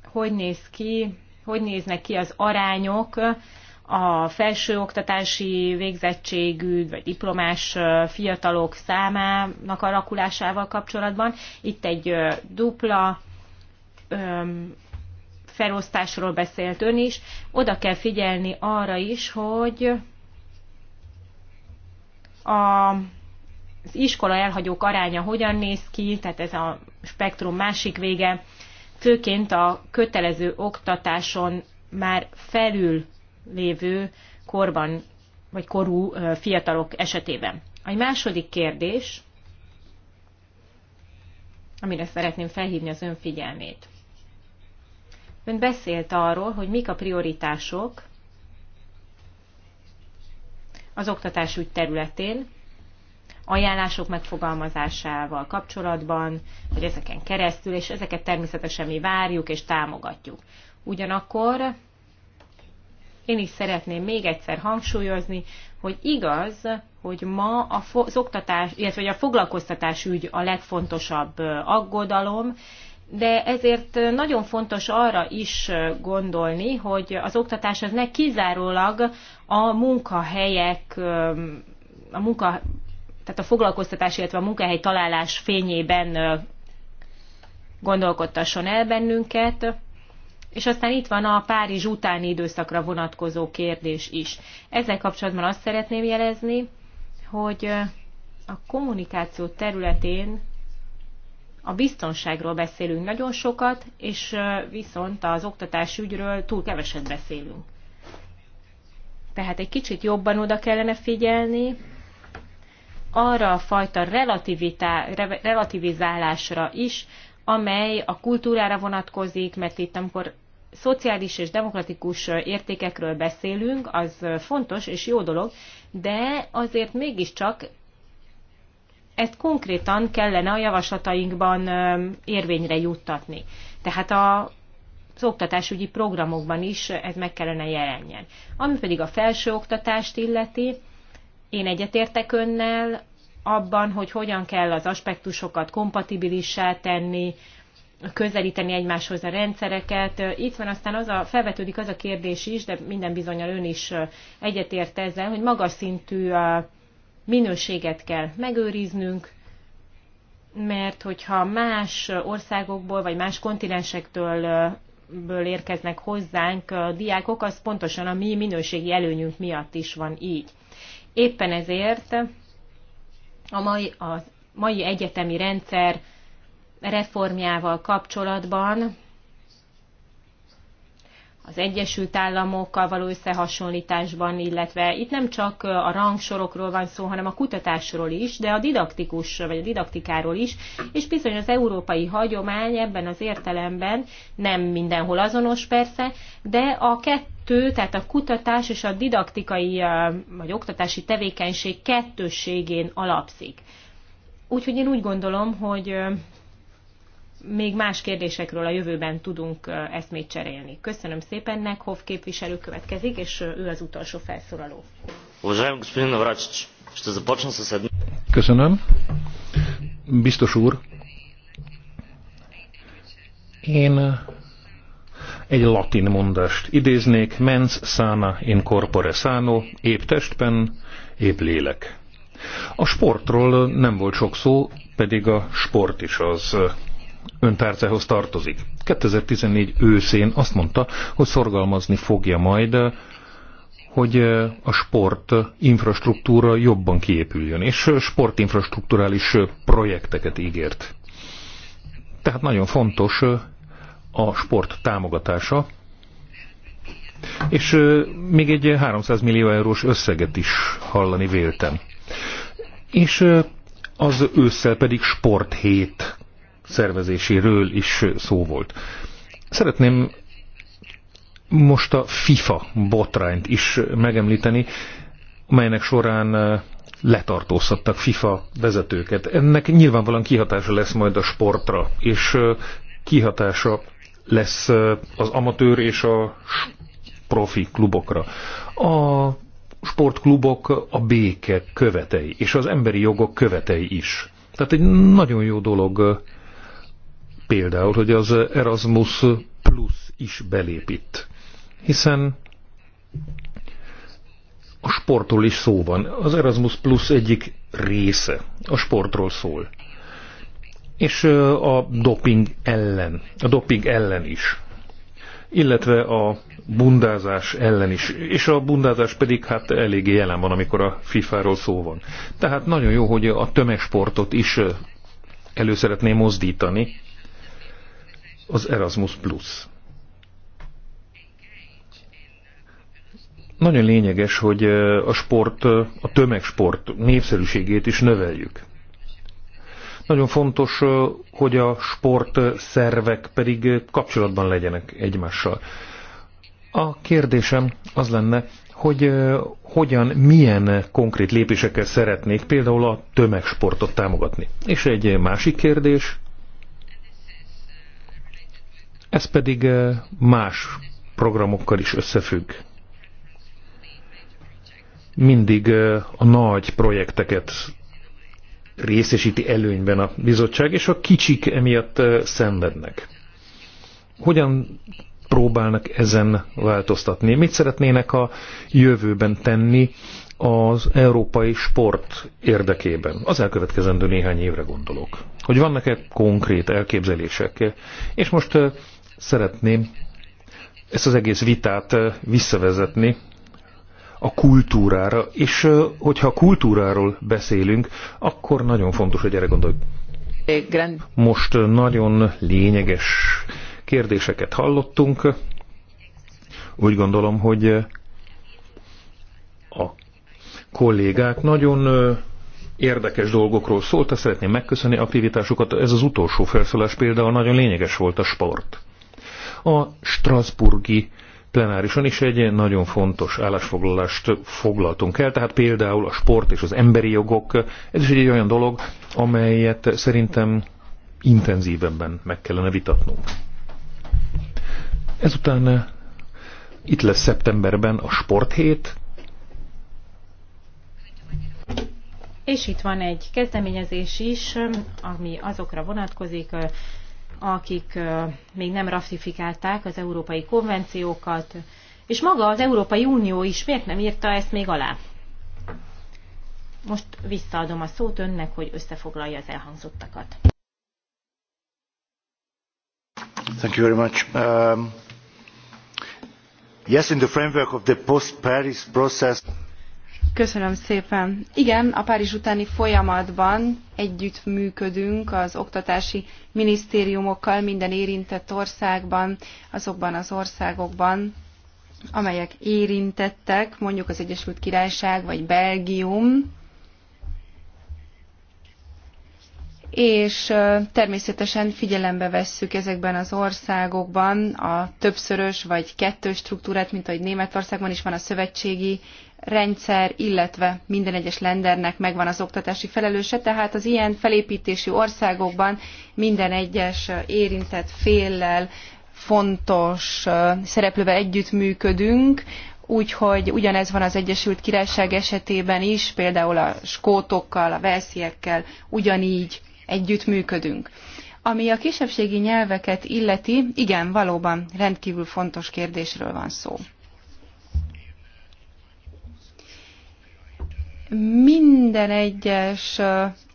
hogy néz ki, hogy néznek ki az arányok a felsőoktatási végzettségű vagy diplomás fiatalok számának alakulásával kapcsolatban. Itt egy dupla felosztásról beszélt ön is, oda kell figyelni arra is, hogy a, az iskola elhagyók aránya hogyan néz ki, tehát ez a spektrum másik vége, főként a kötelező oktatáson már felül lévő korban vagy korú fiatalok esetében. A második kérdés, amire szeretném felhívni az ön figyelmét. Ön beszélt arról, hogy mik a prioritások az oktatás ügy területén, ajánlások megfogalmazásával kapcsolatban, vagy ezeken keresztül, és ezeket természetesen mi várjuk és támogatjuk. Ugyanakkor én is szeretném még egyszer hangsúlyozni, hogy igaz, hogy ma az oktatás, illetve a foglalkoztatás ügy a legfontosabb aggodalom, de ezért nagyon fontos arra is gondolni, hogy az oktatás az ne kizárólag a munkahelyek, a munka, tehát a foglalkoztatás, illetve a munkahely találás fényében gondolkodtasson el bennünket. És aztán itt van a Párizs utáni időszakra vonatkozó kérdés is. Ezzel kapcsolatban azt szeretném jelezni, hogy a kommunikáció területén a biztonságról beszélünk nagyon sokat, és viszont az oktatásügyről túl keveset beszélünk. Tehát egy kicsit jobban oda kellene figyelni arra a fajta relativizálásra is, amely a kultúrára vonatkozik, mert itt amikor szociális és demokratikus értékekről beszélünk, az fontos és jó dolog, de azért mégiscsak ezt konkrétan kellene a javaslatainkban érvényre juttatni. Tehát a az oktatásügyi programokban is ez meg kellene jelenjen. Ami pedig a felsőoktatást illeti, én egyetértek önnel abban, hogy hogyan kell az aspektusokat kompatibilissá tenni, közelíteni egymáshoz a rendszereket. Itt van aztán az a, felvetődik az a kérdés is, de minden bizonyal ön is egyetért ezzel, hogy magas szintű a minőséget kell megőriznünk, mert hogyha más országokból vagy más kontinensektől ből érkeznek hozzánk a diákok, az pontosan a mi minőségi előnyünk miatt is van így. Éppen ezért a mai, a mai egyetemi rendszer reformjával kapcsolatban az Egyesült Államokkal való összehasonlításban, illetve itt nem csak a rangsorokról van szó, hanem a kutatásról is, de a didaktikus vagy a didaktikáról is, és bizony az európai hagyomány ebben az értelemben nem mindenhol azonos persze, de a kettő, tehát a kutatás és a didaktikai vagy oktatási tevékenység kettősségén alapszik. Úgyhogy én úgy gondolom, hogy még más kérdésekről a jövőben tudunk ezt még cserélni. Köszönöm szépen, Nekhov képviselő következik, és ő az utolsó felszólaló. Köszönöm. Biztos úr, én egy latin mondást idéznék, mens sana in corpore sano, épp testben, épp lélek. A sportról nem volt sok szó, pedig a sport is az öntárcához tartozik. 2014 őszén azt mondta, hogy szorgalmazni fogja majd, hogy a sport infrastruktúra jobban kiépüljön, és sportinfrastruktúrális projekteket ígért. Tehát nagyon fontos a sport támogatása, és még egy 300 millió eurós összeget is hallani véltem. És az ősszel pedig sporthét szervezéséről is szó volt. Szeretném most a FIFA botrányt is megemlíteni, melynek során eh, letartóztattak FIFA vezetőket. Ennek nyilvánvalóan kihatása lesz majd a sportra, és eh, kihatása lesz eh, az amatőr és a profi klubokra. A sportklubok a béke követei, és az emberi jogok követei is. Tehát egy nagyon jó dolog Például, hogy az Erasmus Plus is belép itt. Hiszen a sportról is szó van. Az Erasmus Plus egyik része a sportról szól. És a doping ellen, a doping ellen is. Illetve a bundázás ellen is. És a bundázás pedig hát eléggé jelen van, amikor a FIFA-ról szó van. Tehát nagyon jó, hogy a tömegsportot is elő szeretné mozdítani, az Erasmus Plus. Nagyon lényeges, hogy a sport, a tömegsport népszerűségét is növeljük. Nagyon fontos, hogy a sport szervek pedig kapcsolatban legyenek egymással. A kérdésem az lenne, hogy hogyan, milyen konkrét lépésekkel szeretnék például a tömegsportot támogatni. És egy másik kérdés, ez pedig más programokkal is összefügg. Mindig a nagy projekteket részesíti előnyben a bizottság, és a kicsik emiatt szenvednek. Hogyan próbálnak ezen változtatni? Mit szeretnének a jövőben tenni az európai sport érdekében? Az elkövetkezendő néhány évre gondolok. Hogy vannak-e konkrét elképzelések? És most Szeretném ezt az egész vitát visszavezetni a kultúrára, és hogyha a kultúráról beszélünk, akkor nagyon fontos, hogy erre gondolj. Most nagyon lényeges kérdéseket hallottunk. Úgy gondolom, hogy a kollégák nagyon érdekes dolgokról szóltak, szeretném megköszönni aktivitásukat. Ez az utolsó felszólás például nagyon lényeges volt a sport a Strasburgi plenárison is egy nagyon fontos állásfoglalást foglaltunk el, tehát például a sport és az emberi jogok, ez is egy olyan dolog, amelyet szerintem intenzívebben meg kellene vitatnunk. Ezután eh, itt lesz szeptemberben a sporthét. És itt van egy kezdeményezés is, eh, ami azokra vonatkozik, eh, akik még nem ratifikálták az európai konvenciókat, és maga az Európai Unió is miért nem írta ezt még alá? Most visszaadom a szót önnek, hogy összefoglalja az elhangzottakat. Thank you very much. Um, yes, in the framework of the post-Paris process. Köszönöm szépen. Igen, a Párizs utáni folyamatban együtt működünk az oktatási minisztériumokkal minden érintett országban, azokban az országokban, amelyek érintettek, mondjuk az Egyesült Királyság vagy Belgium, és természetesen figyelembe vesszük ezekben az országokban a többszörös vagy kettős struktúrát, mint ahogy Németországban is van a szövetségi rendszer, illetve minden egyes lendernek megvan az oktatási felelőse, tehát az ilyen felépítésű országokban minden egyes érintett féllel fontos szereplővel együttműködünk, úgyhogy ugyanez van az Egyesült Királyság esetében is, például a skótokkal, a velsziekkel ugyanígy együtt működünk. Ami a kisebbségi nyelveket illeti, igen, valóban rendkívül fontos kérdésről van szó. Minden egyes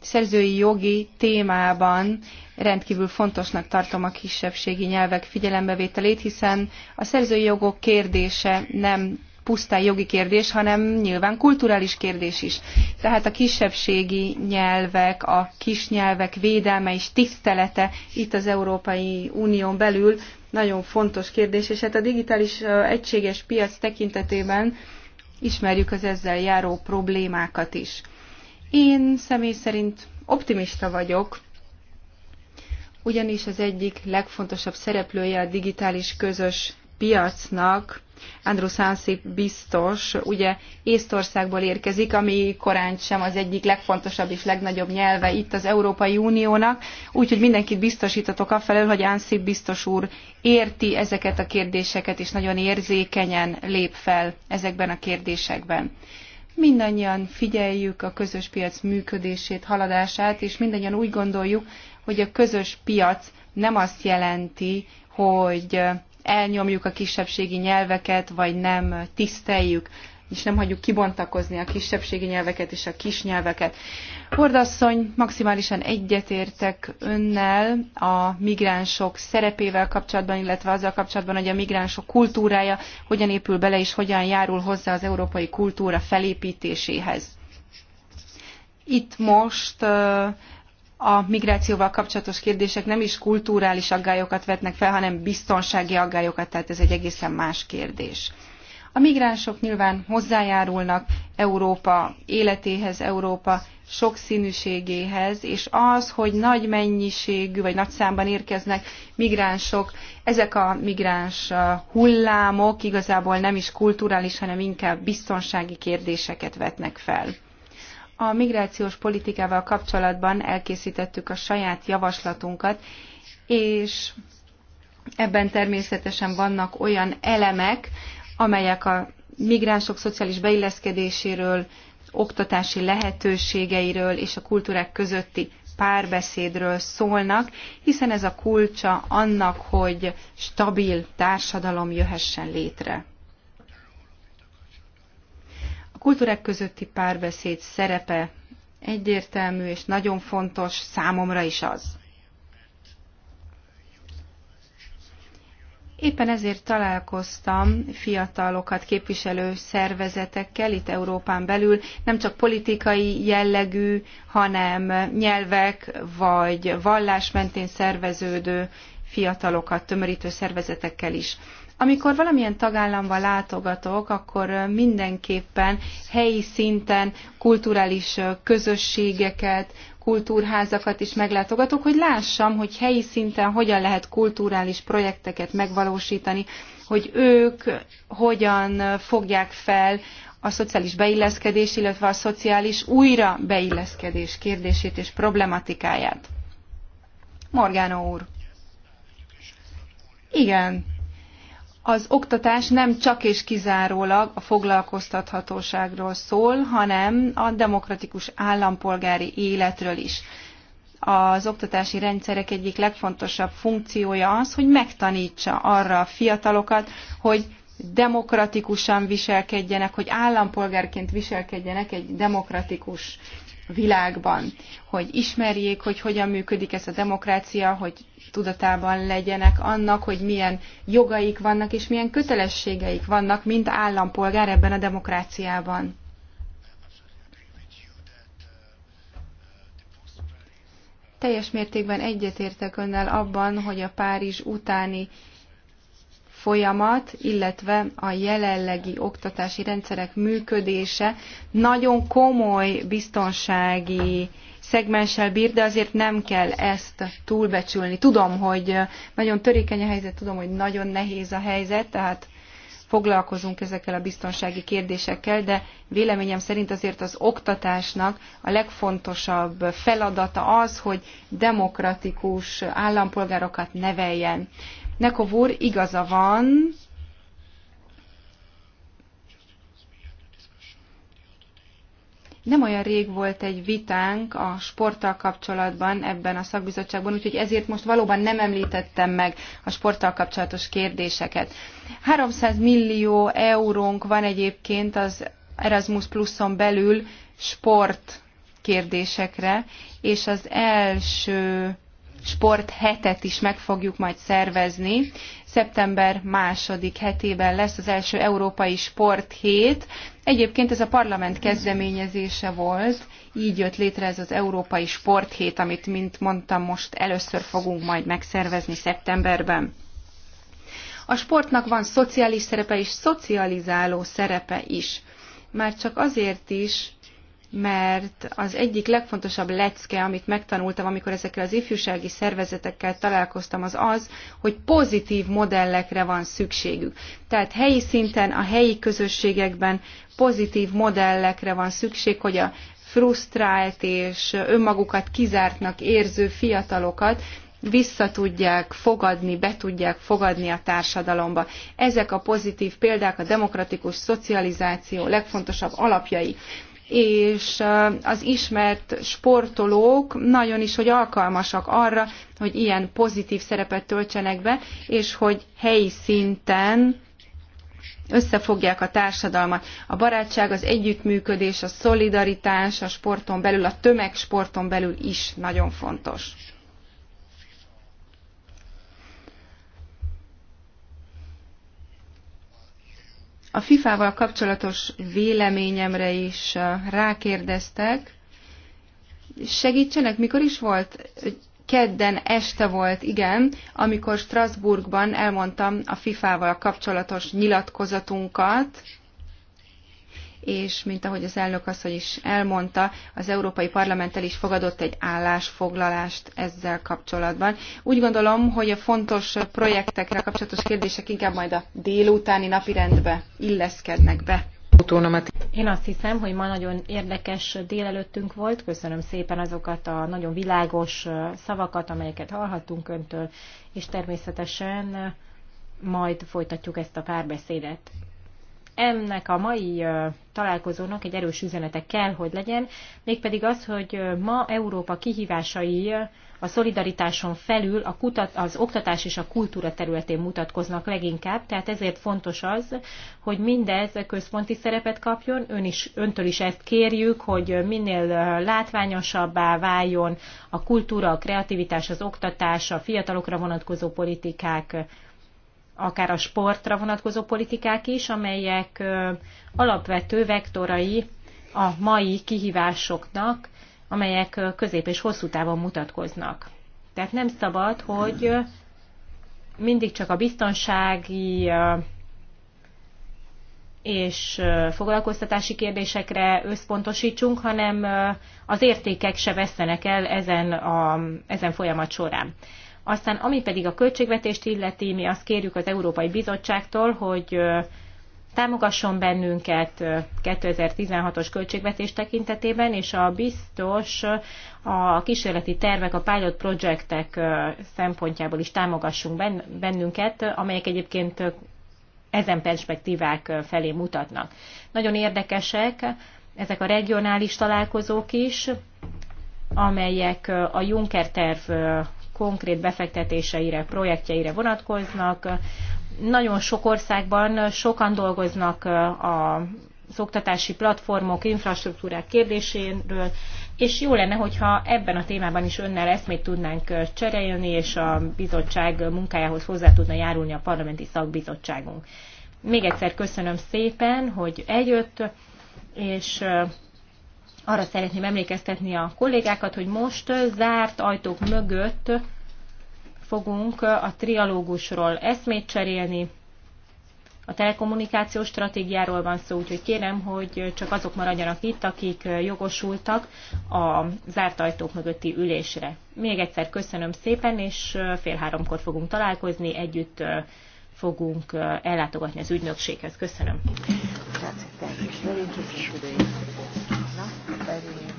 szerzői jogi témában rendkívül fontosnak tartom a kisebbségi nyelvek figyelembevételét, hiszen a szerzői jogok kérdése nem pusztán jogi kérdés, hanem nyilván kulturális kérdés is. Tehát a kisebbségi nyelvek, a kisnyelvek védelme és tisztelete itt az Európai Unión belül nagyon fontos kérdés, és hát a digitális egységes piac tekintetében ismerjük az ezzel járó problémákat is. Én személy szerint optimista vagyok, ugyanis az egyik legfontosabb szereplője a digitális közös piacnak Andrew Ansip biztos ugye Észtországból érkezik, ami korán sem az egyik legfontosabb és legnagyobb nyelve itt az Európai Uniónak, úgyhogy mindenkit biztosítatok afelől, hogy Ansip biztos úr érti ezeket a kérdéseket, és nagyon érzékenyen lép fel ezekben a kérdésekben mindannyian figyeljük a közös piac működését, haladását, és mindannyian úgy gondoljuk, hogy a közös piac nem azt jelenti, hogy elnyomjuk a kisebbségi nyelveket, vagy nem tiszteljük, és nem hagyjuk kibontakozni a kisebbségi nyelveket és a kisnyelveket. Hordasszony, maximálisan egyetértek önnel a migránsok szerepével kapcsolatban, illetve azzal kapcsolatban, hogy a migránsok kultúrája hogyan épül bele és hogyan járul hozzá az európai kultúra felépítéséhez. Itt most a migrációval kapcsolatos kérdések nem is kulturális aggályokat vetnek fel, hanem biztonsági aggályokat, tehát ez egy egészen más kérdés. A migránsok nyilván hozzájárulnak Európa életéhez, Európa sokszínűségéhez, és az, hogy nagy mennyiségű vagy nagy számban érkeznek migránsok, ezek a migráns uh, hullámok igazából nem is kulturális, hanem inkább biztonsági kérdéseket vetnek fel. A migrációs politikával kapcsolatban elkészítettük a saját javaslatunkat, és ebben természetesen vannak olyan elemek, amelyek a migránsok szociális beilleszkedéséről, oktatási lehetőségeiről és a kultúrák közötti párbeszédről szólnak, hiszen ez a kulcsa annak, hogy stabil társadalom jöhessen létre kultúrák közötti párbeszéd szerepe egyértelmű és nagyon fontos számomra is az. Éppen ezért találkoztam fiatalokat képviselő szervezetekkel itt Európán belül, nem csak politikai jellegű, hanem nyelvek vagy vallás mentén szerveződő fiatalokat tömörítő szervezetekkel is. Amikor valamilyen tagállamba látogatok, akkor mindenképpen helyi szinten kulturális közösségeket, kultúrházakat is meglátogatok, hogy lássam, hogy helyi szinten hogyan lehet kulturális projekteket megvalósítani, hogy ők hogyan fogják fel a szociális beilleszkedés, illetve a szociális újra beilleszkedés kérdését és problematikáját. Morgánó úr. Igen, az oktatás nem csak és kizárólag a foglalkoztathatóságról szól, hanem a demokratikus állampolgári életről is. Az oktatási rendszerek egyik legfontosabb funkciója az, hogy megtanítsa arra a fiatalokat, hogy demokratikusan viselkedjenek, hogy állampolgárként viselkedjenek egy demokratikus világban, hogy ismerjék, hogy hogyan működik ez a demokrácia, hogy tudatában legyenek annak, hogy milyen jogaik vannak és milyen kötelességeik vannak, mint állampolgár ebben a demokráciában. Teljes mértékben egyetértek önnel abban, hogy a Párizs utáni folyamat, illetve a jelenlegi oktatási rendszerek működése nagyon komoly biztonsági szegmenssel bír, de azért nem kell ezt túlbecsülni. Tudom, hogy nagyon törékeny a helyzet, tudom, hogy nagyon nehéz a helyzet, tehát foglalkozunk ezekkel a biztonsági kérdésekkel, de véleményem szerint azért az oktatásnak a legfontosabb feladata az, hogy demokratikus állampolgárokat neveljen. Nekovúr igaza van, Nem olyan rég volt egy vitánk a sporttal kapcsolatban ebben a szakbizottságban, úgyhogy ezért most valóban nem említettem meg a sporttal kapcsolatos kérdéseket. 300 millió eurónk van egyébként az Erasmus Pluson belül sport kérdésekre, és az első sport is meg fogjuk majd szervezni. Szeptember második hetében lesz az első Európai Sport Hét. Egyébként ez a parlament kezdeményezése volt, így jött létre ez az Európai Sport Hét, amit, mint mondtam, most először fogunk majd megszervezni szeptemberben. A sportnak van szociális szerepe és szocializáló szerepe is. Már csak azért is, mert az egyik legfontosabb lecke, amit megtanultam, amikor ezekkel az ifjúsági szervezetekkel találkoztam, az az, hogy pozitív modellekre van szükségük. Tehát helyi szinten, a helyi közösségekben pozitív modellekre van szükség, hogy a frusztrált és önmagukat kizártnak érző fiatalokat vissza tudják fogadni, be tudják fogadni a társadalomba. Ezek a pozitív példák a demokratikus szocializáció legfontosabb alapjai és eh, az ismert sportolók nagyon is, hogy alkalmasak arra, hogy ilyen pozitív szerepet töltsenek be, és hogy helyi szinten összefogják a társadalmat. A barátság, az együttműködés, a szolidaritás a sporton belül, a tömegsporton belül is nagyon fontos. A FIFA-val kapcsolatos véleményemre is uh, rákérdeztek. Segítsenek, mikor is volt? Kedden este volt, igen, amikor Strasbourgban elmondtam a FIFA-val kapcsolatos nyilatkozatunkat, és mint ahogy az elnök asszony is elmondta, az Európai Parlamenttel is fogadott egy állásfoglalást ezzel kapcsolatban. Úgy gondolom, hogy a fontos projektekre kapcsolatos kérdések inkább majd a délutáni napirendbe illeszkednek be. Én azt hiszem, hogy ma nagyon érdekes délelőttünk volt. Köszönöm szépen azokat a nagyon világos szavakat, amelyeket hallhattunk öntől, és természetesen majd folytatjuk ezt a párbeszédet ennek a mai találkozónak egy erős üzenete kell, hogy legyen, mégpedig az, hogy ma Európa kihívásai a szolidaritáson felül a kutat, az oktatás és a kultúra területén mutatkoznak leginkább, tehát ezért fontos az, hogy mindez központi szerepet kapjon, Ön is, öntől is ezt kérjük, hogy minél látványosabbá váljon a kultúra, a kreativitás, az oktatás, a fiatalokra vonatkozó politikák, akár a sportra vonatkozó politikák is, amelyek alapvető vektorai a mai kihívásoknak, amelyek közép és hosszú távon mutatkoznak. Tehát nem szabad, hogy mindig csak a biztonsági és foglalkoztatási kérdésekre összpontosítsunk, hanem az értékek se vesztenek el ezen, a, ezen folyamat során. Aztán ami pedig a költségvetést illeti, mi azt kérjük az Európai Bizottságtól, hogy támogasson bennünket 2016-os költségvetés tekintetében, és a biztos a kísérleti tervek, a pilot projektek szempontjából is támogassunk bennünket, amelyek egyébként ezen perspektívák felé mutatnak. Nagyon érdekesek ezek a regionális találkozók is, amelyek a Juncker terv konkrét befektetéseire, projektjeire vonatkoznak. Nagyon sok országban sokan dolgoznak a oktatási platformok, infrastruktúrák kérdéséről, és jó lenne, hogyha ebben a témában is önnel eszmét tudnánk cserélni, és a bizottság munkájához hozzá tudna járulni a parlamenti szakbizottságunk. Még egyszer köszönöm szépen, hogy eljött, és arra szeretném emlékeztetni a kollégákat, hogy most zárt ajtók mögött fogunk a trialógusról eszmét cserélni. A telekommunikációs stratégiáról van szó, úgyhogy kérem, hogy csak azok maradjanak itt, akik jogosultak a zárt ajtók mögötti ülésre. Még egyszer köszönöm szépen, és fél háromkor fogunk találkozni, együtt fogunk ellátogatni az ügynökséghez. Köszönöm emberi.